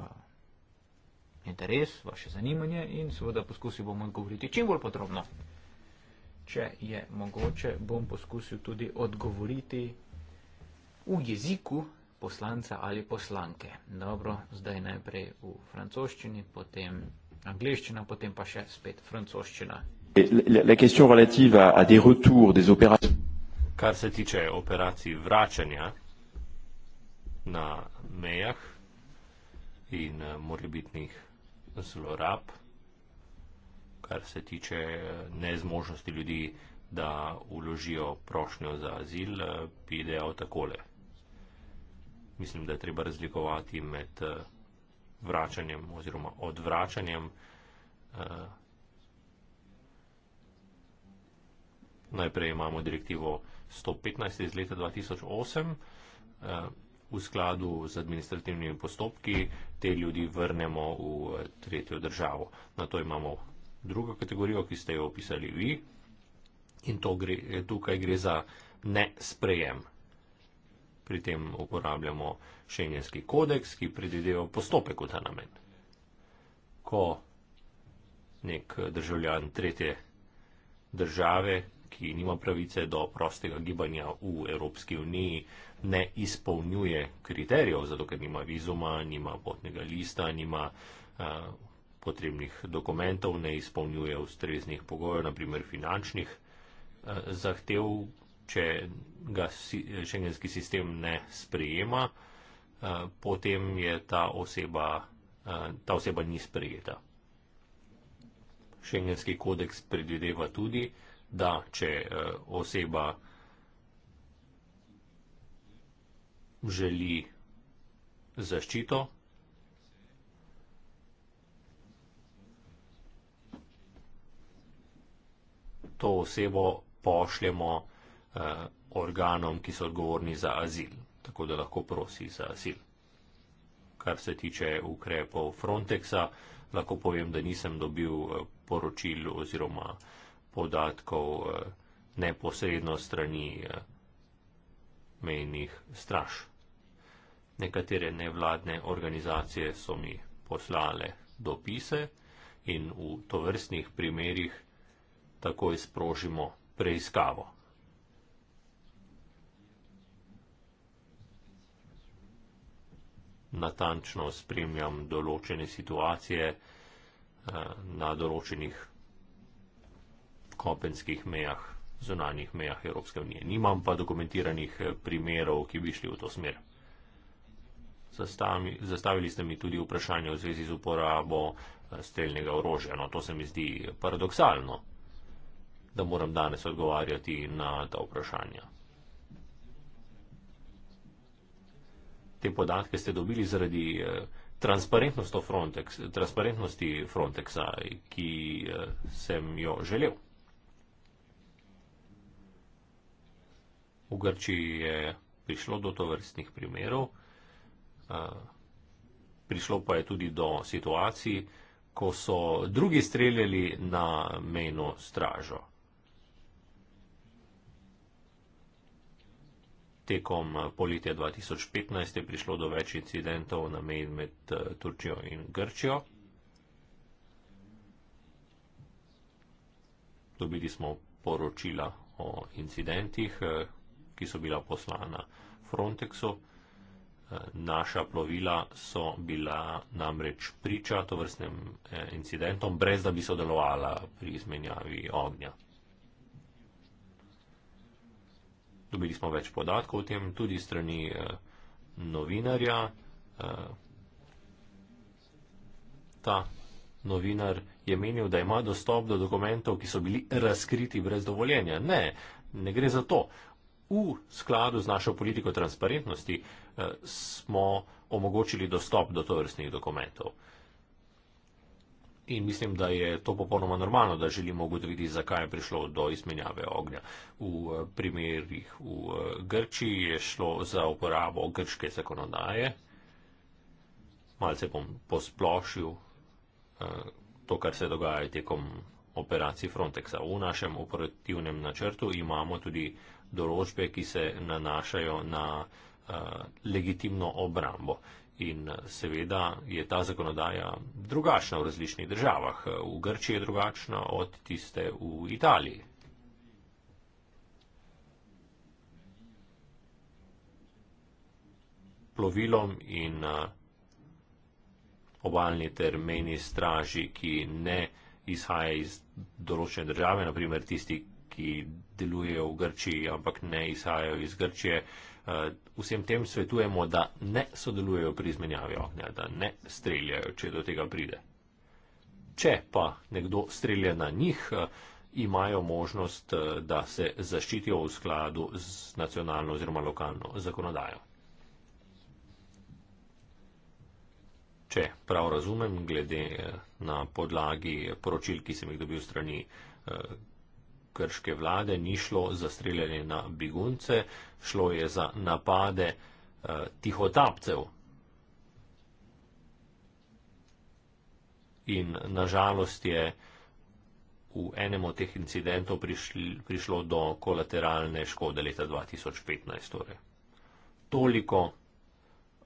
interes, vaše zanimanje in seveda poskusil bomo odgovoriti čim bolj podrobno. Če je mogoče, bom poskusil tudi odgovoriti v jeziku poslanca ali poslanke. Dobro, zdaj najprej v francoščini, potem angliščina, potem pa še spet francoščina la question relative à, à des retours des opérations. Kar se tiče operacij vračanja na mejah in eh, morebitnih zlorab, kar se tiče eh, nezmožnosti ljudi, da uložijo prošnjo za azil, eh, bi dejal takole. Mislim, da je treba razlikovati med vračanjem oziroma odvračanjem. Najprej imamo direktivo 115 iz leta 2008. Eh, v skladu z administrativnimi postopki te ljudi vrnemo v eh, tretjo državo. Na to imamo drugo kategorijo, ki ste jo opisali vi. In gre, eh, tukaj gre za ne sprejem. Pri tem uporabljamo šengenski kodeks, ki predvideva postopek v ta namen. Ko nek državljan tretje države, ki nima pravice do prostega gibanja v Evropski uniji, ne izpolnjuje kriterijev, zato ker nima vizuma, nima potnega lista, nima a, eh, potrebnih dokumentov, ne izpolnjuje ustreznih pogojev, naprimer finančnih a, eh, zahtev, če ga si, šengenski sistem ne sprejema, a, eh, potem je ta oseba, a, ta oseba ni sprejeta. Šengenski kodeks predvideva tudi, da če e, oseba želi zaščito, to osebo pošljemo e, organom, ki so odgovorni za azil, tako da lahko prosi za azil. Kar se tiče ukrepov Frontexa, lahko povem, da nisem dobil e, poročil oziroma uh, podatkov eh, neposredno strani eh, mejnih straž. Nekatere nevladne organizacije so mi poslale dopise in v tovrstnih primerjih takoj sprožimo preiskavo. Natančno spremljam določene situacije eh, na določenih kopenskih mejah, zunanjih mejah Evropske unije. Nimam pa dokumentiranih eh, primerov, ki bi šli v to smer. Zastavili ste mi tudi vprašanje v zvezi z uporabo eh, streljnega orožja. No, to se mi zdi paradoksalno, da moram danes odgovarjati na ta vprašanja. Te podatke ste dobili zaradi eh, transparentnosti Frontexa, ki sem jo želel. V Grčiji je prišlo do tovrstnih primerov, prišlo pa je tudi do situacij, ko so drugi streljali na mejno stražo. Tekom poletja 2015 je prišlo do več incidentov na meji med e, Turčijo in Grčijo. Dobili smo poročila o incidentih, e, ki so bila poslana Frontexu. Eh, naša plovila so bila namreč priča tovrstnem eh, incidentom, brez da bi sodelovala pri izmenjavi ognja. Dobili smo več podatkov o tem, tudi strani eh, novinarja. Ta novinar je menil, da ima dostop do dokumentov, ki so bili razkriti brez dovoljenja. Ne, ne gre za to. V skladu z našo politiko transparentnosti eh, smo omogočili dostop do tovrstnih dokumentov. In mislim, da je to popolnoma normalno, da želimo ugotoviti, zakaj je prišlo do izmenjave ognja. V eh, primerih v eh, Grčiji je šlo za uporabo grške zakonodaje. Malce bom posplošil to, kar se dogaja tekom operacij Frontexa. V našem operativnem načrtu imamo tudi določbe, ki se nanašajo na uh, legitimno obrambo. In seveda je ta zakonodaja drugačna v različnih državah. V Grčiji je drugačna od tiste v Italiji. Plovilom in uh, obalni ter meni straži, ki ne izhaja iz določene države, naprimer tisti, ki delujejo v Grčiji, ampak ne izhajajo iz Grčije. Eh, vsem tem svetujemo, da ne sodelujejo pri izmenjavi ognja, da ne streljajo, če do tega pride. Če pa nekdo strelja na njih, eh, imajo možnost, eh, da se zaščitijo v skladu z nacionalno oziroma lokalno zakonodajo. Če prav razumem, glede na podlagi poročil, ki sem jih dobil strani grške vlade ni šlo za streljanje na begunce, šlo je za napade eh, tihotapcev. In nažalost je v enem od teh incidentov prišli, prišlo do kolateralne škode leta 2015. Torej. Toliko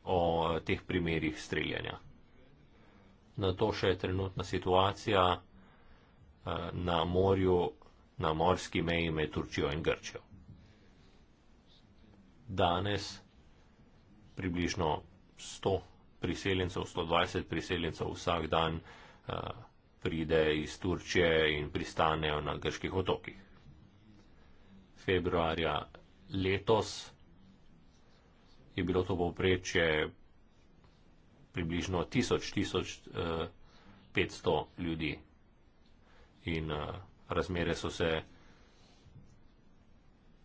o eh, teh primerih streljanja. Na to še je trenutna situacija eh, na morju na morski meji med Turčijo in Grčijo. Danes približno 100 priseljencev, 120 priseljencev vsak dan uh, pride iz Turčije in pristanejo na grških otokih. Februarja letos je bilo to povprečje približno 1000-1500 eh, ljudi in uh, razmere so se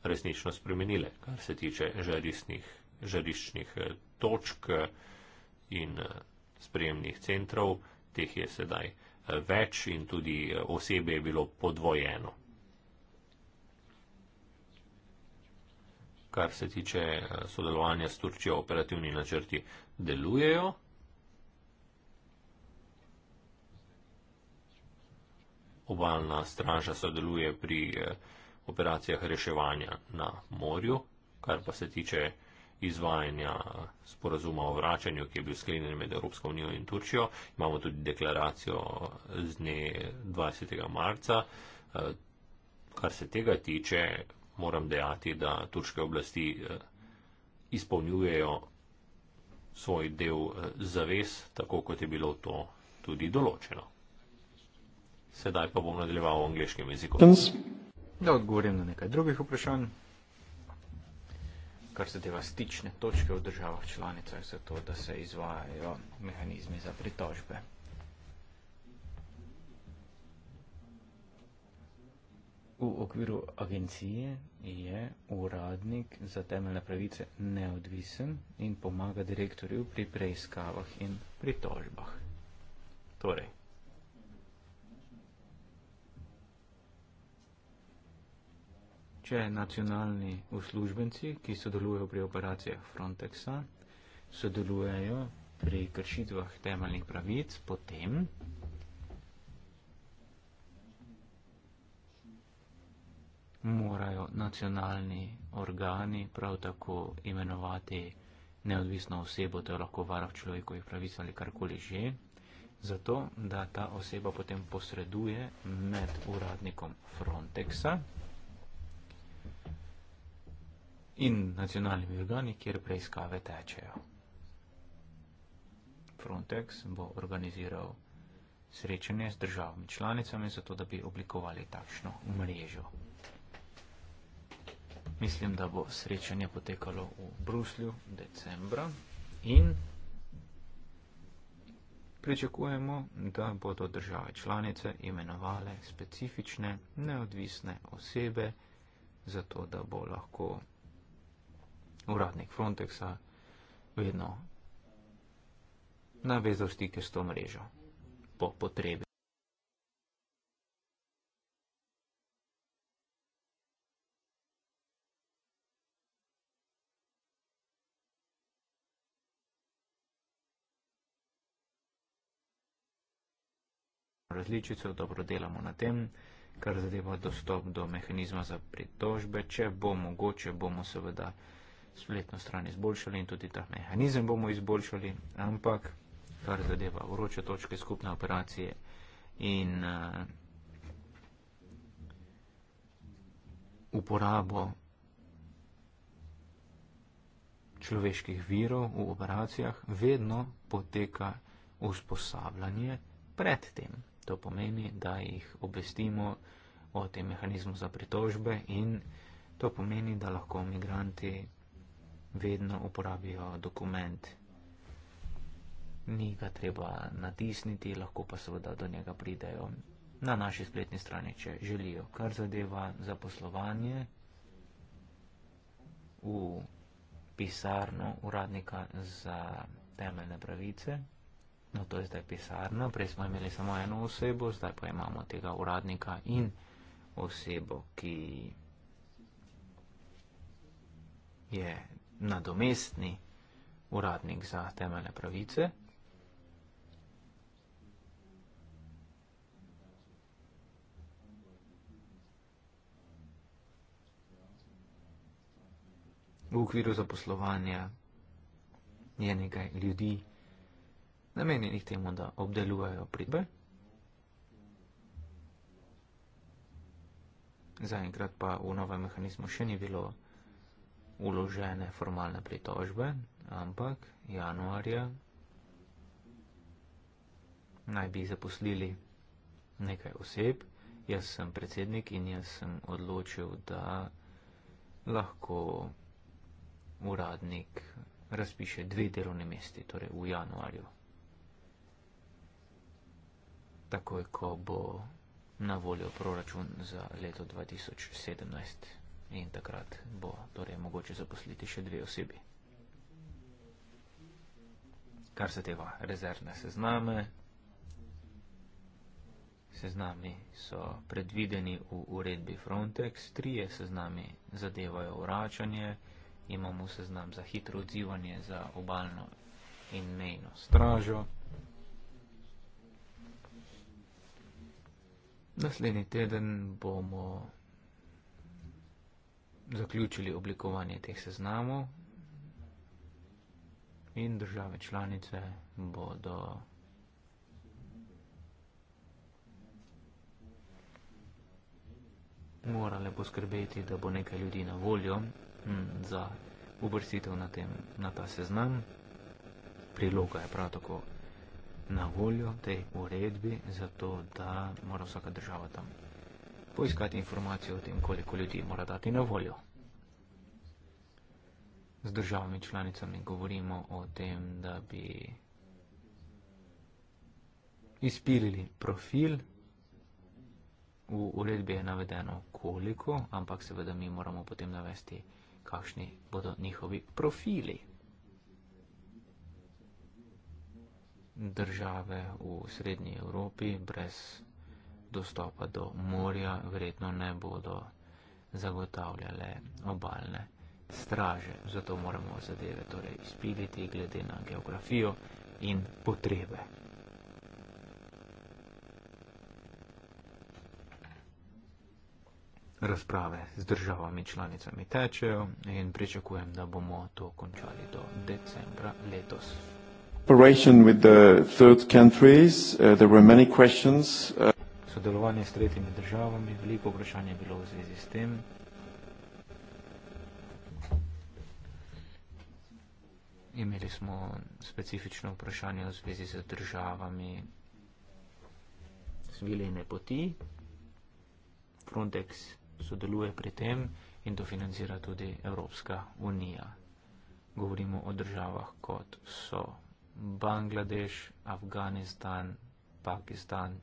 resnično spremenile, kar se tiče žariščnih eh, točk eh, in eh, spremnih centrov, teh je sedaj več in tudi osebe je bilo podvojeno. Kar se tiče sodelovanja s Turčijo, operativni načrti delujejo. obalna straža sodeluje pri eh, operacijah reševanja na morju, kar pa se tiče izvajanja sporazuma o vračanju, ki je bil sklenjen med Evropsko unijo in Turčijo. Imamo tudi deklaracijo z dne 20. marca. Eh, kar se tega tiče, moram dejati, da turške oblasti eh, izpolnjujejo svoj del zaves, tako kot je bilo to tudi določeno. Sedaj pa bom nadaljeval v angliškem jeziku. Da odgovorim na nekaj drugih vprašanj, kar se deva stične točke v državah članicah, zato da se izvajajo mehanizmi za pritožbe. V okviru agencije je uradnik za temeljne pravice neodvisen in pomaga direktorju pri preiskavah in pritožbah. Torej, še nacionalni uslužbenci, ki sodelujejo pri operacijah Frontexa, sodelujejo pri kršitvah temeljnih pravic potem, morajo nacionalni organi prav tako imenovati neodvisno osebo, to je lahko varah človekovih pravic ali karkoli že, zato da ta oseba potem posreduje med uradnikom Frontexa, in nacionalnimi organi, kjer preiskave tečejo. Frontex bo organiziral srečanje s državami članicami, zato da bi oblikovali takšno mrežo. Mislim, da bo srečanje potekalo v Bruslju decembra in pričakujemo, da bodo države članice imenovale specifične, neodvisne osebe, zato da bo lahko uradnik Frontexa vedno navezal stike s to mrežo po potrebi. Različico dobro delamo na tem, kar zadeva dostop do mehanizma za pritožbe. Če bo mogoče, bomo seveda spletno stran izboljšali in tudi ta mehanizem bomo izboljšali, ampak kar zadeva vroče točke skupne operacije in uh, uporabo človeških virov v operacijah, vedno poteka usposabljanje pred tem. To pomeni, da jih obvestimo o tem mehanizmu za pritožbe in to pomeni, da lahko migranti vedno uporabijo dokument. Ni ga treba natisniti, lahko pa seveda do njega pridejo na naši spletni strani, če želijo. Kar zadeva zaposlovanje v pisarno uradnika za temeljne pravice. No, to je zdaj pisarna, prej smo imeli samo eno osebo, zdaj pa imamo tega uradnika in osebo, ki je nadomestni uradnik za temeljne pravice. V okviru zaposlovanja je nekaj ljudi namenjenih temu, da obdelujejo pribe. Zaenkrat pa v novem mehanizmu še ni bilo vložene formalne pritožbe, ampak januarja naj bi zaposlili nekaj oseb. Jaz sem predsednik in jaz sem odločil, da lahko uradnik razpiše dve delovne mesti, torej v januarju. Takoj, ko bo na voljo proračun za leto 2017 in takrat bo torej mogoče zaposliti še dve osebi. Kar se teva rezervne sezname, seznami so predvideni v uredbi Frontex, trije seznami zadevajo vračanje, imamo seznam za hitro odzivanje za obalno in mejno stražo. Naslednji teden bomo zaključili oblikovanje teh seznamov in države članice bodo morale poskrbeti, da bo nekaj ljudi na voljo hm, za uvrstitev na, tem, na ta seznam. Priloga je prav tako na voljo tej uredbi, zato da mora vsaka država tam poiskati informacije o tem, koliko ljudi mora dati na voljo. Z državami članicami govorimo o tem, da bi izpilili profil. V uredbi je navedeno koliko, ampak seveda mi moramo potem navesti, kakšni bodo njihovi profili. Države v srednji Evropi brez dostopa do morja verjetno ne bodo zagotavljale obalne straže. Zato moramo zadeve torej izpiliti glede na geografijo in potrebe. Razprave z državami članicami tečejo in pričakujem, da bomo to končali do decembra letos. Operation with the third countries, uh, there were many questions. Uh sodelovanje s tretjimi državami, veliko vprašanje bilo v zvezi s tem. Imeli smo specifično vprašanje v zvezi z državami zviljene poti. Frontex sodeluje pri tem in to financira tudi Evropska unija. Govorimo o državah kot so Bangladeš, Afganistan, Pakistan,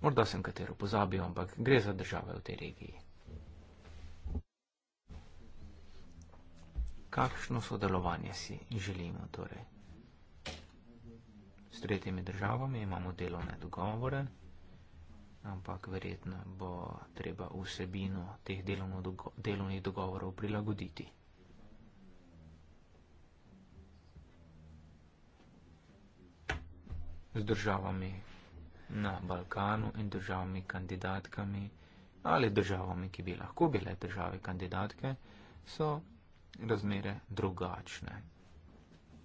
Morda sem katero pozabil, ampak gre za države v tej regiji. Kakšno sodelovanje si želimo torej? S tretjimi državami imamo delovne dogovore, ampak verjetno bo treba vsebino teh delovno, delovnih dogovorov prilagoditi. S državami, na Balkanu in državami kandidatkami ali državami, ki bi lahko bile države kandidatke, so razmere drugačne.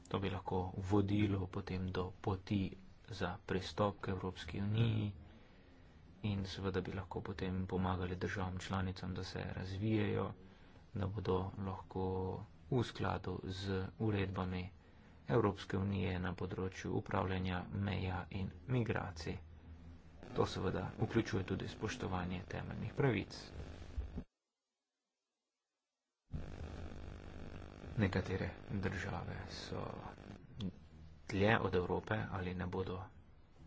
To bi lahko vodilo potem do poti za pristop k Evropski uniji in seveda bi lahko potem pomagali državam članicam, da se razvijejo, da bodo lahko v skladu z uredbami Evropske unije na področju upravljanja meja in migracij. To seveda vključuje tudi spoštovanje temeljnih pravic. Nekatere države so dlje od Evrope ali ne bodo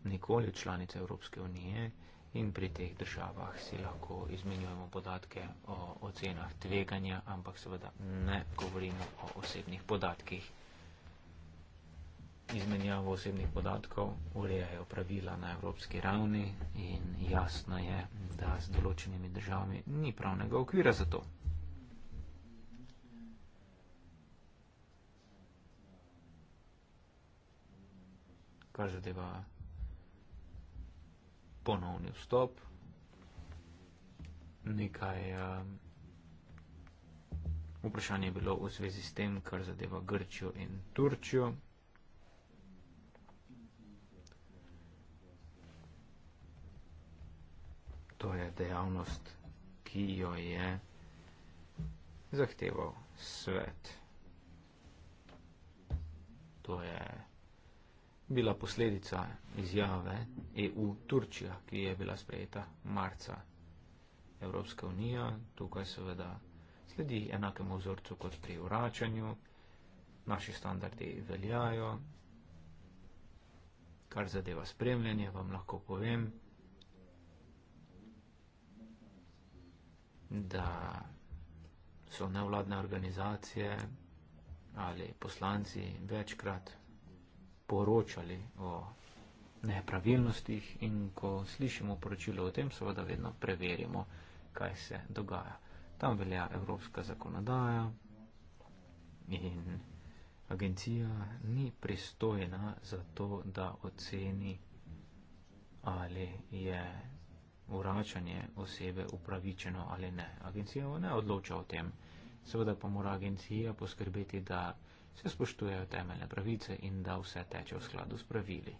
nikoli članice Evropske unije in pri teh državah si lahko izmenjujemo podatke o ocenah tveganja, ampak seveda ne govorimo o osebnih podatkih izmenjavo osebnih podatkov urejajo pravila na evropski ravni in jasno je, da z določenimi državami ni pravnega okvira za to. Kar zadeva ponovni vstop, nekaj um, vprašanje je bilo v zvezi s tem, kar zadeva Grčijo in Turčijo. to je dejavnost, ki jo je zahteval svet. To je bila posledica izjave EU Turčija, ki je bila sprejeta marca. Evropska unija tukaj seveda sledi enakemu vzorcu kot pri vračanju, naši standardi veljajo. Kar zadeva spremljanje, vam lahko povem, da so nevladne organizacije ali poslanci večkrat poročali o nepravilnostih in ko slišimo poročilo o tem, seveda vedno preverimo, kaj se dogaja. Tam velja evropska zakonodaja in agencija ni pristojna za to, da oceni, ali je vračanje osebe upravičeno ali ne. Agencija ne odloča o tem. Seveda pa mora agencija poskrbeti, da se spoštujejo temeljne pravice in da vse teče v skladu s pravili.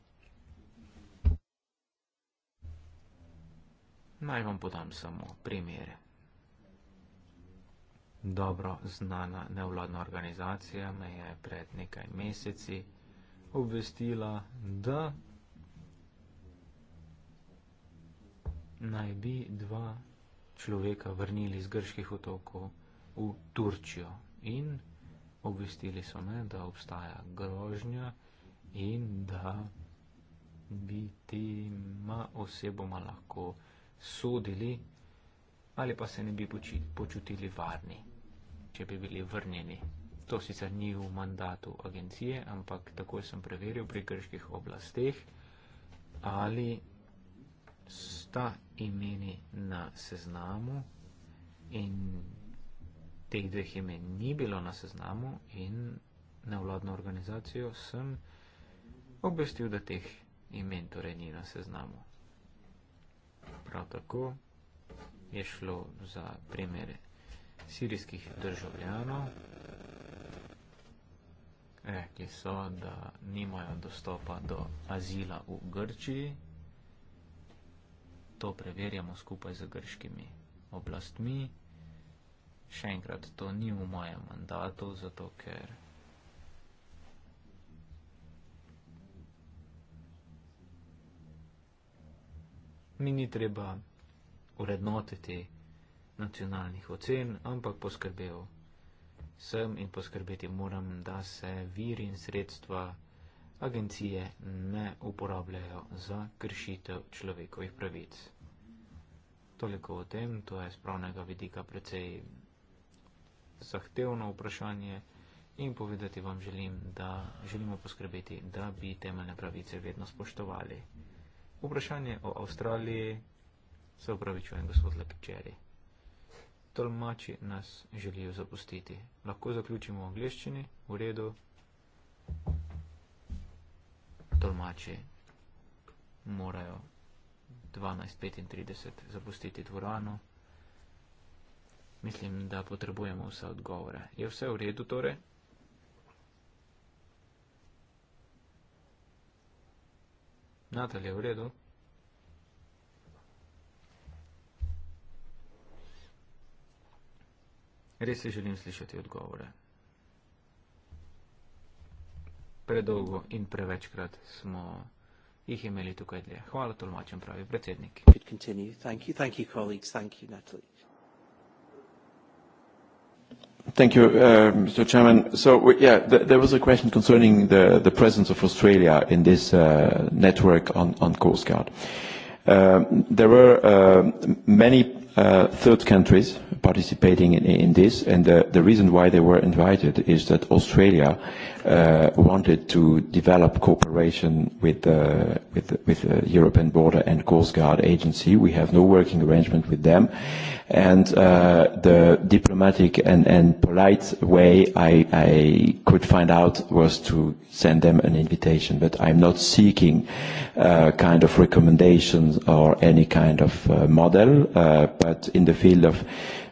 Naj vam podam samo primere. Dobro znana nevladna organizacija me je pred nekaj meseci obvestila, da naj bi dva človeka vrnili z grških otokov v Turčijo in obvestili so me, da obstaja grožnja in da bi tema osebama lahko sodili ali pa se ne bi počutili varni, če bi bili vrnjeni. To sicer ni v mandatu agencije, ampak takoj sem preveril pri grških oblasteh, ali sta imeni na seznamu in teh dveh imen ni bilo na seznamu in na vladno organizacijo sem obvestil, da teh imen torej ni na seznamu. Prav tako je šlo za primere sirijskih državljanov. Rekli so, da nimajo dostopa do azila v Grčiji to preverjamo skupaj z grškimi oblastmi. Še enkrat, to ni v mojem mandatu, zato ker mi ni treba urednotiti nacionalnih ocen, ampak poskrbel sem in poskrbeti moram, da se vir in sredstva agencije ne uporabljajo za kršitev človekovih pravic. Toliko o tem, to je z pravnega vidika precej zahtevno vprašanje in povedati vam želim, da želimo poskrbeti, da bi temeljne pravice vedno spoštovali. Vprašanje o Avstraliji se upravičujem, gospod Lepičeri. Tolmači nas želijo zapustiti. Lahko zaključimo v angliščini, v redu domači morajo 12.35 zapustiti dvorano. Mislim, da potrebujemo vse odgovore. Je vse v redu torej? Natal je v redu? Res si želim slišati odgovore predolgo in prevečkrat smo jih imeli tukaj dlje. Hvala tolmačem, pravi predsednik. Thank you, uh, Mr. Chairman. So, yeah, th there was a question concerning the, the presence of Australia in this uh, network on, on Coast Guard. Um, there were uh, many uh, third countries participating in, in this, and the, the reason why they were invited is that Australia Uh, wanted to develop cooperation with the uh, with the, with the European Border and Coast Guard Agency. We have no working arrangement with them, and uh, the diplomatic and and polite way I I could find out was to send them an invitation. But I'm not seeking a uh, kind of recommendations or any kind of uh, model. Uh, but in the field of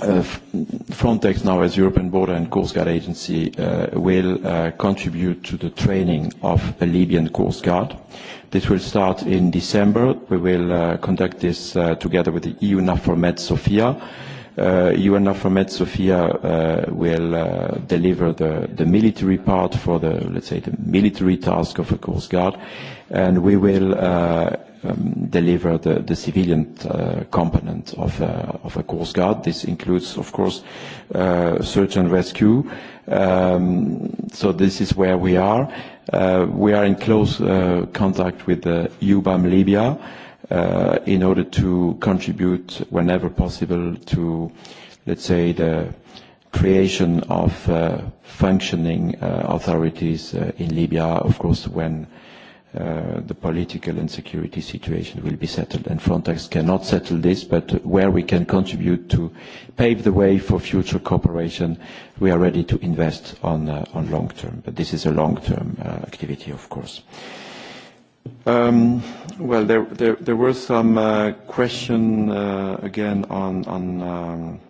Uh, Frontex now as European Border and Coast Guard Agency uh, will uh, contribute to the training of a Libyan Coast Guard. This will start in December. We will uh, conduct this uh, together with the EU NAFOR Med Sofia. Uh, Uh, you and Ahmed Sophia uh, will uh, deliver the, the military part for the, let's say, the military task of a Coast Guard, and we will uh, um, deliver the, the civilian uh, component of, uh, of a Coast Guard. This includes, of course, uh, search and rescue. Um, so this is where we are. Uh, we are in close uh, contact with the uh, UBAM Libya. Uh, Uh, in order to contribute whenever possible to, let's say, the creation of uh, functioning uh, authorities uh, in Libya, of course, when uh, the political and security situation will be settled. And Frontex cannot settle this, but where we can contribute to pave the way for future cooperation, we are ready to invest on, uh, on long term. But this is a long term uh, activity, of course. Uh, Um, well, there were some uh, question uh, again on um,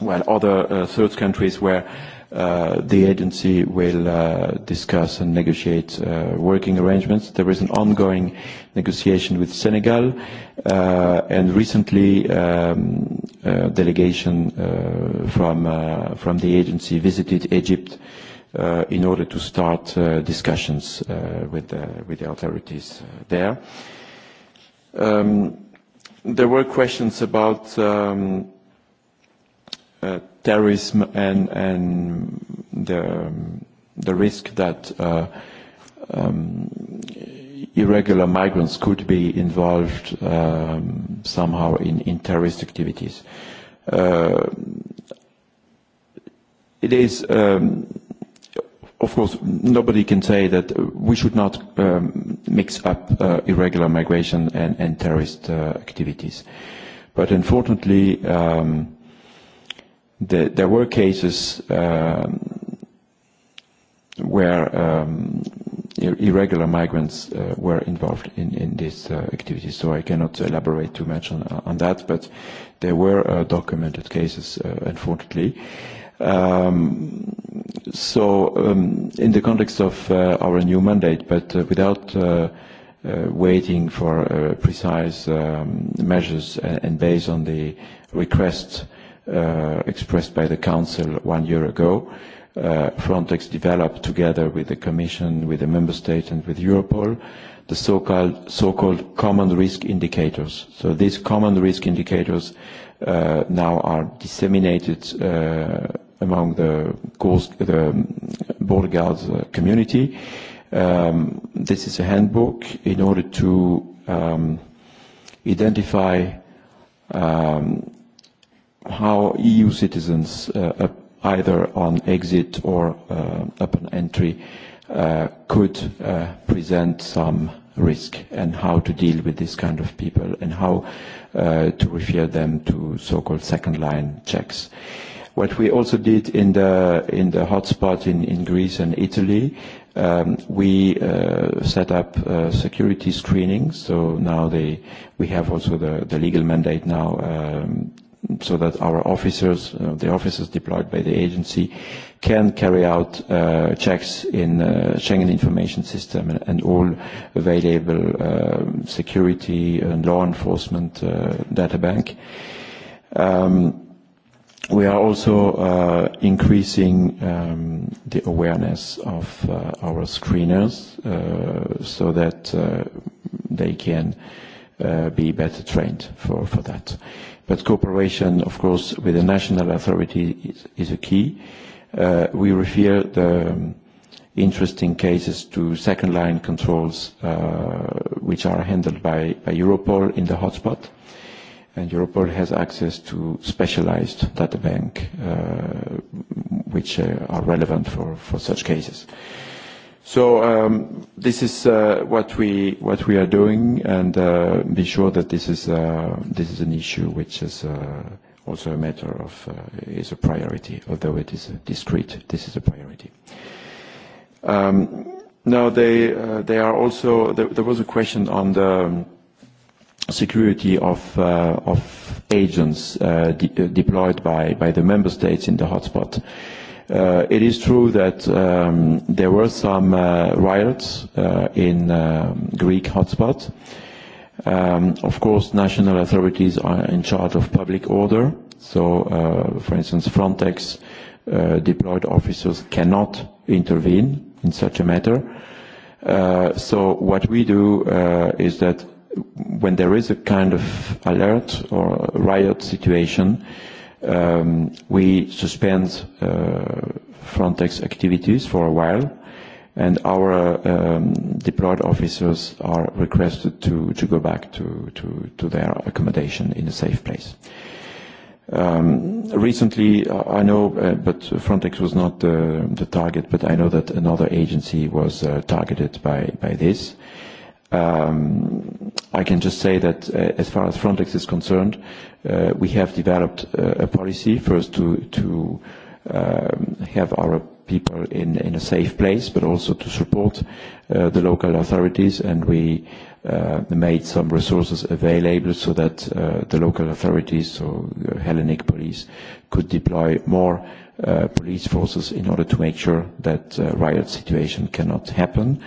well, other uh, third countries where the agency will discuss and negotiate working arrangements. There is an ongoing negotiation with Senegal, and recently, um, delegation from the agency visited Egypt Uh, in order to start uh, discussions uh, with the authorities there. Um, there were questions about um, terrorism and the risk that um, irregular migrants could be involved somehow in terrorist activities. It is Of course, nobody can say that we should not um, mix up uh, irregular migration and terrorist uh, activities. But unfortunately, um, there were cases um, where irregular migrants uh, were involved in these activities, so I cannot elaborate too much on that, but there were documented cases, unfortunately. So, um, in the context of uh, our new mandate, but uh, without uh, waiting for precise um, measures and based on the request expressed by the council one year ago, Frontex developed together with the Commission, with the member state, and with Europol, the so-called common risk indicators. So these common risk indicators now are disseminated among the course the border guards uh, community. Um, this is a handbook in order to um, identify um, how EU citizens uh, up, either on exit or uh, upon entry uh, could uh, present some risk and how to deal with this kind of people and how uh, to refer them to so-called second line checks. Uh, What we also did in the hotspot in Greece and Italy, um, we uh, set up uh, security screenings, so now we have also the legal mandate now, um, so that our officers, uh, the officers deployed by the agency, can carry out checks in Schengen Information System and all available um, security and law enforcement data bank. We are also uh, increasing um, the awareness of uh, our screeners uh, so that they can be better trained for that. But cooperation, of course, with the national authority is a key. We refer the um, interesting cases to second-line controls, which are handled by Europol in the hotspot and Europol has access to specialized data bank uh, which uh, are relevant for, for such cases. So um, this is uh, what we what we are doing, and uh, be sure that this is uh, this is an issue which is uh, also a matter of uh, is a priority. Although it is discreet, this is a priority. Um, now they uh, they are also there, there was a question on the. Um, security of, uh, of agents uh, de uh, deployed by, by the member states in the hotspot. Uh, it is true that um, there were some uh, riots uh, in uh, Greek hotspot. Um, of course, national authorities are in charge of public order. So, uh, for instance, Frontex uh, deployed officers cannot intervene in such a matter. Uh, so what we do uh, is that when there is a kind of alert or riot situation, um, we suspend uh, Frontex activities for a while, and our uh, um, deployed officers are requested to, to go back to, to, to their accommodation in a safe place. Um, recently, I know, uh, but Frontex was not uh, the target, but I know that another agency was uh, targeted by, by this. Uh, Um, I can just say that uh, as far as Frontex is concerned, uh, we have developed uh, a policy first to, to um, have our people in, in a safe place, but also to support uh, the local authorities, and we uh, made some resources available so that uh, the local authorities, so Hellenic police, could deploy more uh, police forces in order to make sure that uh, riot situation cannot happen. Uh,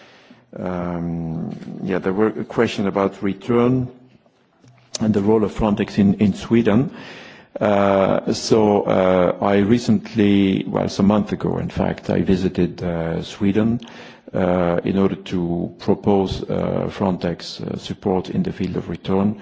Um, yeah, there were a question about return and the role of Frontex in Sweden. Uh, uh, well, some month ago, in fact, I visited uh, Sweden in order to propose Frontex support in the field of return.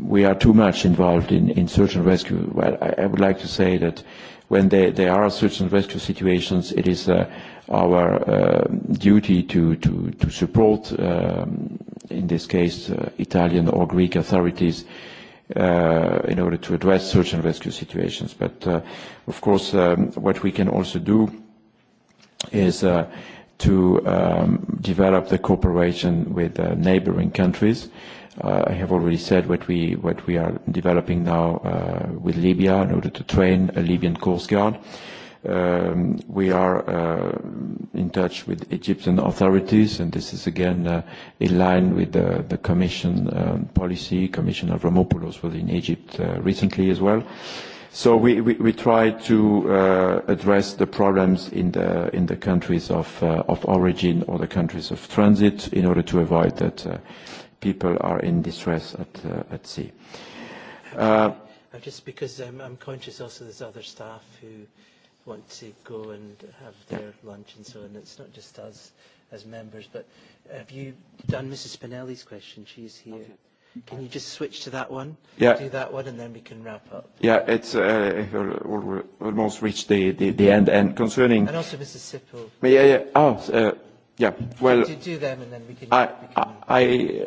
we are too much involved in, in search and rescue. Well, I, I would like to say that when there, there are search and rescue situations, it is uh, our uh, duty to, to, to support, um, in this case, uh, Italian or Greek authorities uh, in order to address search and rescue situations. But, uh, of course, um, what we can also do is uh, to um, develop the cooperation with uh, neighboring countries. Uh, Uh, I have already said what we, what we are developing now uh, with Libya in order to train a Libyan Coast Guard. Um, we are uh, in touch with Egyptian authorities, and this is again uh, in line with the, the Commission um, policy. Commissioner Romopoulos was in Egypt uh, recently as well. So we, we, we try to uh, address the problems in the, in the countries of, uh, of origin or the countries of transit in order to avoid that. Uh, people are in distress at, uh, at sea. Uh, just because um, I'm conscious also there's other staff who want to go and have their yeah. lunch and so on. It's not just us as members, but have you done Mrs. Spinelli's question? She's here. Can you just switch to that one? Yeah. Do that one and then we can wrap up. Yeah, it's uh, almost reached the, the, the end. And concerning... And also Mrs. Sippel. Yeah, yeah. Oh, uh, yeah. Well... Do, do them and then we can... I, we can... I, I,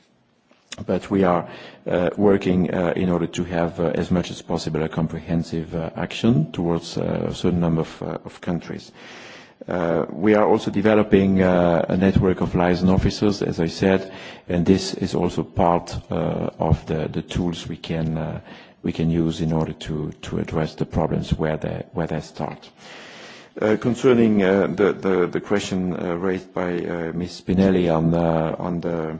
We are uh, working uh, in order to have uh, as much as possible a comprehensive action towards a certain number of countries. We are also developing a network of liaison officers, as I said, and this is also part of the tools we can use in order to address the problems where they start. Concerning the question raised by Ms. Spinelli on the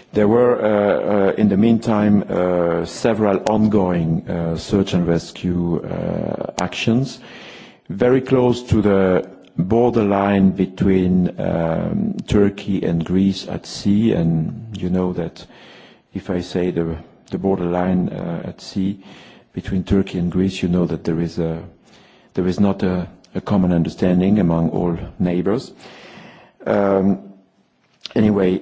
There were, uh, uh, in the meantime, uh, several ongoing uh, search and rescue uh, actions very close to the borderline between um, Turkey and Greece at sea. And you know that if I say the, the borderline uh, at sea between Turkey and Greece, you know that there is, a, there is not a, a common understanding among all neighbors. Um, anyway,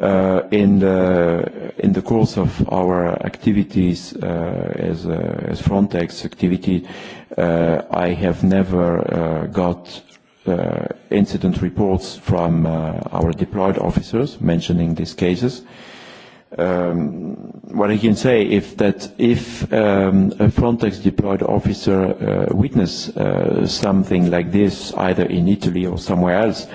Uh, in the in the course of our activities uh, as uh, as Frontex activity, uh, I have never uh, got. Uh, incident reports from uh, our deployed officers mentioning these cases. Um, what I can say is that if um, a Frontex deployed officer uh, witnessed uh, something like this either in Italy or somewhere else, uh,